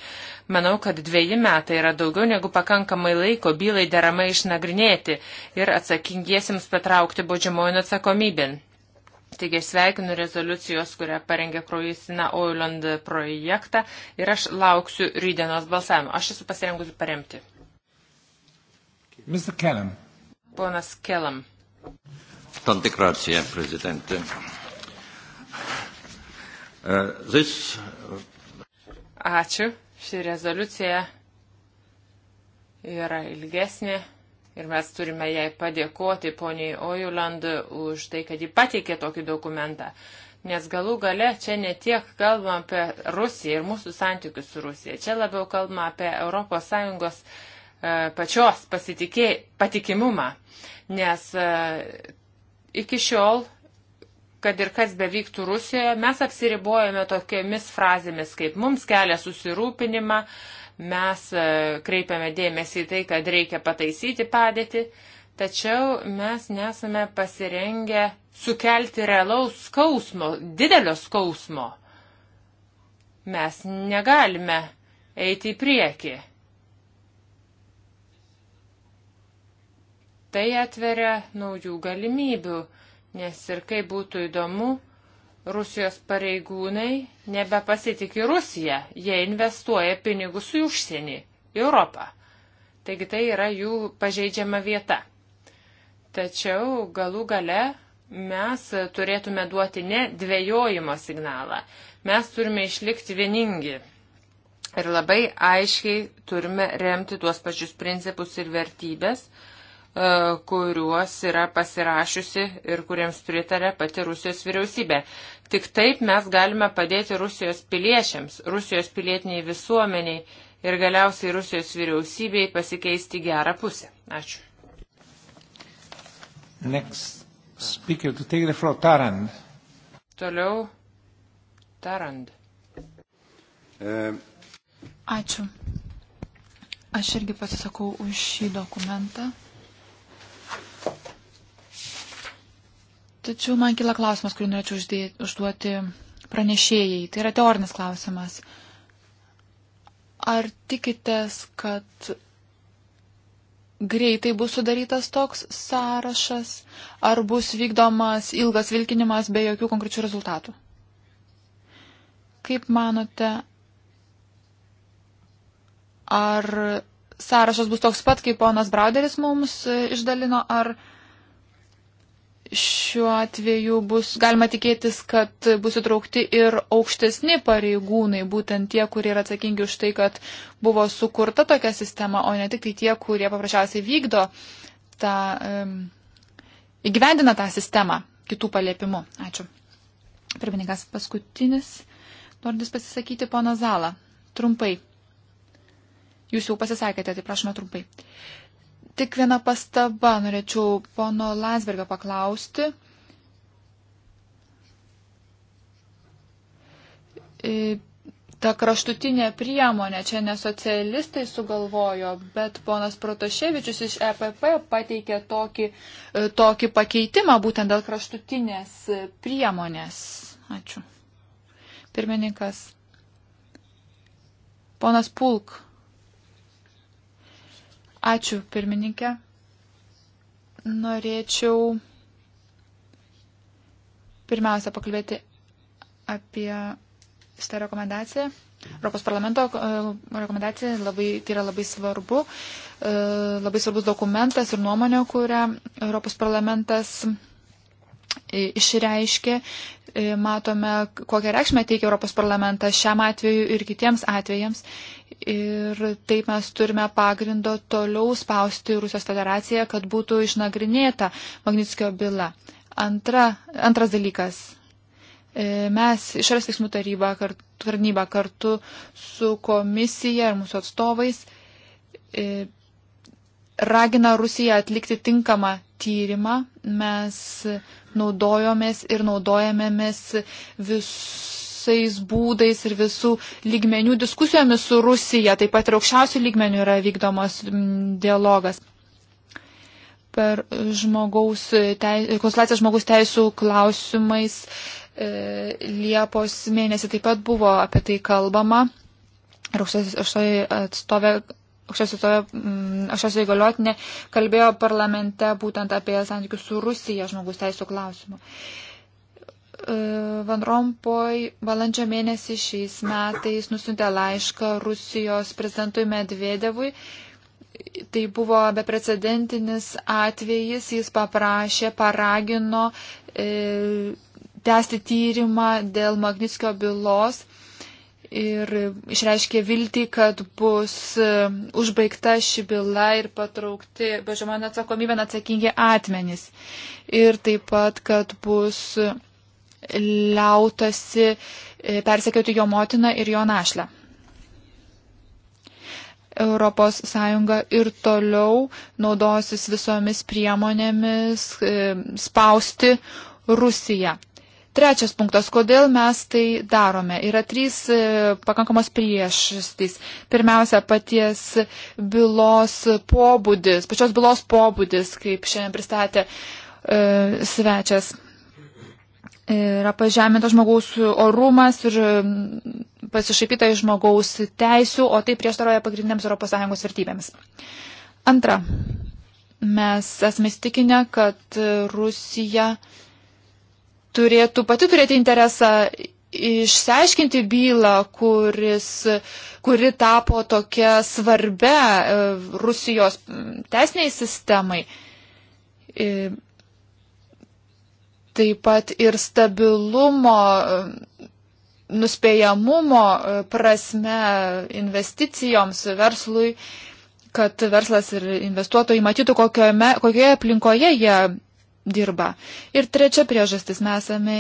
Manau, kad dviejį metai yra daugiau negu pakankamai laiko bylai deramai išnagrinėti ir atsakingiesiems patraukti baudžiamojo atsakomybėn. Taigi aš sveikinu rezoliucijos, kurią parengė Krojusina Oiland projektą ir aš lauksiu rydienos balsavimo. Aš esu pasirengusi paremti. Mr. Kellam. Ponas Kellam. Tante grazie, prezidente. Uh, this... Ačiū. Ši rezoliucija yra ilgesnė ir mes turime jai padėkoti poniai Ojuland už tai, kad ji pateikė tokį dokumentą. Nes galų gale čia ne tiek kalbam apie Rusiją ir mūsų santykius su Rusija, čia labiau kalbam apie ES e, pačios pasitikė, patikimumą. Nes e, iki šiol kad ir kas bevyktų Rusijoje, mes apsiribojame tokiamis frazėmis, kaip mums kelia susirūpinimą, mes e, kreipiame dėmesį į tai, kad reikia pataisyti padėtį, tačiau mes nesame pasirengę sukelti realaus skausmo, didelio skausmo. Mes negalime eiti į priekį. Tai atveria naujų galimybių Nes ir kaip būtų įdomu, Rusijos pareigūnai nebepasitikė Rusiją, jie investuoja pinigus į užsienį, į Europą. Taigi tai yra jų pažeidžiama vieta. Tačiau galų gale mes turėtume duoti ne dvėjojimo signalą. Mes turime išlikti vieningi. Ir labai aiškiai turime remti tuos pačius principus ir vertybės, E, kuriuos yra pasirašiusi ir kuriems pritarė pati Rusijos vyriausybė. Tik taip mes galime padėti Rusijos piliečiams, Rusijos pilietiniai visuomeniai ir galiausiai Rusijos vyriausybei pasikeisti gerą pusę. Ačiū. Next speaker to take the floor, Tarand. Toliau Tarand. Uh. Ačiū. Aš irgi pasisakau už šį dokumentą. Tačiau man kila klausimas, kurį norėčiau užduoti pranešėjai. Tai yra teorinis klausimas. Ar tikitės, kad greitai bus sudarytas toks sąrašas, ar bus vykdomas ilgas vilkinimas be jokių konkrečių rezultatų? Kaip manote, ar sąrašas bus toks pat, kaip ponas Brauderis mums e, išdalino, ar šiuo atveju bus galima tikėtis, kad bus įtraukti ir aukštesni pareigūnai, būtent tie, kurie yra atsakingi už tai, kad buvo sukurta tokia sistema, o ne tik tai tie, kurie paprasčiausiai vykdo tą, um, įgyvendina tą sistemą kitų paliepimu. Ačiū. Pirmininkas paskutinis. Nordis pasisakyti, pona Zala. Trumpai. Jūs jau pasisakėte, tai prašome trumpai. Tik viena pastaba norėčiau pono Landsbergio paklausti. E, ta kraštutinė priemonė čia ne socialistai sugalvojo, bet ponas Protoševičius iš EPP pateikė tokį, e, tokį pakeitimą būtent dėl kraštutinės priemonės. Ačiū. Pirmininkas. Ponas Pulk. Ačiū, pirmininkė. Norėčiau pirmiausia pakalbėti apie šitą rekomendaciją. Europos parlamento e, rekomendacija labai, tai yra labai svarbu, e, labai svarbus dokumentas ir nuomonė, kurią Europos parlamentas e, išreiškė. Matome, kokią reikšmę teikia Europos parlamentas šiam atveju ir kitiems atvejams. Ir taip mes turime pagrindo toliau spausti Rusijos federaciją, kad būtų išnagrinėta Magnitskio byla. Antra, antras dalykas. E, mes išras veiksmų tarnybą kartu su komisija ir mūsų atstovais e, ragina Rusiją atlikti tinkamą tyrimą. Mes naudojomės ir naudojamėmės vis visais būdais ir visų lygmenių diskusijomis su Rusija, taip pat ir aukščiausių lygmenių yra vykdomas dialogas per žmogaus teis, konsultaciją žmogaus teisų klausimais e, Liepos mėnesį taip pat buvo apie tai kalbama. Ir aukščiausiai atstovė aukščiausio įgaliotinė kalbėjo parlamente būtent apie santykius su Rusija žmogus teisų klausimu. E, Van Rompoj balandžio mėnesį šiais metais nusintė laišką Rusijos prezidentui Medvedevui. Tai buvo beprecedentinis atvejis, jis paprašė, paragino e, tęsti tyrimą dėl Magnitskio bylos ir išreiškė viltį, kad bus e, užbaigta ši byla ir patraukti bažymą atsakomybę atsakingi atmenys. Ir taip pat, kad bus liautasi e, persekioti jo motiną ir jo našlę. ES ir toliau naudosis visomis priemonėmis e, spausti Rusiją. Trečias punktas, kodėl mes tai darome. Yra trys e, pakankamos priežastys. Pirmiausia, paties bylos pobūdis, pačios bylos pobūdis, kaip šiandien pristatė e, svečias yra pažemintas žmogaus orumas ir pasišaipyta iš žmogaus teisų, o tai prieštaroja pagrindiniams ES vertybėms. Antra, mes esame įstikinę, kad Rusija turėtų pati turėti interesą išsiaiškinti bylą, kuris, kuri tapo tokia svarbia e, Rusijos teisiniai sistemai e, taip pat ir stabilumo, nuspėjamumo prasme investicijoms verslui, kad verslas ir investuotojai matytų, kokiojame, kokioje aplinkoje jie dirba. Ir trečia priežastis mes esame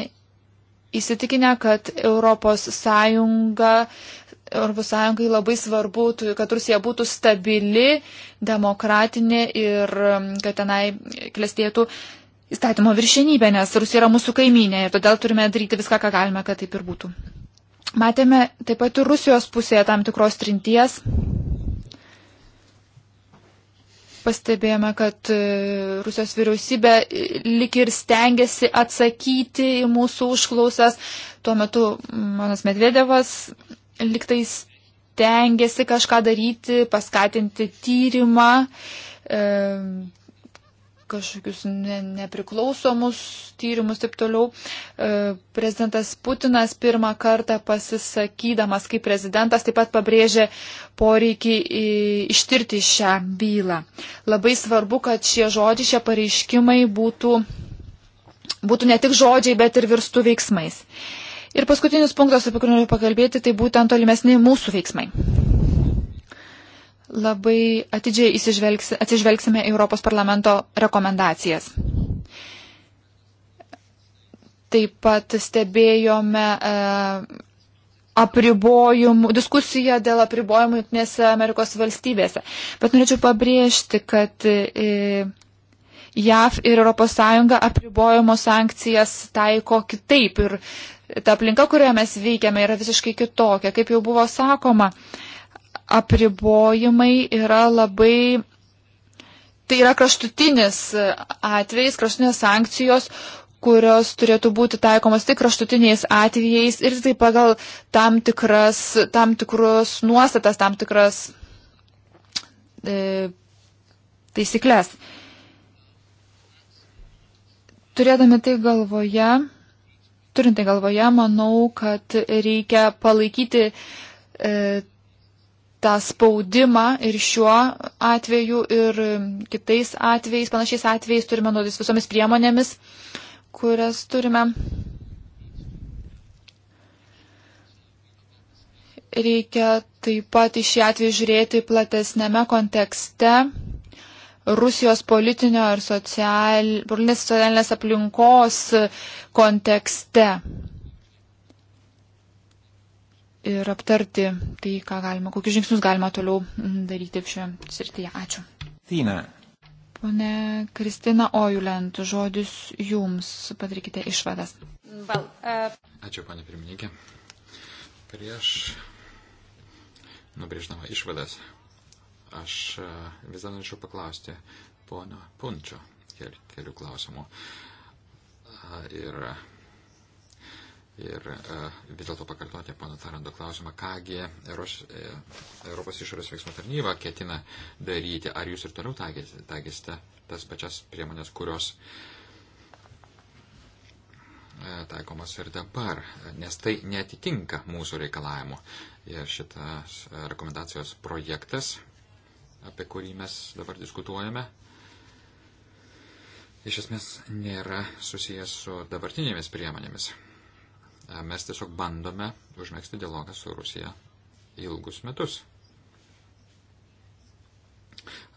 įsitikinę, kad Europos Sąjunga Europos Sąjungai labai svarbu, kad Rusija būtų stabili, demokratinė ir kad tenai klestėtų įstatymo viršenybę, nes Rusija yra mūsų kaiminė ir todėl turime daryti viską, ką galime, kad taip ir būtų. Matėme taip pat ir Rusijos pusėje tam tikros trinties. Pastebėjome, kad e, Rusijos vyriausybė e, lik ir stengiasi atsakyti į mūsų užklausas. Tuo metu manas Medvedevas liktais stengiasi kažką daryti, paskatinti tyrimą. E, kažkokius ne, nepriklausomus tyrimus taip toliau. E, prezidentas Putinas pirmą kartą pasisakydamas kaip prezidentas taip pat pabrėžė poreikį ištirti šią bylą. Labai svarbu, kad šie žodžiai, šie pareiškimai būtų, būtų ne tik žodžiai, bet ir virstų veiksmais. Ir paskutinis punktas, apie kurį noriu pakalbėti, tai būtent tolimesni mūsų veiksmai labai atidžiai atsižvelgsime į Europos parlamento rekomendacijas. Taip pat stebėjome e, apribojimų, diskusiją dėl apribojimų Junktinėse Amerikos valstybėse. Bet norėčiau pabrėžti, kad e, JAV ir ES apribojimo sankcijas taiko kitaip ir ta aplinka, kurioje mes veikiame, yra visiškai kitokia. Kaip jau buvo sakoma, uh, apribojimai yra labai. Tai yra kraštutinis atvejis, kraštutinės sankcijos, kurios turėtų būti taikomas tik kraštutiniais atvejais ir tai pagal tam, tikras, tam tikrus nuostatas, tam tikras e, taisyklės. Turėdami tai galvoje, turint tai galvoje, manau, kad reikia palaikyti e, tą spaudimą ir šiuo atveju ir kitais atvejais, panašiais atvejais turime naudotis visomis priemonėmis, kurias turime. Reikia taip pat iš šį atvejį žiūrėti platesnėme kontekste Rusijos politinio ir social, politinės socialinės aplinkos kontekste ir aptarti tai, ką galima, kokius žingsnius galima toliau mm, daryti šioje srityje. Ačiū. Tina. Pone Kristina Ojulent, žodis jums, padarykite išvadas. Well, uh... Ačiū, pane pirmininkė. Prieš nubrėždama išvadas, aš uh, vis dar norėčiau paklausti pono Punčio kelių klausimų. Uh, ir Ir e, vis dėlto pakartoti pono Tarando klausimą, kągi e, Europos išorės veiksmų tarnyba ketina daryti. Ar jūs ir toliau taikysite tas pačias priemonės, kurios e, taikomas ir dabar, nes tai netitinka mūsų reikalavimu. Ir šitas rekomendacijos projektas, apie kurį mes dabar diskutuojame, iš esmės nėra susijęs su dabartinėmis priemonėmis mes tiesiog bandome užmėgsti dialogą su Rusija ilgus metus.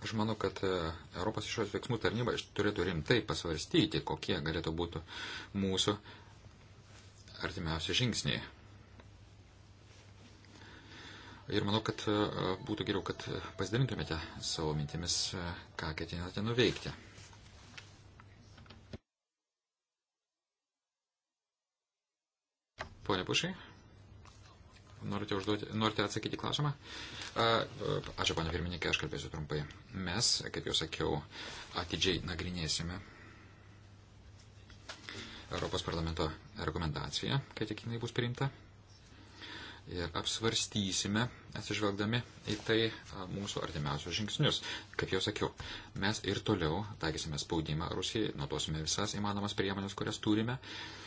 Aš manau, kad e, Europos išorės veiksmų tarnyba turėtų rimtai pasvarstyti, kokie galėtų būti mūsų artimiausi žingsniai. Ir manau, kad e, būtų geriau, kad e, pasidalintumėte savo mintimis, ką ketinate nuveikti. Pone Bušai, norite, užduoti, norite atsakyti klausimą? Ačiū, pane pirmininkė, aš kalbėsiu trumpai. Mes, kaip jau sakiau, atidžiai nagrinėsime Europos parlamento rekomendaciją, kai tik jinai bus priimta. Ir apsvarstysime, atsižvelgdami į tai mūsų artimiausius žingsnius. Kaip jau sakiau, mes ir toliau taikysime spaudimą Rusijai, naudosime visas įmanomas priemonės, kurias turime. Uh,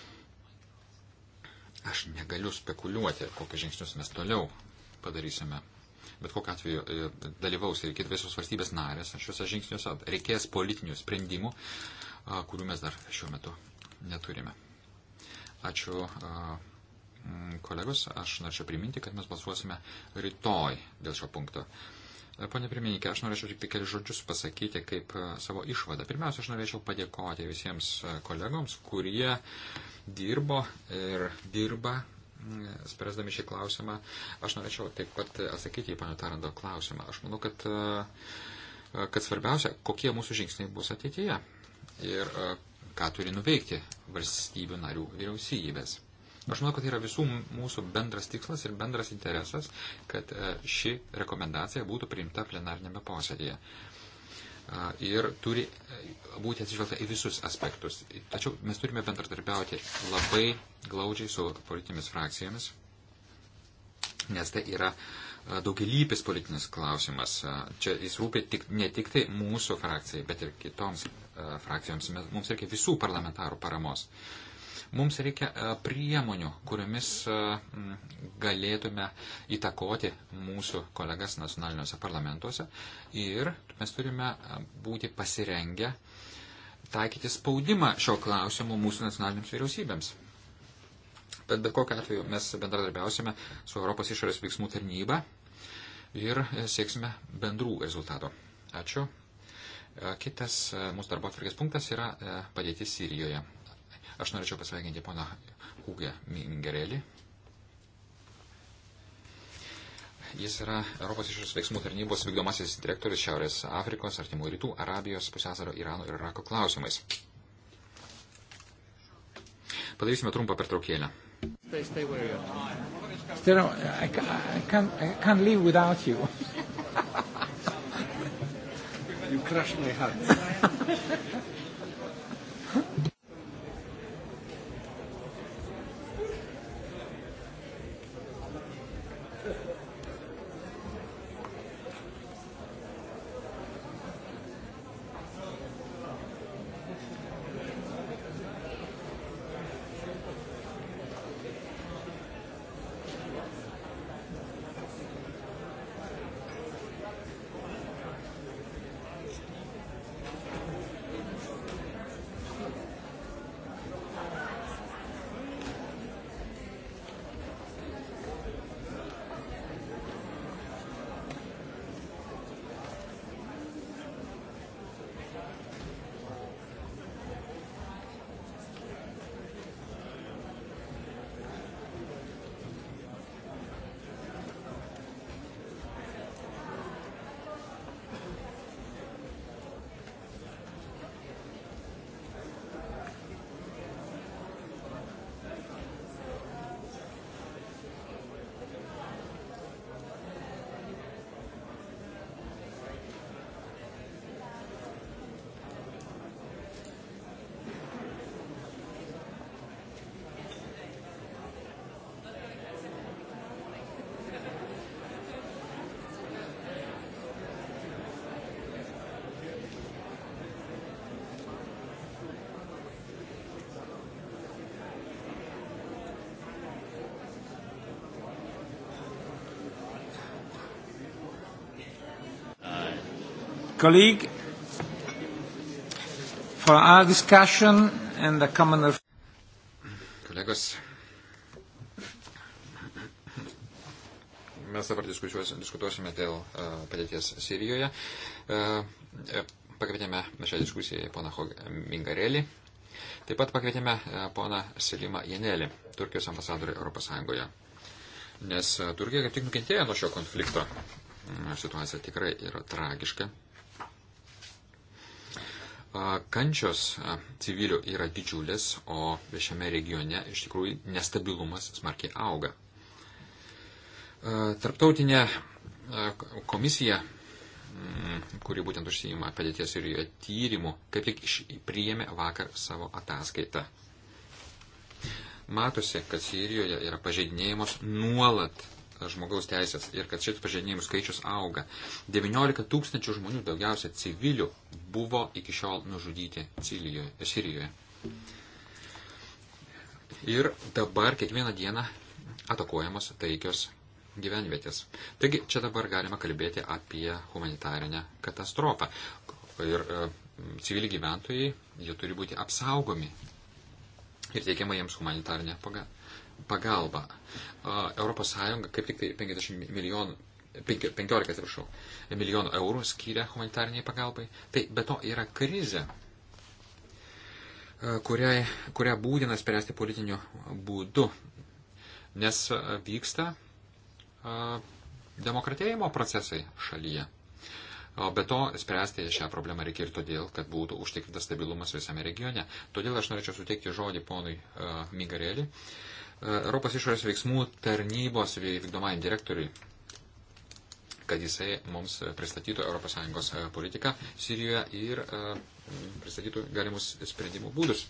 Aš negaliu spekuliuoti, kokius žingsnius mes toliau padarysime. Bet kokiu atveju e, dalyvaus ir kitos visos valstybės narės šiuose žingsniuose. Reikės politinių sprendimų, kurių mes dar šiuo metu neturime. Ačiū kolegos. Aš norėčiau priminti, kad mes balsuosime rytoj dėl šio punkto. Pone pirmininkė, aš norėčiau tik keli žodžius pasakyti kaip e, savo išvadą. Pirmiausia, aš norėčiau padėkoti visiems e, kolegoms, kurie dirbo ir dirba, spręsdami šį klausimą. Aš norėčiau taip pat atsakyti į pana Tarando klausimą. Aš manau, kad, e, kad svarbiausia, kokie mūsų žingsniai bus ateityje ir ką turi nuveikti valstybių narių vyriausybės. Aš manau, kad tai yra visų mūsų bendras tikslas ir bendras interesas, kad e, ši rekomendacija būtų priimta plenarnėme posėdėje. E, ir turi e, būti atsižvelgta į visus aspektus. Tačiau mes turime bendradarbiauti labai glaudžiai su politinėmis frakcijomis, nes tai yra daugelypis politinis klausimas. Čia jis rūpi tik, ne tik tai mūsų frakcijai, bet ir kitoms frakcijoms. Mums reikia visų parlamentarų paramos. Uh, Mums reikia e, priemonių, kuriomis e, galėtume įtakoti mūsų kolegas nacionaliniuose parlamentuose ir mes turime e, būti pasirengę taikyti spaudimą šio klausimo mūsų nacionalinėms vyriausybėms. Bet bet kokiu atveju mes bendradarbiausime su Europos išorės veiksmų tarnyba ir sieksime bendrų rezultatų. Ačiū. Kitas mūsų darbo atvarkės punktas yra padėti Sirijoje. Aš norėčiau pasveikinti pana Ūgę Mingerelį. Jis yra Europos išorės veiksmų tarnybos vykdomasis direktorius Šiaurės Afrikos, Artimų Rytų, Arabijos, Pusėsaro, Irano ir Irako klausimais. Padarysime trumpą pertraukėlę. Stay, stay where you are. Still, I, I, can't, I can't live without you. you crush my heart. colleague for our discussion and the common of Kolegos, mes dabar diskutuosime dėl uh, padėties Sirijoje. Uh, pakvietėme šią diskusiją poną Mingarelį. Taip pat pakvietėme uh, poną Selimą Janelį, Turkijos ambasadorių Europos Sąjungoje. Nes uh, Turkija kaip tik nukentėjo nuo šio konflikto. Mm, situacija tikrai yra tragiška. Kančios civilių yra didžiulės, o šiame regione iš tikrųjų nestabilumas smarkiai auga. Tarptautinė komisija, mm, kuri būtent užsijima padėties ir jo tyrimų, kaip tik priėmė vakar savo ataskaitą. Matosi, kad Sirijoje yra pažeidinėjamos nuolat E, žmogaus teisės ir kad šitų pažeidinimų skaičius auga. 19 tūkstančių žmonių, daugiausia civilių, buvo iki šiol nužudyti Cilijoje, Sirijoje. Ir dabar kiekvieną dieną atakuojamos taikios gyvenvietės. Taigi čia dabar galima kalbėti apie humanitarinę katastrofą. Ir e, civiliai gyventojai, jie turi būti apsaugomi ir teikiama jiems humanitarinė pagalba pagalbą. ES kaip tik tai 50 milijonų 15 atsiprašau, milijonų eurų skyrė humanitariniai pagalbai. Tai be to yra krizė, kuriai, kurią būtina spręsti politiniu būdu, nes vyksta demokratėjimo procesai šalyje. O be to, spręsti šią problemą reikia ir todėl, kad būtų užtikrintas stabilumas visame regione. Todėl aš norėčiau suteikti žodį ponui uh, Migarelį. Uh, Europos išorės veiksmų tarnybos vykdomajam direktoriui, kad jisai mums pristatytų ES e, politiką Sirijoje ir e, pristatytų galimus sprendimų būdus.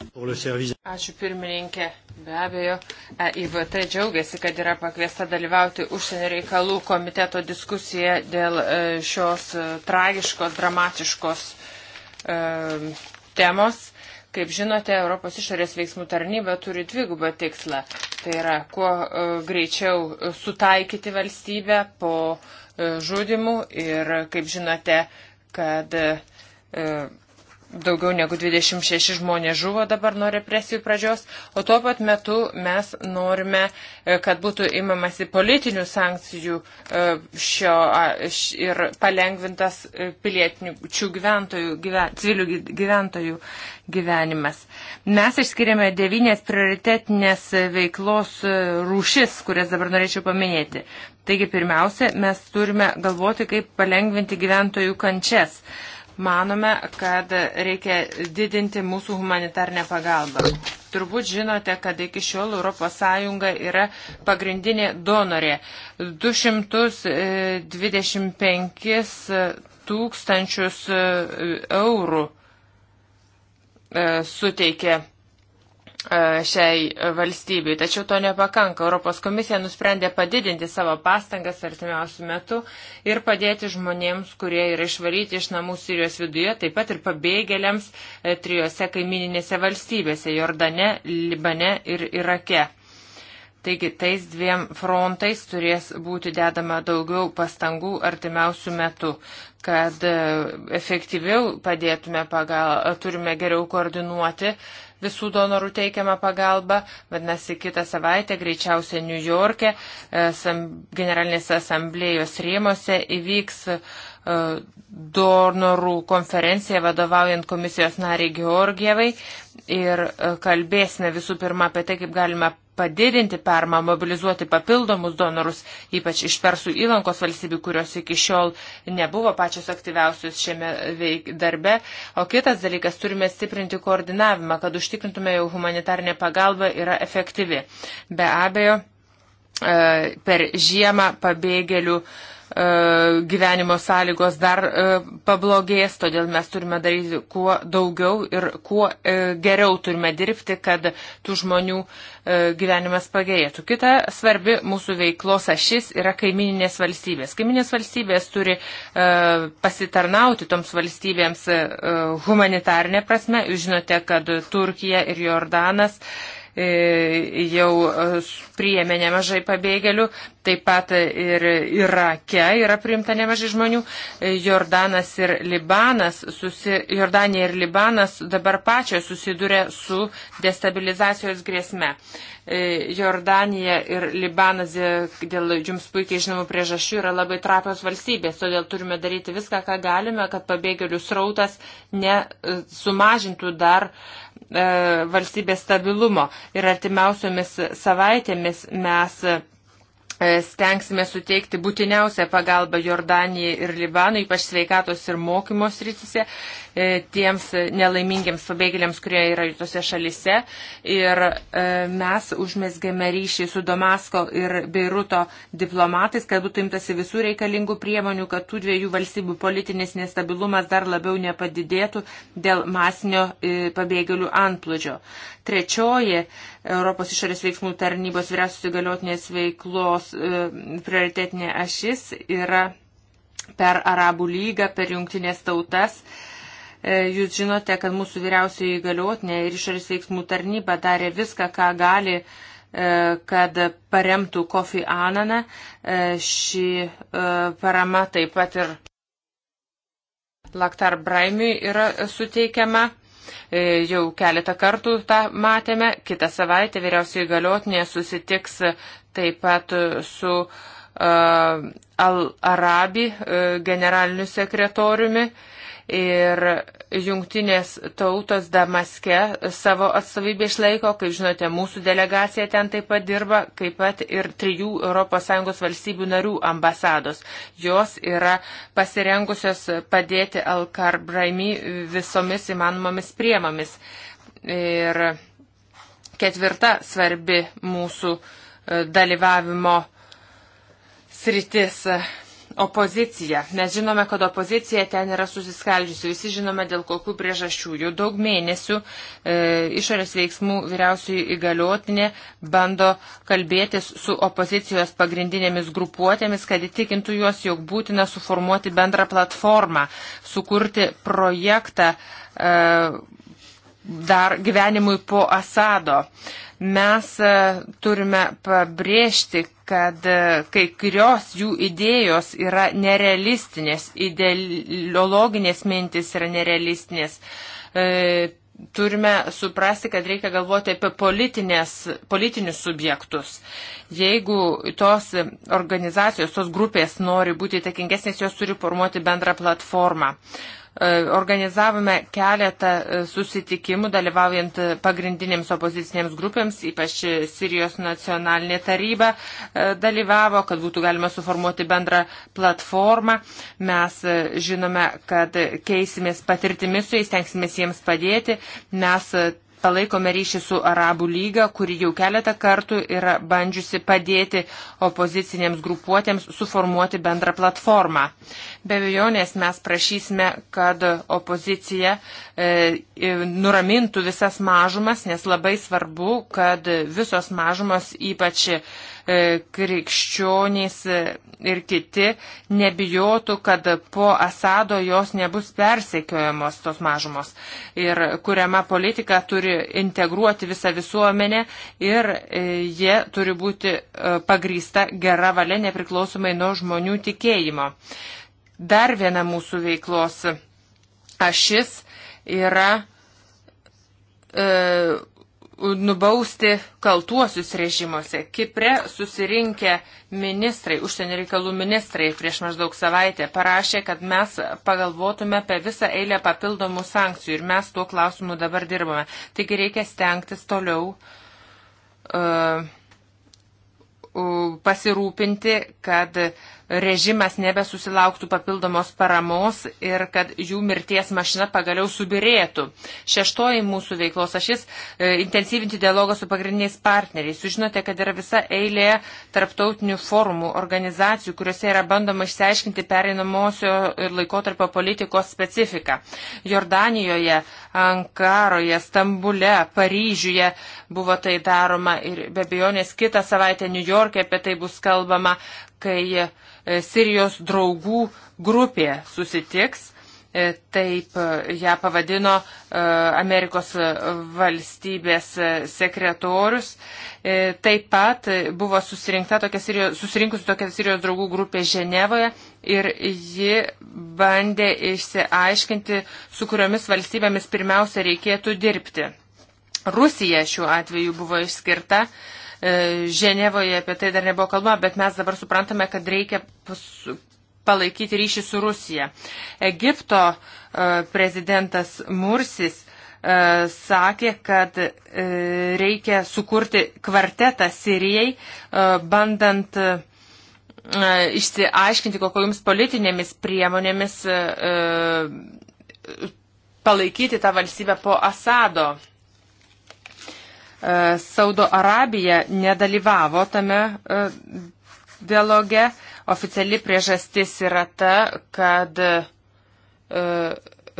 Ačiū pirmininkė. Be abejo, EIVT džiaugiasi, kad yra pakviesta dalyvauti užsienio reikalų komiteto diskusiją dėl e, šios tragiškos, dramatiškos e, temos. Kaip žinote, Europos išorės veiksmų tarnyba turi dvigubą tikslą. Tai yra, kuo e, greičiau e, sutaikyti valstybę po e, žudimų ir, kaip žinote, kad daugiau negu 26 žmonės žuvo dabar nuo represijų pradžios, o tuo pat metu mes norime, e, kad būtų imamasi politinių sankcijų e, šio, ir palengvintas e, pilietinių gyventojų, gyven, civilių gyventojų gyvenimas. Mes išskiriame devynės prioritetinės veiklos rūšis, kurias dabar norėčiau paminėti. Taigi pirmiausia, mes turime galvoti, kaip palengvinti gyventojų kančias. Uh, manome, kad reikia didinti mūsų humanitarnę pagalbą. Turbūt žinote, kad iki šiol ES yra pagrindinė donorė. 225 e, e, tūkstančius e, eurų suteikė E, šiai valstybei. Tačiau to nepakanka. Europos komisija nusprendė padidinti savo pastangas artimiausių metų ir padėti žmonėms, kurie yra išvaryti iš namų Sirijos viduje, taip pat ir pabėgėliams e, trijose kaimininėse valstybėse - Jordane, Libane ir Irake. Taigi tais dviem frontais turės būti dedama daugiau pastangų artimiausių metų, kad e, efektyviau padėtume pagal, turime geriau koordinuoti uh, visų donorų teikiamą pagalbą. Vadinasi, kitą savaitę greičiausiai New York'e generalinės asamblėjos rėmose įvyks e, donorų konferencija vadovaujant komisijos nariai Georgievai ir e, kalbėsime visų pirma apie tai, kaip galima padidinti parmą, mobilizuoti papildomus donorus, ypač iš Persų įlankos valstybių, kurios iki šiol nebuvo pačios aktyviausios šiame veik darbe. O kitas dalykas, turime stiprinti koordinavimą, kad užtikrintume jau humanitarnė pagalba yra efektyvi. Be abejo, e, per žiemą pabėgėlių E, gyvenimo sąlygos dar e, pablogės, todėl mes turime daryti kuo daugiau ir kuo e, geriau turime dirbti, kad tų žmonių gyvenimas pagerėtų. Kita svarbi mūsų veiklos ašis yra kaimininės valstybės. Kaiminės valstybės turi pasitarnauti toms valstybėms humanitarnė prasme. Jūs žinote, kad Turkija ir Jordanas E, jau e, priėmė nemažai pabėgėlių, taip pat ir Irake yra priimta nemažai žmonių. E, Jordanas ir Libanas, susi, Jordanija ir Libanas dabar pačios susiduria su destabilizacijos grėsme. Jordanija ir Libanas dėl jums puikiai žinomų priežasčių yra labai trapios valstybės, todėl turime daryti viską, ką galime, kad pabėgėlių srautas nesumažintų dar uh, E, valstybės stabilumo ir artimiausiomis savaitėmis mes e, stengsime suteikti būtiniausią pagalbą Jordanijai ir Libanui, ypač sveikatos ir mokymos rytise. E, tiems nelaimingiams pabėgėliams, kurie yra tose šalise. Ir e, mes užmesgėme ryšį su Damasko ir Beiruto diplomatais, kad būtų imtasi visų reikalingų priemonių, kad tų dviejų valstybių politinis nestabilumas dar labiau nepadidėtų dėl masinio e, pabėgėlių antplūdžio. Trečioji Europos išorės veiksmų tarnybos vyriausios įgaliotinės veiklos prioritetinė ašis yra per Arabų lygą, per jungtinės tautas E, jūs žinote, kad mūsų vyriausiai įgaliotinė ir išorės veiksmų tarnyba darė viską, ką gali, e, kad paremtų Kofi Ananą. E, ši parama taip pat ir Laktar Braimiui yra suteikiama. Jau keletą kartų tą matėme. Kitą savaitę vyriausiai įgaliotinė susitiks taip pat su uh, Al-Arabi uh, generaliniu sekretoriumi. Uh, ir jungtinės tautos Damaske savo atstovybę išlaiko, kaip žinote, mūsų delegacija ten taip pat dirba, kaip pat ir trijų ES valstybių narių ambasados. Jos yra pasirengusios padėti Alkarbraimi visomis įmanomomis priemomis. Ir ketvirta svarbi mūsų e, dalyvavimo sritis opozicija. Mes žinome, kad opozicija ten yra susiskaldžiusi. Visi žinome, dėl kokių priežasčių. Jau daug mėnesių e, išorės veiksmų vyriausiųjų įgaliotinė bando kalbėtis su opozicijos pagrindinėmis grupuotėmis, kad įtikintų juos, jog būtina suformuoti bendrą platformą, sukurti projektą. E, dar gyvenimui po Asado. Mes e, turime pabrėžti, kad e, kai kurios jų idėjos yra nerealistinės, ideologinės mintis yra nerealistinės. E, turime suprasti, kad reikia galvoti apie politinius subjektus. Jeigu tos organizacijos, tos grupės nori būti įtakingesnės, jos turi formuoti bendrą platformą. Uh, E, organizavome keletą e, susitikimų, dalyvaujant pagrindinėms opozicinėms grupėms, ypač Sirijos nacionalinė taryba e, dalyvavo, kad būtų galima suformuoti bendrą platformą. Mes žinome, kad keisimės patirtimis su jais, tenksimės jiems padėti. Mes palaikome ryšį su Arabų lyga, kuri jau keletą kartų yra bandžiusi padėti opozicinėms grupuotėms suformuoti bendrą platformą. Be abejonės mes prašysime, kad opozicija e, e nuramintų visas mažumas, nes labai svarbu, kad visos mažumas, ypač E, krikščionys ir kiti nebijotų, kad po Asado jos nebus persekiojamos tos mažumos. Ir kuriama politika turi integruoti visą visuomenę ir e, jie turi būti e, pagrįsta gera valia nepriklausomai nuo žmonių tikėjimo. Dar viena mūsų veiklos ašis yra e, nubausti kaltuosius režimuose. Kipre susirinkę ministrai, užsienio reikalų ministrai prieš maždaug savaitę parašė, kad mes pagalvotume apie visą eilę papildomų sankcijų ir mes tuo klausimu dabar dirbame. Taigi reikia stengtis toliau uh, uh, pasirūpinti, kad uh, režimas nebesusilauktų papildomos paramos ir kad jų mirties mašina pagaliau subirėtų. Šeštoji mūsų veiklos ašis - e, intensyvinti dialogą su pagrindiniais partneriais. Jūs žinote, kad yra visa eilė tarptautinių forumų, organizacijų, kuriuose yra bandoma išsiaiškinti pereinamosio laikotarpio politikos specifiką. Jordanijoje, Ankaroje, Stambule, Paryžiuje buvo tai daroma ir be abejonės kitą savaitę New York'e apie tai bus kalbama kai e, Sirijos draugų grupė susitiks. E, taip e, ją pavadino Amerikos valstybės sekretorius. Taip pat buvo tokia Sirijos, susirinkusi tokia Sirijos draugų grupė Ženevoje ir ji bandė išsiaiškinti, su kuriomis valstybėmis pirmiausia reikėtų dirbti. Rusija šiuo atveju buvo išskirta. Uh, E, Ženevoje apie tai dar nebuvo kalba, bet mes dabar suprantame, kad reikia palaikyti ryšį su Rusija. Egipto e, prezidentas Mursis e, sakė, kad reikia sukurti kvartetą Sirijai, bandant išsiaiškinti, kokiamis politinėmis priemonėmis palaikyti tą valstybę po Asado E, Saudo Arabija nedalyvavo tame e, dialoge. Oficiali priežastis yra ta, kad e,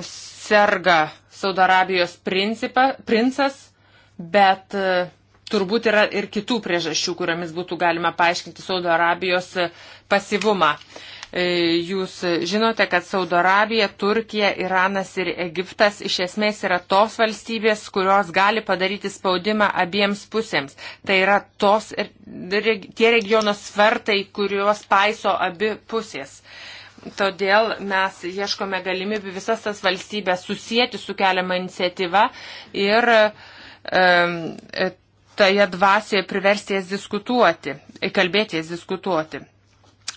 serga Saudo Arabijos principa, princas, bet turbūt yra ir kitų priežasčių, kuriamis būtų galima paaiškinti Saudo Arabijos pasivumą. Uh, E, jūs žinote, kad Saudo Arabija, Turkija, Iranas ir Egiptas iš esmės yra tos valstybės, kurios gali padaryti spaudimą abiems pusėms. Tai yra tos, tie regionos svertai, kuriuos paiso abi pusės. Todėl mes ieškome galimybių visas tas valstybės susijęti su keliama iniciatyva ir um, toje dvasioje priversti jas diskutuoti, kalbėti jas diskutuoti.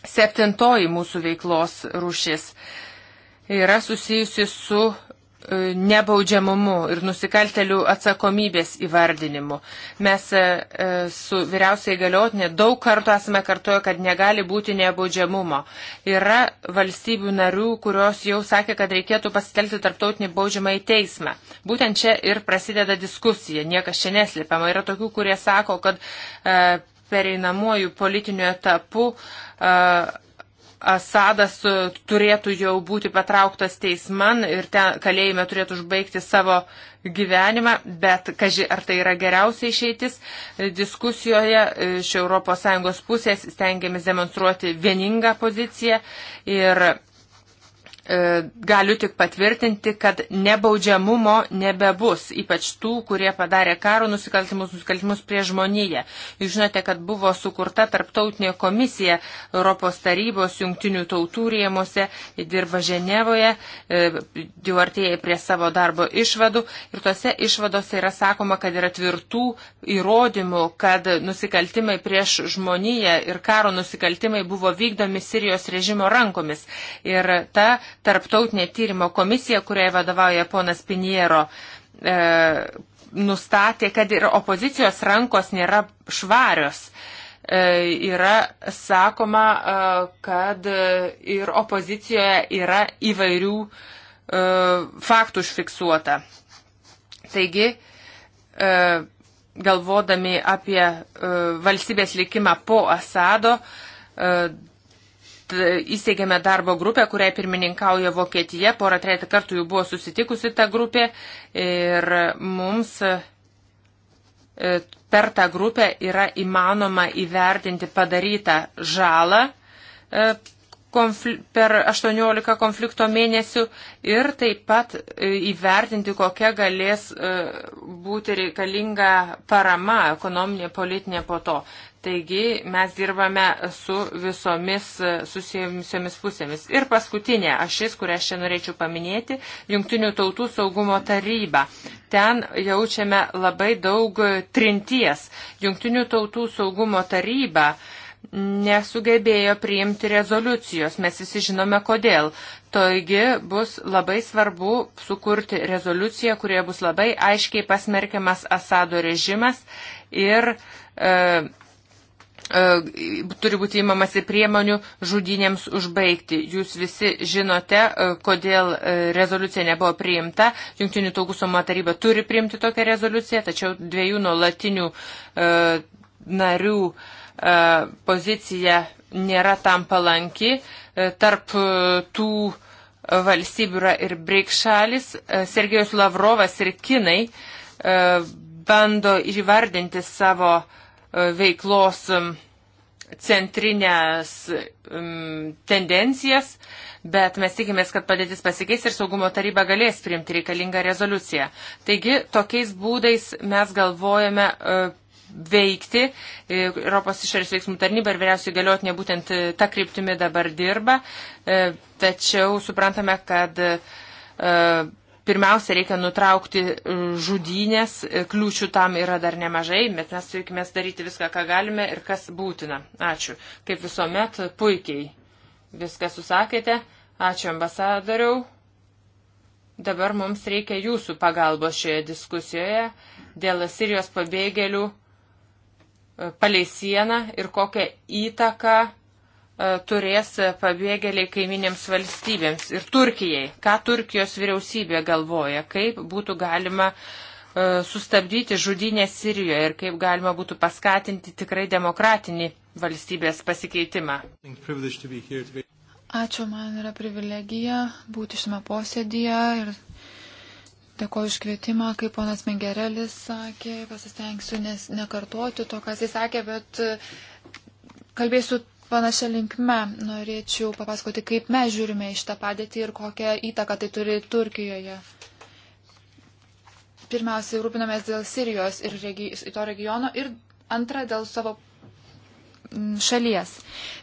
Septintoji mūsų veiklos rušis yra susijusi su e, nebaudžiamumu ir nusikaltelių atsakomybės įvardinimu. Mes e, e, su vyriausiai galiotinė daug kartų esame kartuoję, kad negali būti nebaudžiamumo. Yra valstybių narių, kurios jau sakė, kad reikėtų pasitelkti tarptautinį baudžiamą į teismą. Būtent čia ir prasideda diskusija, niekas čia neslėpiama. Yra tokių, kurie sako, kad pereinamuoju politiniu etapu Asadas turėtų jau būti patrauktas teisman ir ten kalėjime turėtų užbaigti savo gyvenimą, bet kaži, ar tai yra geriausia išeitis, diskusijoje e, iš ES pusės stengiamės demonstruoti vieningą poziciją ir E, galiu tik patvirtinti, kad nebaudžiamumo nebebus, ypač tų, kurie padarė karo nusikaltimus, nusikaltimus prie žmoniją. Jūs žinote, kad buvo sukurta tarptautinė komisija Europos tarybos jungtinių tautų rėmose, dirba Ženevoje, e, jau artėja prie savo darbo išvadų ir tose išvadose yra sakoma, kad yra tvirtų įrodymų, kad nusikaltimai prieš žmoniją ir karo nusikaltimai buvo vykdomi Sirijos režimo rankomis. Ir ta tarptautinė tyrimo komisija, kurioje vadovauja ponas Piniero, e, nustatė, kad ir opozicijos rankos nėra švarios. E, yra sakoma, e, kad ir opozicijoje yra įvairių e, faktų užfiksuota. Taigi, e, galvodami apie e, valstybės likimą po Asado, e, E, įsteigėme darbo grupę, kuriai pirmininkauja Vokietija. Porą trejata kartų jau buvo susitikusi ta grupė ir mums e, per tą grupę yra įmanoma įvertinti padarytą žalą e, per 18 konflikto mėnesių ir taip pat įvertinti, kokia galės būti reikalinga parama ekonominė, politinė po to. Taigi mes dirbame su visomis e, susijusiomis pusėmis. Ir paskutinė ašis, kurią aš čia norėčiau paminėti, Junktinių tautų saugumo taryba. Ten jaučiame labai daug trinties. Junktinių tautų saugumo taryba nesugebėjo priimti rezoliucijos. Mes visi žinome kodėl. Taigi bus labai svarbu sukurti rezoliuciją, kurioje bus labai aiškiai pasmerkiamas Asado režimas ir e, E, turi būti įmamasi priemonių žudynėms užbaigti. Jūs visi žinote, e, kodėl e, rezoliucija nebuvo priimta. Junktinių taugų sumo taryba turi priimti tokią rezoliuciją, tačiau dviejų nuolatinių narių pozicija nėra tam palanki. Tarp tų valstybių yra ir BRIC šalis. Sergejus Lavrovas ir Kinai bando įvardinti savo uh, veiklos centrinės um, tendencijas, bet mes tikimės, kad padėtis pasikeis ir saugumo taryba galės priimti reikalingą rezoliuciją. Taigi, tokiais būdais mes galvojame uh, veikti. E, Europos išorės veiksmų tarnyba ir vyriausiai galiotinė būtent e, tą kryptimį dabar dirba, tačiau suprantame, kad uh, Pirmiausia, reikia nutraukti e, žudynės, e, kliūčių tam yra dar nemažai, bet mes turime daryti viską, ką galime ir kas būtina. Ačiū. Kaip visuomet, puikiai viską susakėte. Ačiū ambasadoriau. Dabar mums reikia jūsų pagalbos šioje diskusijoje dėl Sirijos pabėgėlių e, palei sieną ir kokią įtaką E, turės pabėgėliai kaiminėms valstybėms ir Turkijai. Ką Turkijos vyriausybė galvoja, kaip būtų galima e, sustabdyti žudynę Sirijoje ir kaip galima būtų paskatinti tikrai demokratinį valstybės pasikeitimą. Ačiū, man yra privilegija būti šiame posėdėje ir dėkoju iš kvietimą, kaip ponas Mingerelis sakė, pasistengsiu nes nekartoti to, kas jis sakė, bet e, kalbėsiu panašia linkme norėčiau papasakoti, kaip mes žiūrime iš tą padėtį ir kokią įtaką tai turi Turkijoje. Pirmiausiai rūpinamės dėl Sirijos ir regi to regiono ir antra dėl savo mm, šalies.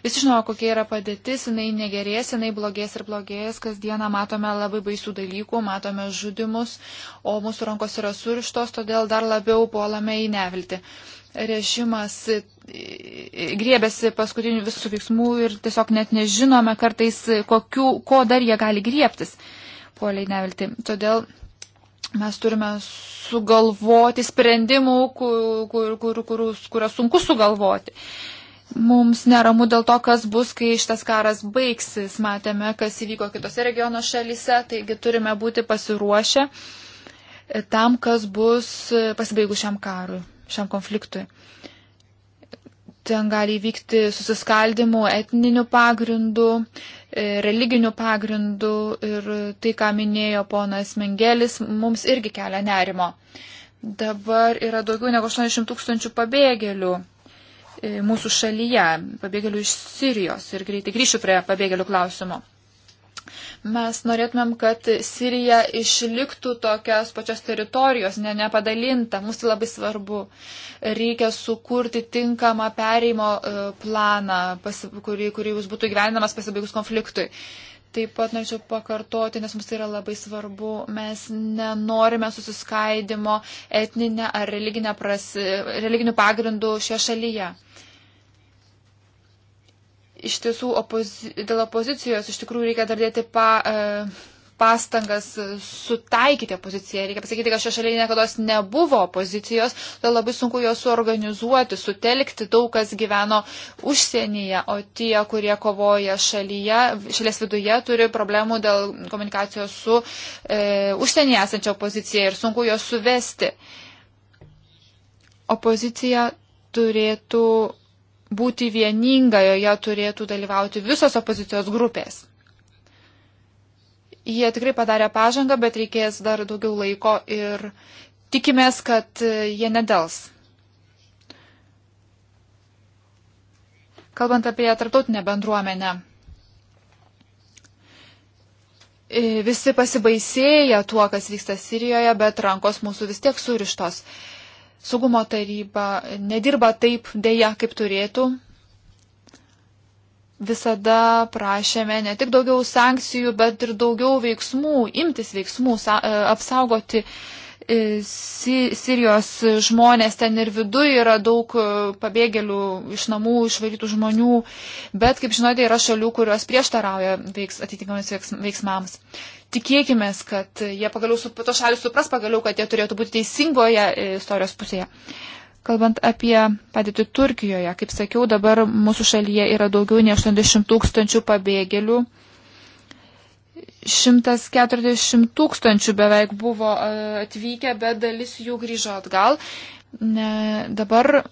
Visi žinojo, kokia yra padėtis, jinai negerės, jinai blogės ir blogės, kasdieną matome labai baisių dalykų, matome žudimus, o mūsų rankos yra surištos, todėl dar labiau puolame į nevilti režimas griebėsi paskutinių visų veiksmų ir tiesiog net nežinome kartais, kokiu, ko dar jie gali griebtis, poliai nevilti. Todėl mes turime sugalvoti sprendimų, kur, kur, kur, kur, kurios sunku sugalvoti. Mums neramu dėl to, kas bus, kai šitas karas baigsis. Matėme, kas įvyko kitose regiono šalyse, taigi turime būti pasiruošę tam, kas bus pasibaigus šiam karui šiam konfliktui. Ten gali įvykti susiskaldimų etninių pagrindų, e, religinių pagrindų ir tai, ką minėjo ponas Mengelis, mums irgi kelia nerimo. Dabar yra daugiau negu 80 tūkstančių pabėgėlių e, mūsų šalyje, pabėgėlių iš Sirijos ir greitai grįšiu prie pabėgėlių klausimo. Mes norėtumėm, kad Sirija išliktų tokios pačios teritorijos, ne, nepadalinta. Mums tai labai svarbu. Reikia sukurti tinkamą pereimo e, planą, pasi, kurį, kurį jūs būtų gyvenamas pasibaigus konfliktui. Taip pat norėčiau pakartoti, nes mums tai yra labai svarbu, mes nenorime susiskaidimo etninę ar religinę pras, religinių pagrindų šioje šalyje iš tiesų opozi dėl opozicijos iš tikrųjų reikia dar dėti pa, e, pastangas sutaikyti opoziciją. Reikia pasakyti, kad šia šaliai niekada nebuvo opozicijos, todėl labai sunku juos suorganizuoti, sutelkti. Daug kas gyveno užsienyje, o tie, kurie kovoja šalyje, šalies viduje, turi problemų dėl komunikacijos su e, užsienyje esančia opozicija ir sunku juos suvesti. Opozicija turėtų būti vieninga, joje turėtų dalyvauti visos opozicijos grupės. Jie tikrai padarė pažangą, bet reikės dar daugiau laiko ir tikimės, kad e, jie nedels. Kalbant apie tarptautinę bendruomenę, e, visi pasibaisėja tuo, kas vyksta Sirijoje, bet rankos mūsų vis tiek surištos. Saugumo taryba nedirba taip dėja, kaip turėtų. Visada prašėme ne tik daugiau sankcijų, bet ir daugiau veiksmų, imtis veiksmų, e, apsaugoti e, Sirijos žmonės ten ir viduje yra daug e, pabėgėlių iš namų išvarytų žmonių, bet, kaip žinote, yra šalių, kurios prieštarauja veiks, atitinkamams veiksmams tikėkime, kad jie pagaliau, to šalis supras pagaliau, kad jie turėtų būti teisingoje e, istorijos pusėje. Kalbant apie padėtį Turkijoje, kaip sakiau, dabar mūsų šalyje yra daugiau nei 80 tūkstančių pabėgėlių. 140 tūkstančių beveik buvo e, atvykę, bet dalis jų grįžo atgal. Ne, dabar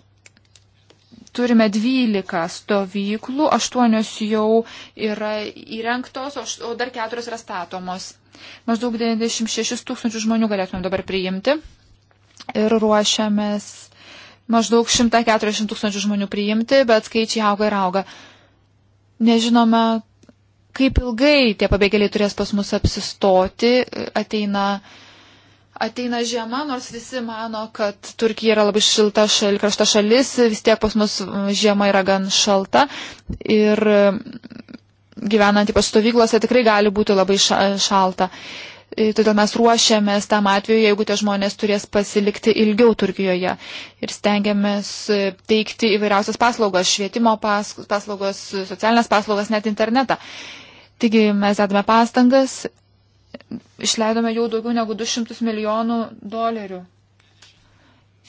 turime 12 stovyklų, 8 jau yra įrengtos, o dar 4 yra statomos. Maždaug 96 tūkstančių žmonių galėtumėm dabar priimti ir ruošiamės maždaug 140 tūkstančių žmonių priimti, bet skaičiai auga ir auga. Nežinome, kaip ilgai tie pabėgėliai turės pas mus apsistoti, ateina ateina žiema, nors visi mano, kad Turkija yra labai šilta šal, krašta šalis, vis tiek pas mus žiema yra gan šalta. Ir gyvenant ypač stovyklose tikrai gali būti labai šalta. E, todėl mes ruošiamės tam atveju, jeigu tie žmonės turės pasilikti ilgiau Turkijoje. Ir stengiamės e, teikti įvairiausias paslaugas - švietimo pas, paslaugas, socialinės paslaugas, net internetą. Taigi mes dedame pastangas išleidome jau daugiau negu 200 milijonų dolerių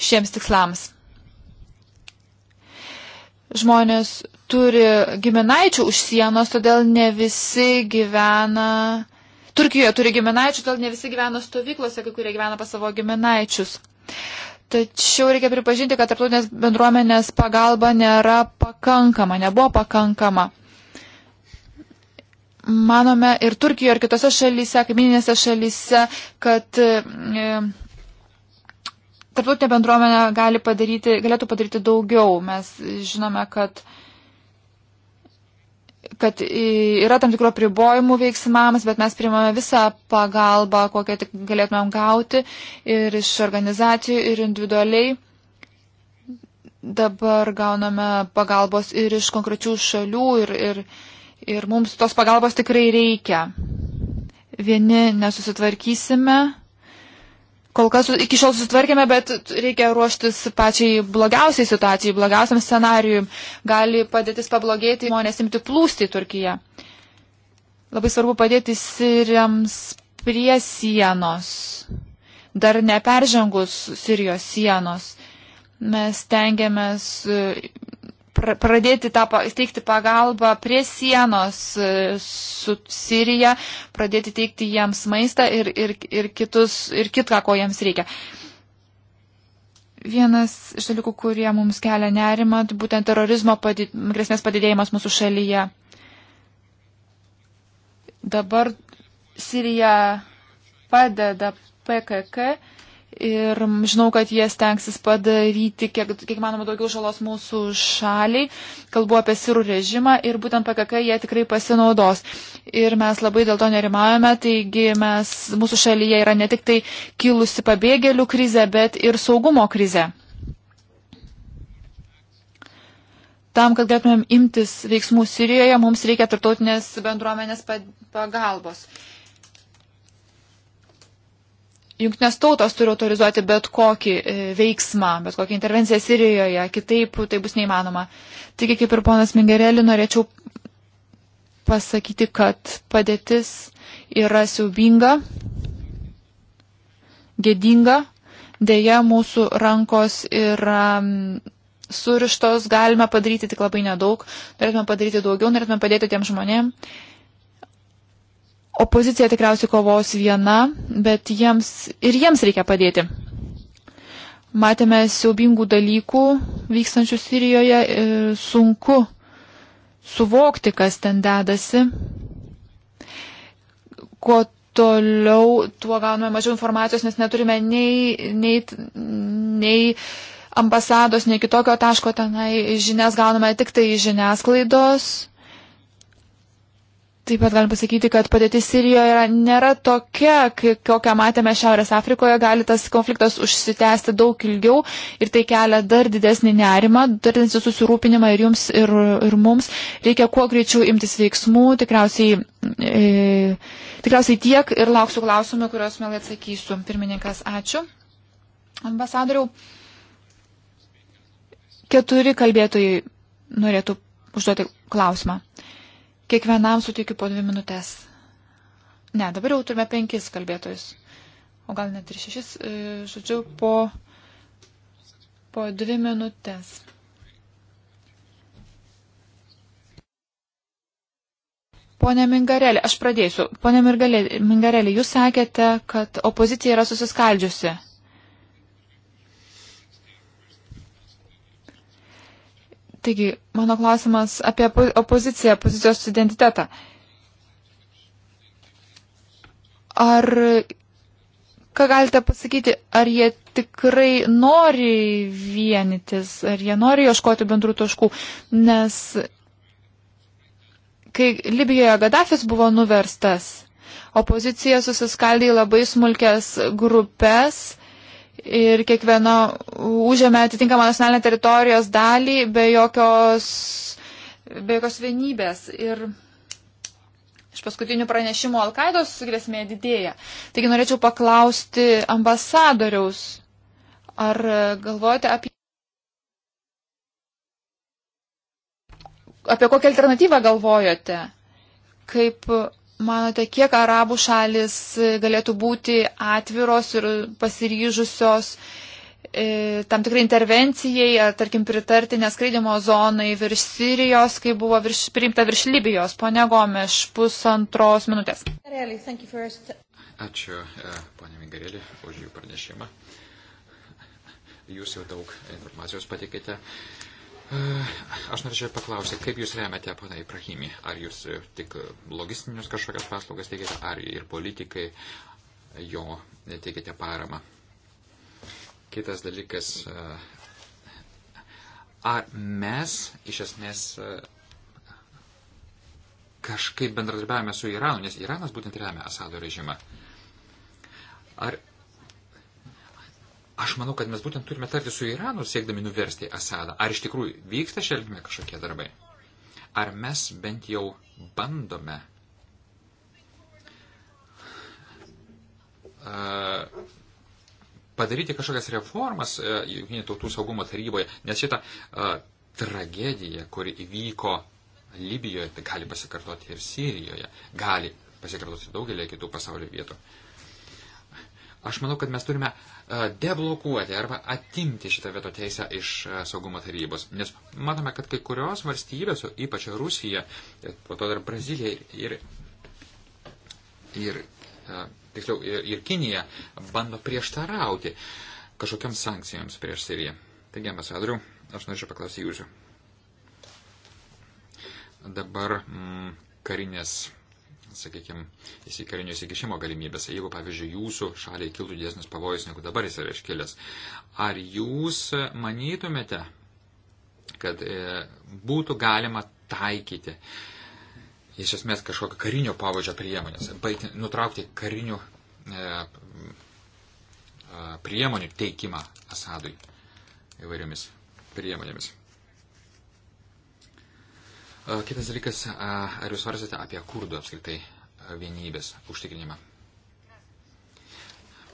šiems tikslams. Žmonės turi giminaičių už sienos, todėl ne visi gyvena. Turkijoje turi giminaičių, todėl ne visi gyvena stovyklose, kai kurie gyvena pas savo giminaičius. Tačiau reikia pripažinti, kad tarptautinės bendruomenės pagalba nėra pakankama, nebuvo pakankama manome ir Turkijoje, ir kitose šalyse, kaiminėse šalyse, kad e, tarptautinė bendruomenė gali padaryti, galėtų padaryti daugiau. Mes žinome, kad kad yra tam tikro pribojimų veiksmams, bet mes primame visą pagalbą, kokią tik galėtumėm gauti ir iš organizacijų, ir individualiai. Dabar gauname pagalbos ir iš konkrečių šalių, ir, ir, ir mums tos pagalbos tikrai reikia. Vieni nesusitvarkysime. Kol kas iki šiol susitvarkėme, bet reikia ruoštis pačiai blogiausiai situacijai, blogiausiam scenarijui. Gali padėtis pablogėti, žmonės imti plūsti į Turkiją. Labai svarbu padėti siriams prie sienos, dar neperžengus Sirijos sienos. Mes tengiamės pradėti tą, teikti pagalbą prie sienos e, su Sirija, pradėti teikti jiems maistą ir, ir, ir, kitus, ir kitką, ko jiems reikia. Vienas iš dalykų, kurie mums kelia nerimą, tai būtent terorizmo padid, grėsmės padidėjimas mūsų šalyje. Dabar Sirija padeda PKK ir žinau, kad jie stengsis padaryti kiek, kiek manoma daugiau žalos mūsų šaliai. Kalbu apie sirų režimą ir būtent PKK jie tikrai pasinaudos. Ir mes labai dėl to nerimavome, taigi mes, mūsų šalyje yra ne tik tai kilusi pabėgėlių krize, bet ir saugumo krize. Tam, kad galėtumėm imtis veiksmų Sirijoje, mums reikia tarptautinės bendruomenės pagalbos. Junktinės tautos turi autorizuoti bet kokį e, veiksmą, bet kokią intervenciją Sirijoje, kitaip tai bus neįmanoma. Taigi, kaip ir ponas Mingerelį, norėčiau pasakyti, kad padėtis yra siaubinga, gėdinga, dėja mūsų rankos yra surištos, galime padaryti tik labai nedaug, norėtume padaryti daugiau, norėtume padėti tiem žmonėm. Opozicija tikriausiai kovos viena, bet jiems ir jiems reikia padėti. Matėme siaubingų dalykų vykstančių Sirijoje ir sunku suvokti, kas ten dedasi. Kuo toliau, tuo gauname mažiau informacijos, nes neturime nei, nei, nei ambasados, nei kitokio taško tenai žinias gauname tik tai žiniasklaidos. Taip pat galim pasakyti, kad padėtis Sirijoje nėra tokia, kokią matėme Šiaurės Afrikoje, gali tas konfliktas užsitęsti daug ilgiau ir tai kelia dar didesnį nerimą, dar didesnį susirūpinimą ir jums, ir, ir mums. Reikia kuo greičiau imtis veiksmų, tikriausiai, e, tikriausiai tiek ir lauksiu klausimų, kuriuos mėlai atsakysiu. Pirmininkas, ačiū. Ambasadoriau, keturi kalbėtojai norėtų užduoti klausimą. Kiekvienam suteikiu po dvi minutės. Ne, dabar jau turime penkis kalbėtojus. O gal net ir šešis, e, žodžiu, po, po dvi minutės. Pone Mingarelė, aš pradėsiu. Pone Mingarelė, jūs sakėte, kad opozicija yra susiskaldžiusi. Taigi, mano klausimas apie opoziciją, pozicijos identitetą. Ar, ką galite pasakyti, ar jie tikrai nori vienytis, ar jie nori ieškoti bendrų taškų, nes kai Libijoje Gaddafis buvo nuverstas, opozicija susiskaldė į labai smulkės grupės ir kiekviena užėmė atitinkamą nacionalinę teritorijos dalį be jokios, be jokios vienybės. Ir iš paskutinių pranešimų Alkaidos grėsmė didėja. Taigi norėčiau paklausti ambasadoriaus, ar galvojate apie. Apie kokią alternatyvą galvojate? Kaip manote, kiek arabų šalis galėtų būti atviros ir pasiryžusios e, tam tikrai intervencijai, ar tarkim pritarti neskraidimo zonai virš Sirijos, kai buvo virš, priimta virš Libijos, pone Gomeš, pusantros minutės. Ačiū, e, ponė Mingarėlė, už jų pranešimą. Jūs jau daug informacijos patikėte. E, Aš norėčiau paklausti, kaip jūs remiate pana Ibrahimį? Ar jūs tik logistinius kažkokias paslaugas teikite, ar ir politikai jo teikite paramą? Kitas dalykas, ar mes iš esmės kažkaip bendradarbiavame su Iranu, nes Iranas būtent remia Asado režimą. Ar Aš manau, kad mes būtent turime tarti su Iranu, siekdami nuversti Asadą. Ar iš tikrųjų vyksta šelgime kažkokie darbai? Ar mes bent jau bandome uh, padaryti kažkokias reformas uh, Junktinių tautų saugumo taryboje, nes šita uh, tragedija, kuri įvyko Libijoje, tai gali pasikartoti ir Sirijoje, gali pasikartoti daugelį kitų pasaulio vietų. Uh, Aš manau, kad mes turime e, deblokuoti arba atimti šitą veto teisę iš e, saugumo tarybos. Nes matome, kad kai kurios valstybės, ypač Rusija, e, po to dar Brazilija ir, ir, tiksliau, ir, ir Kinija, bando prieštarauti kažkokiams sankcijoms prieš Siriją. Taigi, ambasadoriu, aš norėčiau paklausyti jūsų. Dabar m, mm, karinės sakykime, įsikarinio įsikišimo galimybės. Jeigu, pavyzdžiui, jūsų šaliai kiltų didesnis pavojus, negu dabar jis yra iškilęs, ar jūs manytumėte, kad e, būtų galima taikyti iš esmės kažkokio karinio pavadžio priemonės, baigti, nutraukti karinių e, e, priemonių teikimą Asadui įvairiomis priemonėmis. Kitas dalykas, ar jūs svarstėte apie kurdų apskritai vienybės užtikrinimą?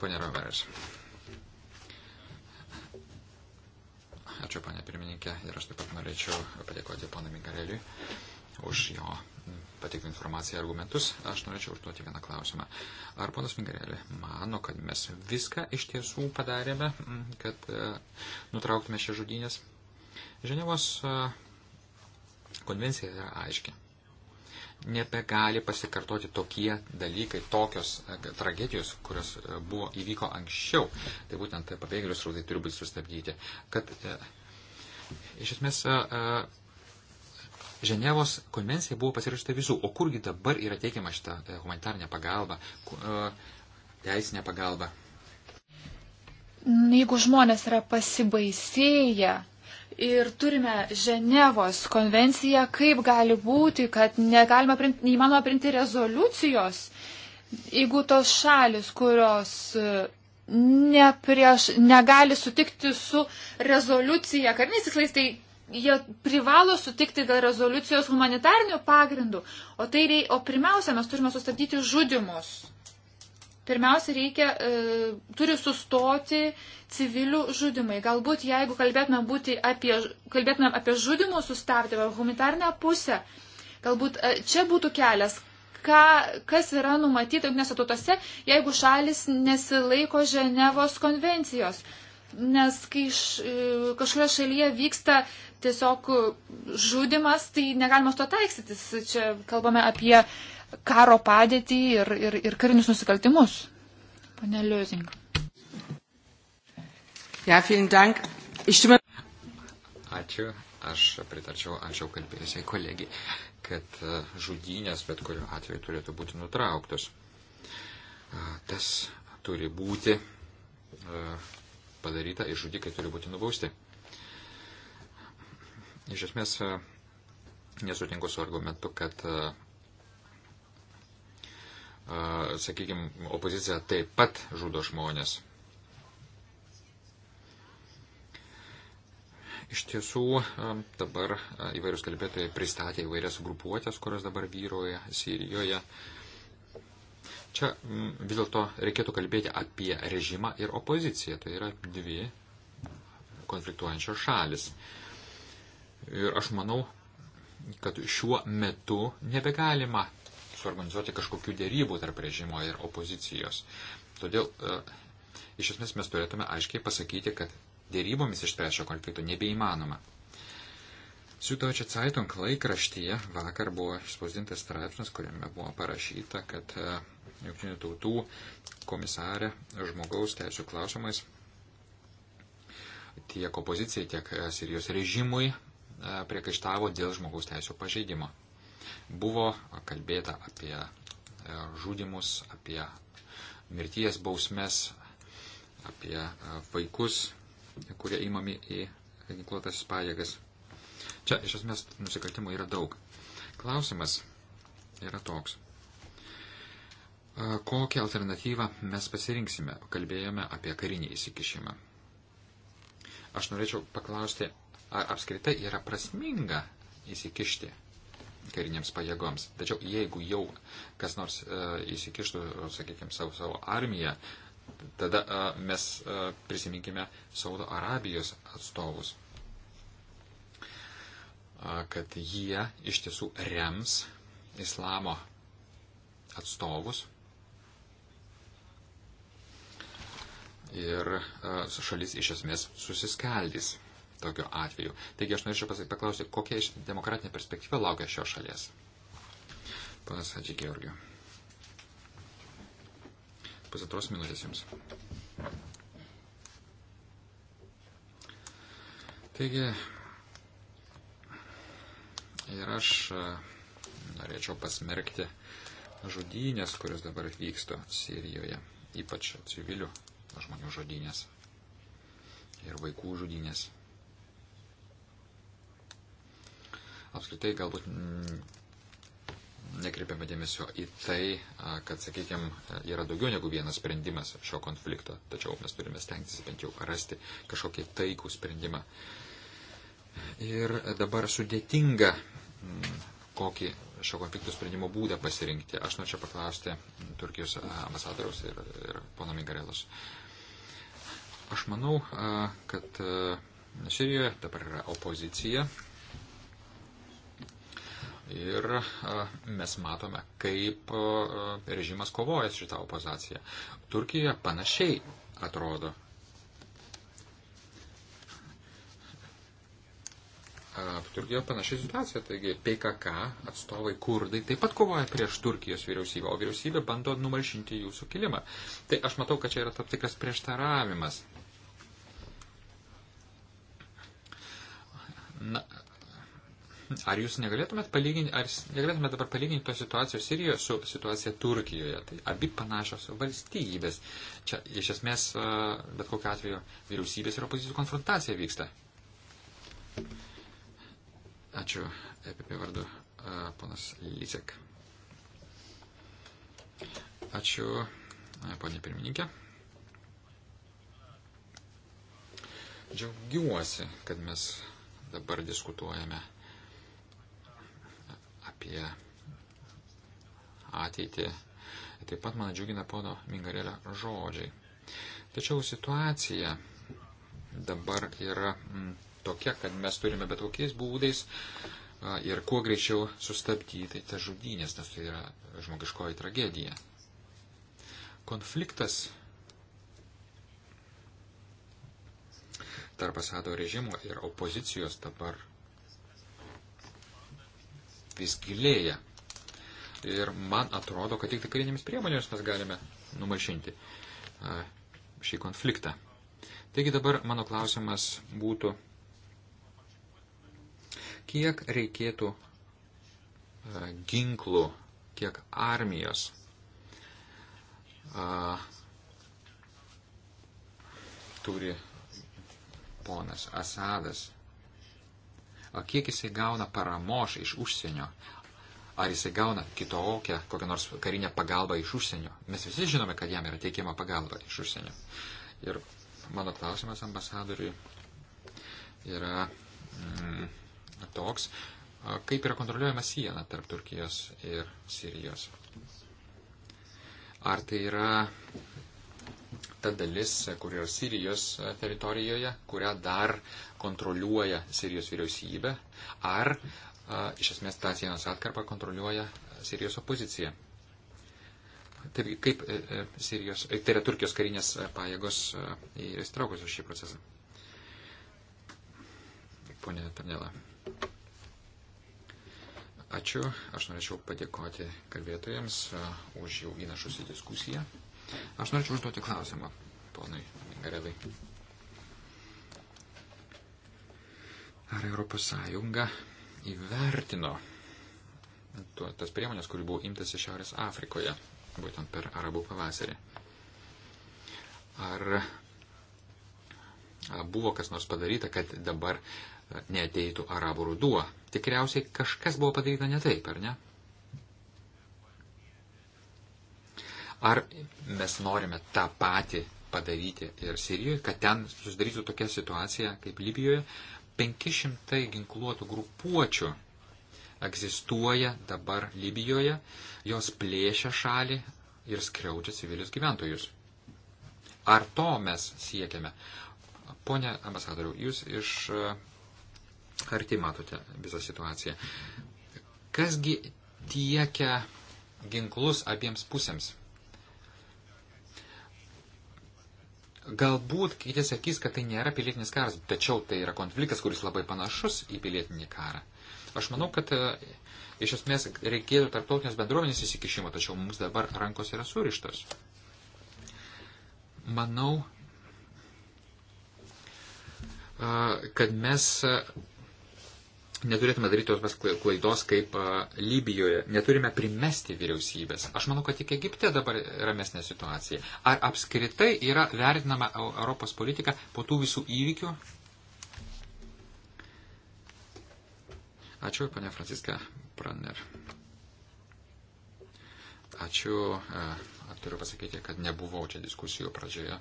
Pone Roveras. Ačiū, panė pirmininkė, ir aš taip pat norėčiau padėkoti ponui Mingareliui už jo pateiktą informaciją ir argumentus. Aš norėčiau užduoti vieną klausimą. Ar ponas Mingarelė mano, kad mes viską iš tiesų padarėme, kad e, nutrauktume šią žudynės? Ženevos e, Konvencija yra aiški. Nebegali pasikartoti tokie dalykai, tokios e, tragedijos, kurios e, buvo įvyko anksčiau. Tai būtent tai e, pabėgėlius rautai turi būti sustabdyti. Kad iš esmės Ženevos konvencija buvo pasirašyta visų, o kurgi dabar yra teikiama šita humanitarinė pagalba, teisinė pagalba. Jeigu žmonės yra pasibaisėję, Ir turime Ženevos konvenciją, kaip gali būti, kad negalima primti, neįmanoma primti rezoliucijos, jeigu tos šalis, kurios e, ne prieš, negali sutikti su rezoliucija kariniais tikslais, tai jie privalo sutikti dėl rezoliucijos humanitarnių pagrindų. O, tai rei, o pirmiausia, mes turime sustabdyti žudimus. Pirmiausia, reikia, e, turi sustoti civilių žudimai. Galbūt jeigu kalbėtumėm, apie, kalbėtumėm apie žudimų sustabdymą, humanitarnę pusę, galbūt e, čia būtų kelias, ką, kas yra numatyta jungtinėse tautose, jeigu šalis nesilaiko Ženevos konvencijos. Nes kai š, e, kažkurioje šalyje vyksta tiesiog žudimas, tai negalima su to taikstytis. Čia kalbame apie karo padėtį ir, ir, ir karinius nusikaltimus. Pane Liuzink. Ja, dank. Stimme... Ačiū. Aš pritarčiau anksčiau kalbėjusiai kolegijai, kad e, žudynės bet kuriuo atveju turėtų būti nutrauktos. E, tas turi būti e, padaryta ir žudikai turi būti nubausti. Iš esmės nesutinku su argumentu, kad sakykime, opozicija taip pat žudo žmonės. Iš tiesų, dabar įvairius kalbėtojai pristatė įvairias grupuotės, kurios dabar vyroja Sirijoje. Čia vis dėlto reikėtų kalbėti apie režimą ir opoziciją. Tai yra dvi konfliktuojančios šalis. Ir aš manau, kad šiuo metu nebegalima suorganizuoti kažkokių dėrybų tarp režimo ir opozicijos. Todėl e, iš esmės mes turėtume aiškiai pasakyti, kad dėrybomis išspręs šio konflikto nebeįmanoma. Süddeutsche Zeitung laikraštyje vakar buvo išspausdintas straipsnis, kuriame buvo parašyta, kad e, Junktinių tautų komisarė žmogaus teisų klausimais tiek opozicijai, tiek e, Sirijos režimui priekaištavo dėl žmogaus teisų pažeidimo. Buvo kalbėta apie e, žudimus, apie mirties bausmes, apie e, vaikus, kurie įmami į ginkluotas pajėgas. Čia iš esmės nusikaltimų yra daug. Klausimas yra toks. E, kokią alternatyvą mes pasirinksime? Kalbėjome apie karinį įsikišimą. Aš norėčiau paklausti, ar apskritai yra prasminga įsikišti karinėms pajėgoms. Tačiau jeigu jau kas nors e, įsikištų, sakykime, savo, savo armiją, tada e, mes e, prisiminkime Saudo Arabijos atstovus, kad jie iš tiesų rems islamo atstovus ir šalis iš esmės susiskaldys tokiu atveju. Taigi aš norėčiau paklausti, kokia demokratinė perspektyva laukia šios šalies. Panas Hadži Georgiu. Pusantros minutės jums. Taigi, ir aš e, norėčiau pasmerkti žudynės, kurios dabar vyksta Sirijoje, ypač civilių žmonių žudynės ir vaikų žudynės. apskritai galbūt mm, nekreipiame dėmesio į tai, kad, sakykime, yra daugiau negu vienas sprendimas šio konflikto, tačiau mes turime stengtis bent jau rasti kažkokį taikų sprendimą. Ir dabar sudėtinga mm, kokį šio konflikto sprendimo būdą pasirinkti. Aš norėčiau paklausti Turkijos ambasadoriaus ir, ir pono Migarelos. Aš manau, kad Sirijoje dabar yra opozicija, Ir mes matome, kaip režimas kovoja su šitą opoziciją. Turkija panašiai atrodo. Turkijoje panašiai situacija, taigi PKK atstovai kurdai taip pat kovoja prieš Turkijos vyriausybę, o vyriausybė bando numalšinti jų sukilimą. Tai aš matau, kad čia yra tam tikras prieštaravimas. Na, Ar jūs negalėtumėt, palyginti, ar negalėtumėt dabar palyginti to situacijos Sirijoje su situacija Turkijoje? Tai abi panašios valstybės. Čia iš esmės, bet kokiu atveju, vyriausybės ir opozicijų konfrontacija vyksta. Ačiū, EPP vardu, ponas Lisek. Ačiū, ponė pirmininkė. Džiaugiuosi, kad mes dabar diskutuojame apie ateitį. Taip pat man džiugina pono Mingarelio žodžiai. Tačiau situacija dabar yra mm, tokia, kad mes turime bet kokiais būdais ir kuo greičiau sustabdyti tas žudynės, nes tai yra žmogiškoji tragedija. Konfliktas tarp Asado režimo ir opozicijos dabar vis gilėja. Ir man atrodo, kad tik tai karinėmis priemonėmis mes galime numalšinti šį konfliktą. Taigi dabar mano klausimas būtų, kiek reikėtų ginklų, kiek armijos a, turi ponas Asadas kiek jisai gauna paramos iš užsienio, ar jisai gauna kitokią, kokią nors karinę pagalbą iš užsienio. Mes visi žinome, kad jam yra teikiama pagalba iš užsienio. Ir mano klausimas ambasadoriui yra mm, toks, kaip yra kontroliuojama siena tarp Turkijos ir Sirijos. Ar tai yra ta dalis, kurio Sirijos teritorijoje, kurią dar kontroliuoja Sirijos vyriausybė, ar a, iš esmės tą sienos atkarpą kontroliuoja Sirijos opozicija. Taip kaip e, e, Sirijos, e, tai yra Turkijos karinės pajėgos įstraukusios šį procesą. Pone Tarnela. Ačiū. Aš norėčiau padėkoti kalbėtojams už jų įnašus į diskusiją. Aš norėčiau užduoti klausimą, ponui Garelai. Ar Europos Sąjunga įvertino tuo, tas priemonės, kurių buvo imtasi Šiaurės Afrikoje, būtent per arabų pavasarį? Ar buvo kas nors padaryta, kad dabar neteitų arabų ruduo? Tikriausiai kažkas buvo padaryta ne taip, ar ne? Ar mes norime tą patį padaryti ir Sirijoje, kad ten susidarytų tokia situacija kaip Libijoje? 500 ginkluotų grupuočių egzistuoja dabar Libijoje, jos plėšia šalį ir skriaudžia civilius gyventojus. Ar to mes siekiame? Pone ambasadoriu, jūs iš e, arti matote visą situaciją. Kasgi tiekia ginklus abiems pusėms? Galbūt kiti sakys, kad tai nėra pilietinis karas, tačiau tai yra konfliktas, kuris labai panašus į pilietinį karą. Aš manau, kad e, iš esmės reikėtų tarptautinės bendruomenės įsikišimo, tačiau mums dabar rankos yra surištos. Manau, e, kad mes neturėtume daryti tos klaidos kaip Libijoje. Neturime primesti vyriausybės. Aš manau, kad tik Egipte dabar ramesnė situacija. Ar apskritai yra vertinama Europos politika po tų visų įvykių? Ačiū, ponia Franciska Praner. Ačiū. E, turiu pasakyti, kad nebuvau čia diskusijų pradžioje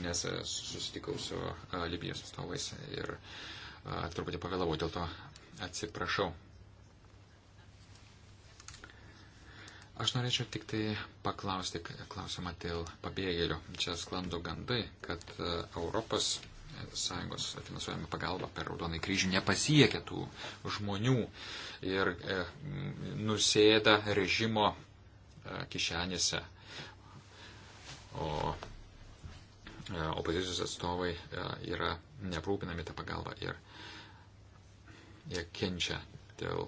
nes e, susitikau su e, Libijos atstovais ir uh, truputį pavėlavau, dėl to atsiprašau. Aš norėčiau tik tai paklausti klausimą dėl pabėgėlių. Čia sklando gandai, kad e, Europos Sąjungos finansuojama pagalba per Raudonąjį kryžių nepasiekia tų žmonių ir e, nusėda režimo e, kišenėse. O e, opozicijos atstovai e, yra neprūpinami tą pagalbą ir jie kenčia dėl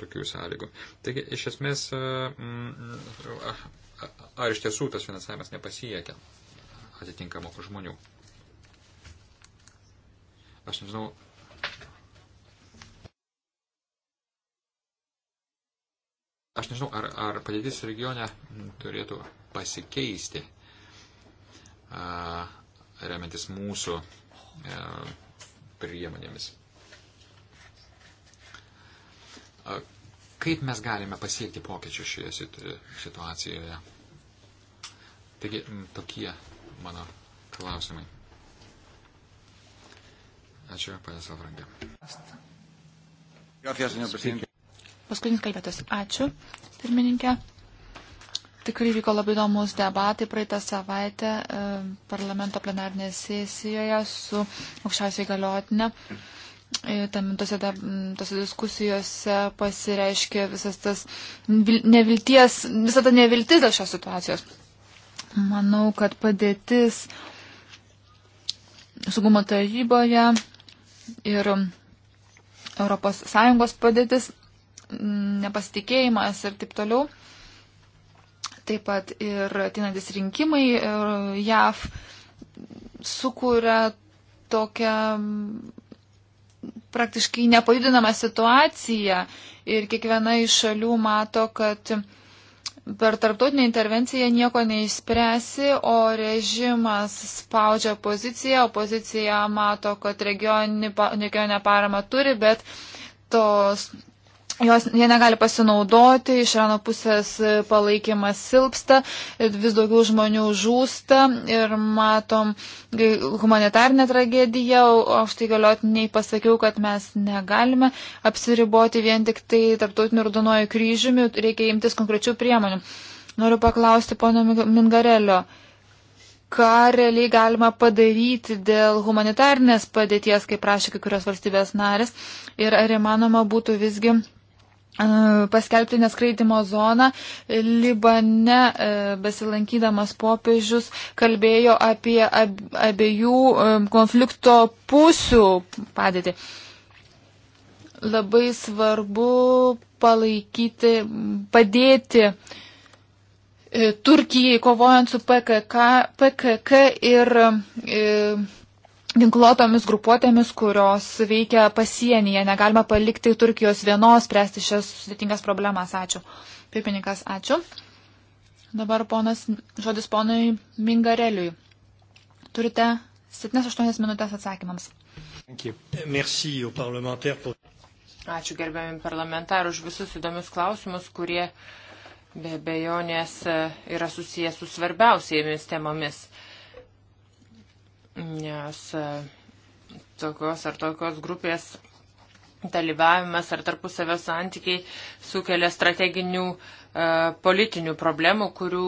tokių sąlygų. Taigi, iš esmės, e, mm, ar iš tiesų tas finansavimas nepasiekia atitinkamų žmonių? Aš nežinau. Aš nežinau, ar, ar padėtis regione turėtų pasikeisti, remiantis mūsų e, priemonėmis. Kaip mes galime pasiekti pokyčių šioje situacijoje? Taigi tokie mano klausimai. Ačiū, panė Salvrangė. Paskutinis kalbėtas. Ačiū, pirmininkė. Tikrai vyko labai įdomus debatai praeitą savaitę e, parlamento plenarnėje sesijoje su aukščiausiai galiotinė. E, tam, tose, tose diskusijose pasireiškia visas tas nevilties, visa ta neviltis dėl šios situacijos. Manau, kad padėtis saugumo taryboje ir ES padėtis, nepasitikėjimas ir taip toliau. Taip pat ir ateinantis rinkimai e, JAV sukuria tokią praktiškai nepajudinama situacija ir kiekviena iš šalių mato, kad per tarptautinę intervenciją nieko neišspręsi, o režimas spaudžia poziciją, opozicija mato, kad regioninę paramą turi, bet tos Jos, jie negali pasinaudoti, iš Irano pusės e, palaikymas silpsta, e, vis daugiau žmonių žūsta ir matom e, humanitarnę tragediją, o aš tai galiotiniai pasakiau, kad mes negalime apsiriboti vien tik tai tarptautiniu raudonoju kryžiumi, reikia imtis konkrečių priemonių. Noriu paklausti pono Mingarelio ką realiai galima padaryti dėl humanitarnės padėties, kaip prašė kai kurios valstybės narės, ir ar įmanoma būtų visgi E, paskelbti neskraidimo zoną. Libane e, besilankydamas popiežius kalbėjo apie abiejų e, konflikto pusių padėtį. Labai svarbu palaikyti, padėti Turkijai kovojant su PKK, PKK ir, ir ginkluotomis grupuotėmis, kurios veikia pasienyje. Negalima palikti Turkijos vienos spręsti šias sudėtingas problemas. Ačiū. Pirmininkas, ačiū. Dabar ponas, žodis ponui Mingareliui. Turite 7-8 minutės atsakymams. Ačiū gerbiamim parlamentarui už visus įdomius klausimus, kurie be bejonės e, yra susijęs su svarbiausiamis temomis nes e, tokios ar tokios grupės dalyvavimas ar tarpusavio santykiai sukelia strateginių e, politinių problemų, kurių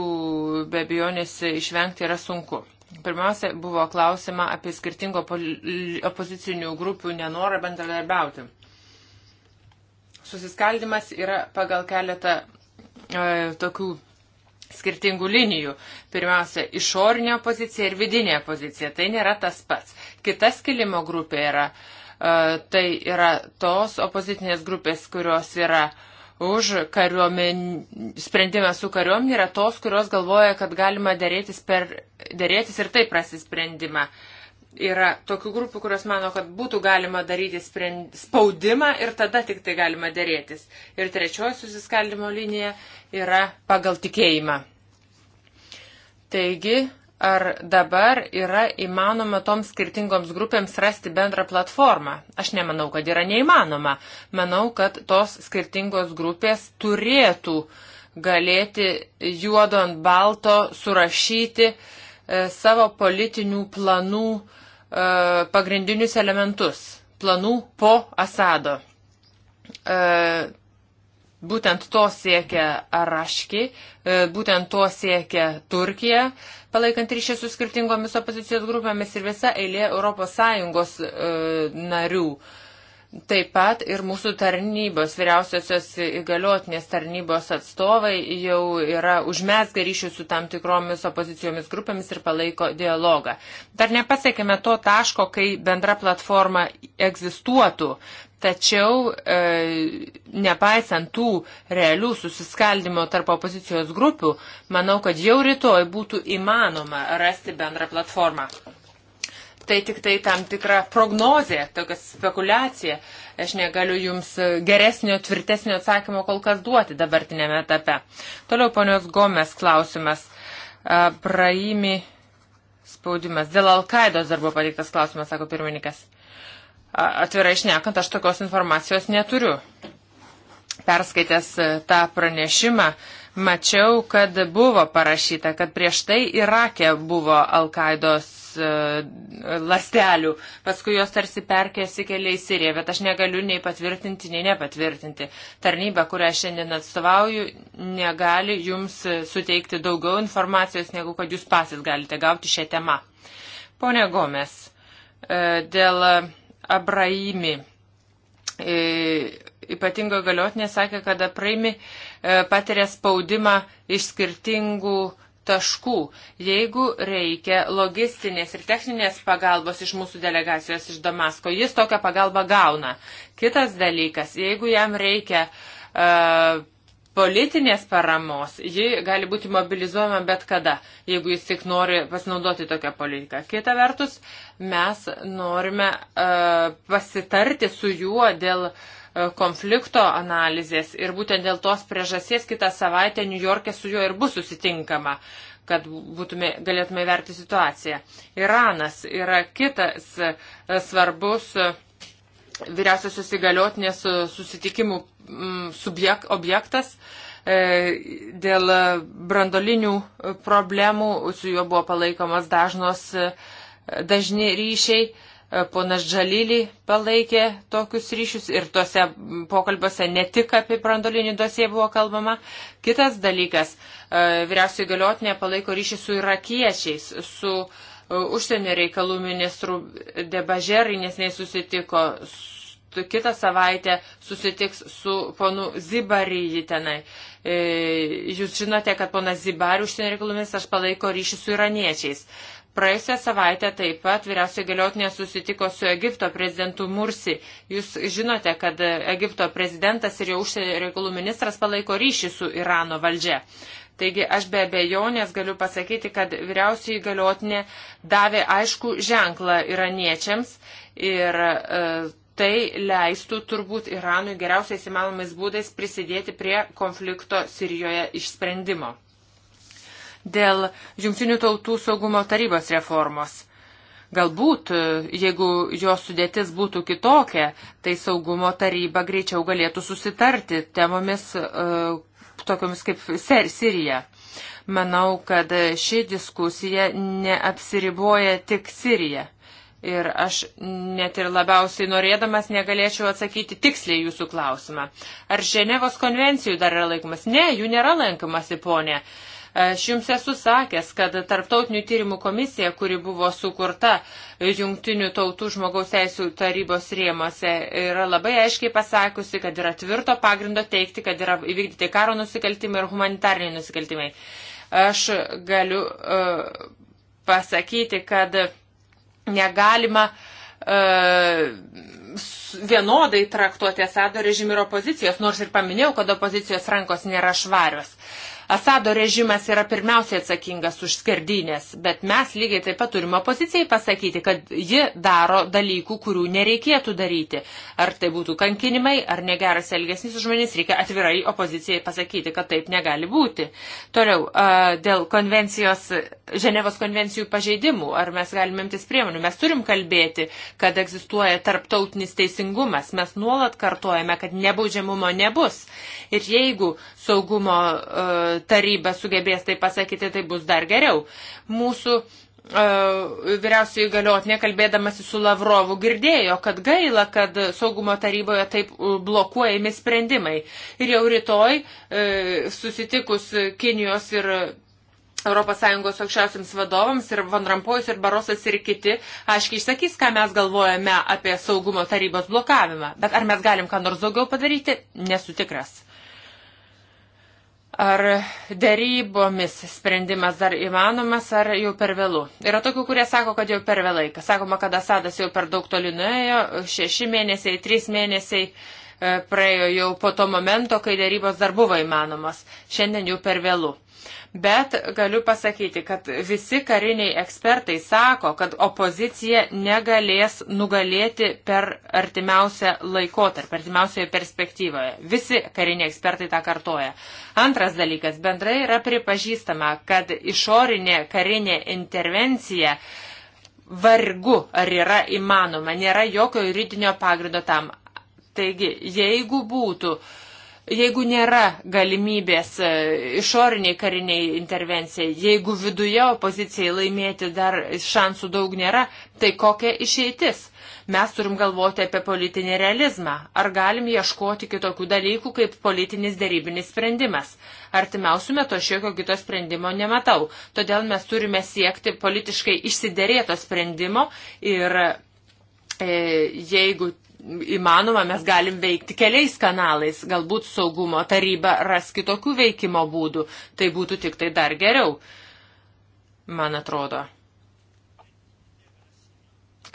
be abejonės išvengti yra sunku. Pirmiausia, buvo klausima apie skirtingo opozicinių grupių nenorą bendradarbiauti. Susiskaldimas yra pagal keletą e, tokių skirtingų linijų. Pirmiausia, išorinė pozicija ir vidinė pozicija. Tai nėra tas pats. Kita skilimo grupė yra, e, tai yra tos opozicinės grupės, kurios yra už kariuomen... sprendimą su kariuomenė, yra tos, kurios galvoja, kad galima dėrėtis, per... dėrėtis ir taip prasisprendimą. sprendimą Yra tokių grupių, kurios mano, kad būtų galima daryti spaudimą ir tada tik tai galima dėrėtis. Ir trečioji susiskaldimo linija yra pagal tikėjimą. Taigi, ar dabar yra įmanoma toms skirtingoms grupėms rasti bendrą platformą? Aš nemanau, kad yra neįmanoma. Manau, kad tos skirtingos grupės turėtų galėti juodo ant balto surašyti e, savo politinių planų E, pagrindinius elementus planų po Asado. E, būtent to siekia Araški, e, būtent to siekia Turkija, palaikant ryšį su skirtingomis opozicijos grupėmis ir visa eilė ES narių. Uh, Taip pat ir mūsų tarnybos, vyriausiosios įgaliotinės tarnybos atstovai jau yra užmesgę ryšių su tam tikromis opozicijomis grupėmis ir palaiko dialogą. Dar nepasiekime to taško, kai bendra platforma egzistuotų, tačiau e, nepaisant tų realių susiskaldimo tarp opozicijos grupių, manau, kad jau rytoj būtų įmanoma rasti bendrą platformą tai tik tai tam tikra prognozė, tokia spekulacija. Aš negaliu jums geresnio, tvirtesnio atsakymo kol kas duoti dabartinėme etape. Toliau ponios Gomes klausimas. Praimi spaudimas. Dėl Alkaidos dar buvo pateiktas klausimas, sako pirmininkas. Atvirai išnekant, aš tokios informacijos neturiu. Perskaitęs e, tą pranešimą, mačiau, kad buvo parašyta, kad prieš tai Irake buvo Alkaidos E, lastelių, paskui jos tarsi perkėsi keliai į Siriją, bet aš negaliu nei patvirtinti, nei nepatvirtinti. Tarnyba, kurią šiandien atstovauju, negali jums e, suteikti daugiau informacijos, negu kad jūs pasis galite gauti šią temą. Pone Gomes, e, dėl Abraimi ypatingo galiotinė sakė, kad apraimi patiria spaudimą iš skirtingų taškų. Jeigu reikia logistinės ir techninės pagalbos iš mūsų delegacijos iš Damasko, jis tokią pagalbą gauna. Kitas dalykas, jeigu jam reikia uh, politinės paramos, ji gali būti mobilizuojama bet kada, jeigu jis tik nori pasinaudoti tokią politiką. Kita vertus, mes norime uh, pasitarti su juo dėl uh, E, konflikto analizės ir būtent dėl tos priežasties kitą savaitę New York'e su juo ir bus susitinkama kad būtume, galėtume verti situaciją. Iranas yra kitas e, svarbus e, vyriausiosios įgaliotinės susitikimų mm, subjek, objektas dėl brandolinių problemų, su juo buvo palaikomas dažnos, dažni ryšiai Ponas Žalylį palaikė tokius ryšius ir tuose pokalbiuose ne tik apie brandolinį dosiją buvo kalbama. Kitas dalykas, e, vyriausiai galiotinė palaiko ryšį su irakiečiais, su e, užsienio reikalų ministrų debažerai, nes neįsusitiko kitą savaitę susitiks su ponu Zibaryji tenai. E, jūs žinote, kad ponas Zibari užsienio reikalų ministras palaiko ryšį su iraniečiais. Praėjusią savaitę taip pat vyriausiai galiotinė susitiko su Egipto prezidentu Mursi. Jūs žinote, kad Egipto prezidentas ir jo užsienio reikalų ministras palaiko ryšį su Irano valdžia. Taigi aš be abejonės galiu pasakyti, kad vyriausiai galiotinė davė aišku ženklą iraniečiams ir e, tai leistų turbūt Iranui geriausiais įmanomais būdais prisidėti prie konflikto Sirijoje išsprendimo dėl Junktinių tautų saugumo tarybos reformos. Galbūt, e, jeigu jos sudėtis būtų kitokia, tai saugumo taryba greičiau galėtų susitarti temomis e, tokiomis kaip Sirija. Manau, kad ši diskusija neapsiriboja tik Sirija. Ir aš net ir labiausiai norėdamas negalėčiau atsakyti tiksliai jūsų klausimą. Ar Ženevos konvencijų dar yra laikomas? Ne, jų nėra lankomasi, ponė. Uh, Aš jums esu sakęs, kad tarptautinių tyrimų komisija, kuri buvo sukurta Junktinių tautų žmogaus teisų tarybos rėmose, yra labai aiškiai pasakusi, kad yra tvirto pagrindo teikti, kad yra įvykdyti karo nusikaltimai ir humanitariniai nusikaltimai. Aš galiu uh, pasakyti, kad negalima uh, vienodai traktuoti Asado režimą ir opozicijos, nors ir paminėjau, kad opozicijos rankos nėra švarios. Uh, Asado režimas yra pirmiausiai atsakingas už skerdynės, bet mes lygiai taip pat turime opozicijai pasakyti, kad ji daro dalykų, kurių nereikėtų daryti. Ar tai būtų kankinimai, ar negeras elgesnis žmonės, reikia atvirai opozicijai pasakyti, kad taip negali būti. Toliau, dėl konvencijos, Ženevos konvencijų pažeidimų, ar mes galime imtis priemonių, mes turim kalbėti, kad egzistuoja tarptautinis teisingumas, mes nuolat kartuojame, kad nebaudžiamumo nebus. Ir jeigu saugumo uh, taryba sugebės tai pasakyti, tai bus dar geriau. Mūsų e, vyriausiai galiotinė, kalbėdamasi su Lavrovu, girdėjo, kad gaila, kad saugumo taryboje taip blokuojami sprendimai. Ir jau rytoj e, susitikus Kinijos ir ES aukščiausiams vadovams ir Van Rampojus ir Barosas ir kiti aiškiai išsakys, ką mes galvojame apie saugumo tarybos blokavimą. Bet ar mes galim ką nors daugiau padaryti, nesu tikras. Ar dėrybomis sprendimas dar įmanomas, ar jau per vėlų? Yra tokių, kurie sako, kad jau per vėlai. Sakoma, kad Asadas jau per daug toli nuėjo, šeši mėnesiai, trys mėnesiai e, praėjo jau po to momento, kai dėrybos dar buvo įmanomas. Šiandien jau per vėlų. Bet galiu pasakyti, kad visi kariniai ekspertai sako, kad opozicija negalės nugalėti per artimiausią laikotarpį, artimiausioje perspektyvoje. Visi kariniai ekspertai tą kartoja. Antras dalykas, bendrai yra pripažįstama, kad išorinė karinė intervencija vargu ar yra įmanoma, nėra jokio juridinio pagrindo tam. Taigi, jeigu būtų uh, jeigu nėra galimybės e, išoriniai kariniai intervencijai, jeigu viduje opozicijai laimėti dar šansų daug nėra, tai kokia išeitis? Mes turim galvoti apie politinį realizmą. Ar galim ieškoti kitokių dalykų kaip politinis dėrybinis sprendimas? Artimiausių metų aš jokio kito sprendimo nematau. Todėl mes turime siekti politiškai išsiderėto sprendimo ir e, jeigu įmanoma, mes galim veikti keliais kanalais. Galbūt saugumo taryba ras kitokių veikimo būdų. Tai būtų tik tai dar geriau, man atrodo.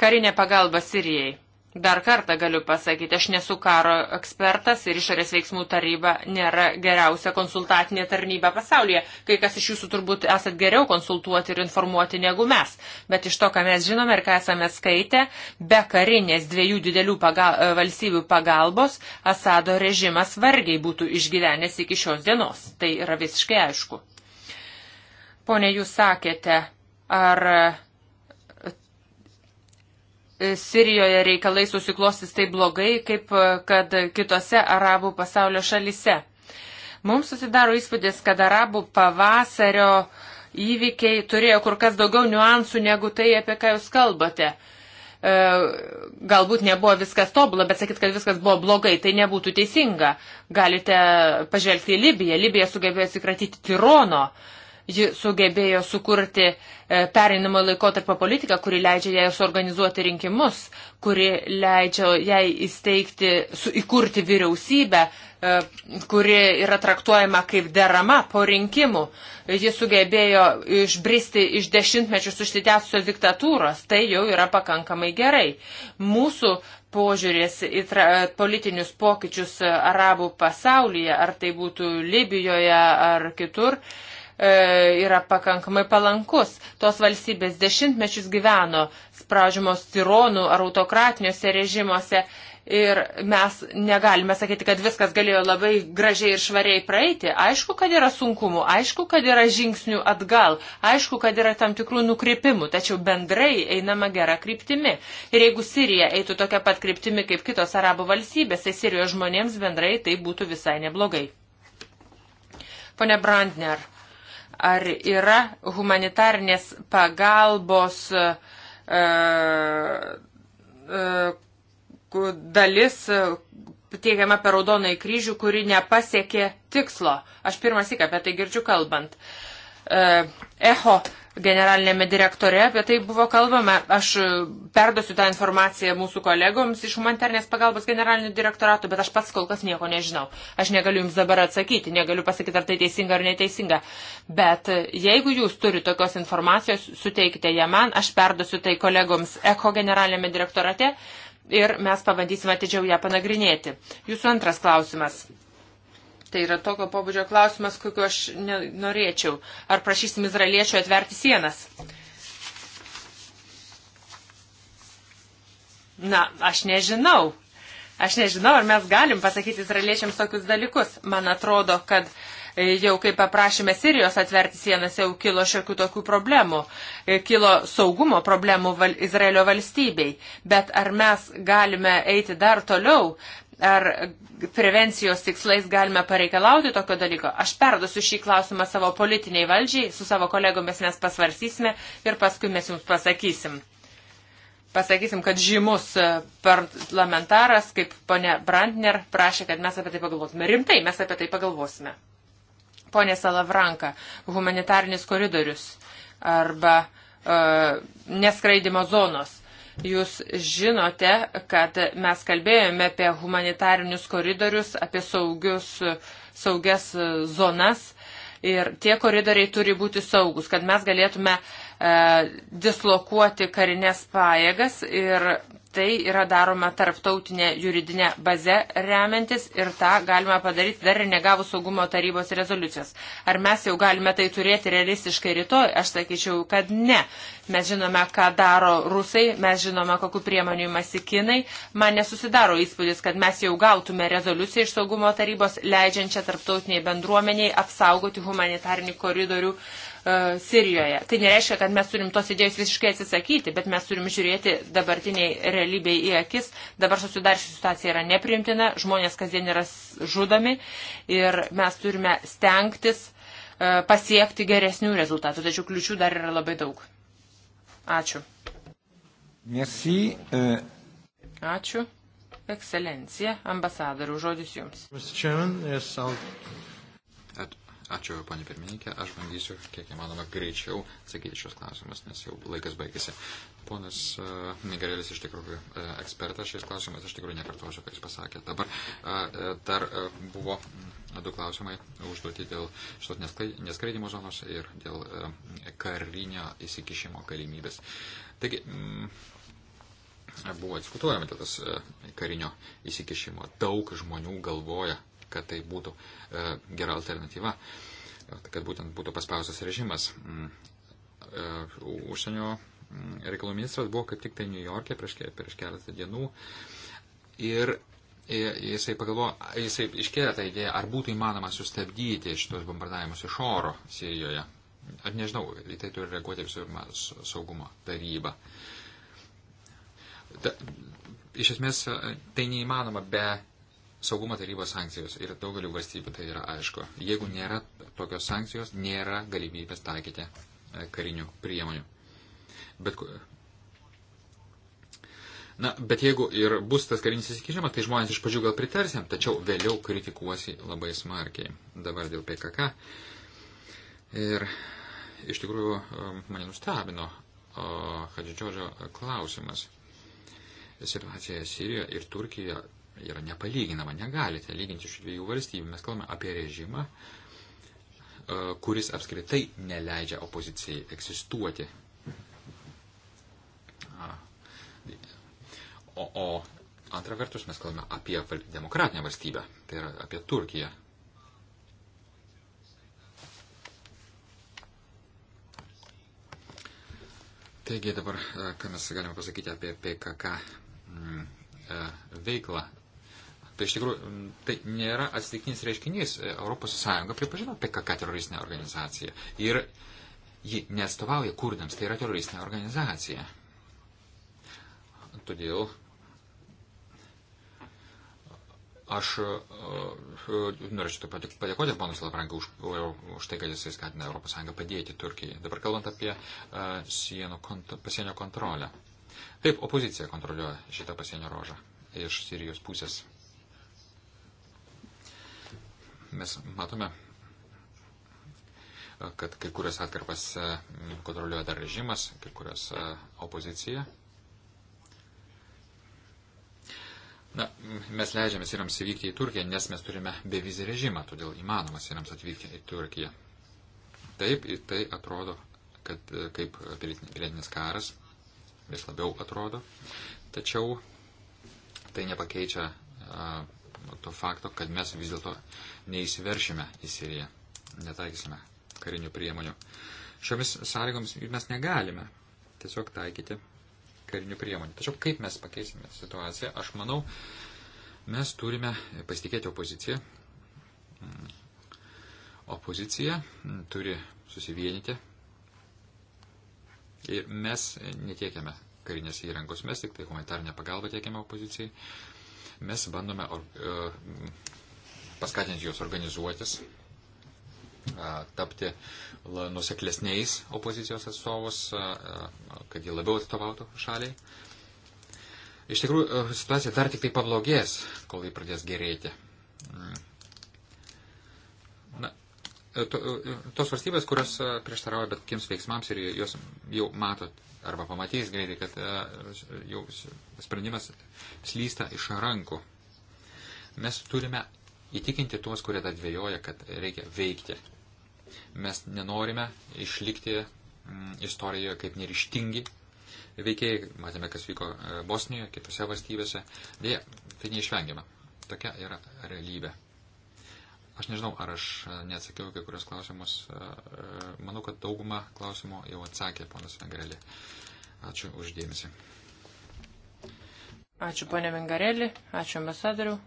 Karinė pagalba Sirijai. Dar kartą galiu pasakyti, aš nesu karo ekspertas ir išorės veiksmų taryba nėra geriausia konsultacinė tarnyba pasaulyje. Kai kas iš jūsų turbūt esat geriau konsultuoti ir informuoti negu mes. Bet iš to, ką mes žinome ir ką esame skaitę, be karinės dviejų didelių pagal, e, valstybių pagalbos Asado režimas vargiai būtų išgyvenęs iki šios dienos. Tai yra visiškai aišku. Pone, jūs sakėte, ar Sirijoje reikalai susiklostys taip blogai, kaip e, kad kitose arabų pasaulio šalise. Mums susidaro įspūdis, kad arabų pavasario įvykiai turėjo kur kas daugiau niuansų negu tai, apie ką jūs kalbate. E, galbūt nebuvo viskas tobulą, bet sakyt, kad viskas buvo blogai, tai nebūtų teisinga. Galite pažvelgti į Libiją. Libija sugebėjo atsikratyti tirono. Uh, Ji sugebėjo sukurti e, pereinamo laikotarpio politiką, kuri leidžia jai suorganizuoti rinkimus, kuri leidžia jai įsteigti, su, įkurti vyriausybę, e, kuri yra traktuojama kaip derama po rinkimų. Ji sugebėjo išbristi iš dešimtmečių suštitęsusios diktatūros. Tai jau yra pakankamai gerai. Mūsų požiūrės į tra, politinius pokyčius arabų pasaulyje, ar tai būtų Libijoje ar kitur, uh, E, yra pakankamai palankus. Tos valstybės dešimtmečius gyveno spraudžiamos tironų ar autokratiniuose režimuose ir mes negalime sakyti, kad viskas galėjo labai gražiai ir švariai praeiti. Aišku, kad yra sunkumų, aišku, kad yra žingsnių atgal, aišku, kad yra tam tikrų nukreipimų, tačiau bendrai einama gera kryptimi. Ir jeigu Sirija eitų tokia pat kryptimi kaip kitos arabų valstybės, tai Sirijos žmonėms bendrai tai būtų visai neblogai. Pone Brandner, ar yra humanitarnės pagalbos e, e, dalis e, teikiama per raudonąjį kryžių, kuri nepasiekė tikslo. Aš pirmąsik apie tai girdžiu kalbant. E, eho generalinėme direktore, apie tai buvo kalbama. Aš e, perdosiu tą informaciją mūsų kolegoms iš humanitarnės pagalbos generalinių direktoratų, bet aš pats kol kas nieko nežinau. Aš negaliu jums dabar atsakyti, negaliu pasakyti, ar tai teisinga ar neteisinga. Bet e, jeigu jūs turite tokios informacijos, suteikite ją man, aš perdosiu tai kolegoms ECHO generalinėme direktorate ir mes pabandysime atidžiau ją panagrinėti. Jūsų antras klausimas. Tai yra tokio pobūdžio klausimas, kokiu aš norėčiau. Ar prašysim izraeliečių atverti sienas? Na, aš nežinau. Aš nežinau, ar mes galim pasakyti izraeliečiams tokius dalykus. Man atrodo, kad e, jau kai paprašėme Sirijos atverti sienas, jau kilo šiokių tokių problemų. E, kilo saugumo problemų val Izraelio valstybei. Bet ar mes galime eiti dar toliau? ar prevencijos tikslais galime pareikalauti tokio dalyko. Aš perduosiu šį klausimą savo politiniai valdžiai, su savo kolegomis mes pasvarsysime ir paskui mes jums pasakysim. Pasakysim, kad žymus e, parlamentaras, kaip ponė Brandner, prašė, kad mes apie tai pagalvotume. Rimtai mes apie tai pagalvosime. Pone Salavranka, humanitarnis koridorius arba uh, neskraidimo zonos. Jūs žinote, kad mes kalbėjome apie humanitarinius koridorius, apie saugius, saugias zonas ir tie koridoriai turi būti saugus, kad mes galėtume uh, E, dislokuoti karinės pajėgas ir tai yra daroma tarptautinė juridinė baze remiantis ir tą galima padaryti dar ir negavus saugumo tarybos rezoliucijos. Ar mes jau galime tai turėti realistiškai rytoj? Aš sakyčiau, kad ne. Mes žinome, ką daro rusai, mes žinome, kokiu priemonių įmasi kinai. Man nesusidaro įspūdis, kad mes jau gautume rezoliuciją iš saugumo tarybos, leidžiančią tarptautiniai bendruomeniai apsaugoti humanitarinį koridorių uh, E, Sirijoje. Tai nereiškia, kad mes turim tos idėjos visiškai atsisakyti, bet mes turim žiūrėti dabartiniai realybei į akis. Dabar susidaršį situacija yra neprimtina, žmonės kasdien yra žudomi ir mes turime stengtis e, pasiekti geresnių rezultatų, tačiau kliučių dar yra labai daug. Ačiū. Merci. E. Ačiū. Ekscelencija, ambasadorių, žodis jums. Mr. Chairman, yes, I'll Ačiū, ponė pirmininkė. Aš bandysiu, kiek įmanoma, greičiau atsakyti šios klausimus, nes jau laikas baigėsi. Ponas uh, e, Migarelis iš tikrųjų uh, ekspertas šiais klausimais, aš tikrųjų nekartosiu, ką jis pasakė. Dabar uh, dar uh, buvo du klausimai užduoti dėl šios neskraidimo zonos ir dėl uh, karinio įsikišimo galimybės. Taigi, mm, buvo diskutuojama dėl tas karinio įsikišimo. Daug žmonių galvoja kad tai būtų e, gera alternatyva, kad būtent būtų paspaustas režimas. Mm, e, užsienio mm, reikalų ministras buvo kaip tik tai New York'e prieš, prieš keletą dienų ir jisai pagalvojo, jisai iškėlė tą idėją, ar būtų įmanoma sustabdyti šitos bombardavimus iš oro Sirijoje. Ar nežinau, į tai turi reaguoti visų pirma saugumo taryba. Ta, iš esmės e, tai neįmanoma be saugumo tarybos sankcijos ir daugeliu valstybių tai yra aišku. Jeigu nėra tokios sankcijos, nėra galimybės taikyti e, karinių priemonių. Bet, na, bet jeigu ir bus tas karinis įsikišimas, tai žmonės iš pradžių gal pritarsim, tačiau vėliau kritikuosi labai smarkiai. Dabar dėl PKK. Ir iš tikrųjų e, mane nustebino Hadžidžiožio klausimas situacija Sirijoje ir Turkijoje yra nepalyginama, negalite lyginti šių dviejų valstybių. Mes kalbame apie režimą, e, kuris apskritai neleidžia opozicijai egzistuoti. O, o antra vertus mes kalbame apie demokratinę valstybę, tai yra apie Turkiją. Taigi dabar, e, ką mes galime pasakyti apie PKK mm, e, veiklą Tai iš tikrųjų, tai nėra atsitiktinis reiškinys. ES pripažino PKK teroristinę organizaciją. Ir ji nestovauja kurdams, tai yra teroristinė organizacija. Todėl aš e, e, norėčiau padėkoti ponui Salafrankai už, už tai, kad jisai skatina ES padėti Turkijai. Dabar kalbant apie e, sienų, kont, pasienio kontrolę. Taip, opozicija kontroliuoja šitą pasienio rožą iš Sirijos pusės mes matome, kad kai kurias atkarpas kontroliuoja dar režimas, kai kurias e, opozicija. Na, mes leidžiame sirams vykti į Turkiją, nes mes turime bevizį režimą, todėl įmanoma sirams atvykti į Turkiją. Taip, tai atrodo, kad e, kaip pilietinis karas vis labiau atrodo, tačiau tai nepakeičia a, e, to fakto, kad mes vis dėlto neįsiveršime į Siriją, netaikysime karinių priemonių. Šiomis sąlygomis mes negalime tiesiog taikyti karinių priemonių. Tačiau kaip mes pakeisime situaciją, aš manau, mes turime pasitikėti opoziciją. Mm. Opozicija mm, turi susivienyti ir mes netiekiame karinės įrangos, mes tik tai humanitarnę pagalbą tiekiame opozicijai. Mes bandome or, uh, paskatinti juos organizuotis, tapti nuseklesniais opozicijos atstovus, kad jie labiau atstovautų šaliai. Iš tikrųjų, situacija dar tik tai pablogės, kol jį pradės gerėti. Mm. Na, e, to, e, tos valstybės, kurios prieštarauja bet kokiems veiksmams ir jos jau matot arba pamatys greitai, kad jau sprendimas slysta iš rankų. Mes turime įtikinti tuos, kurie dar dvėjoja, kad reikia veikti. Mes nenorime išlikti mm, istorijoje kaip nerištingi veikėjai. Matėme, kas vyko e, Bosnijoje, kitose valstybėse. Dėja, tai neišvengiama. Tokia yra realybė. Aš nežinau, ar aš e, neatsakiau kai kurios klausimus. E, manau, kad daugumą klausimų jau atsakė ponas Vengrelė. Ačiū uždėmesi. Ačiū ponė Vengarelį, ačiū ambasadoriu.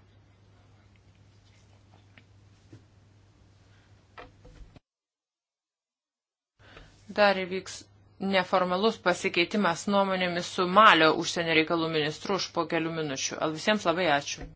Dar įvyks neformalus pasikeitimas nuomonėmis su Malio užsienio reikalų ministru už po kelių minučių. Al visiems labai ačiū.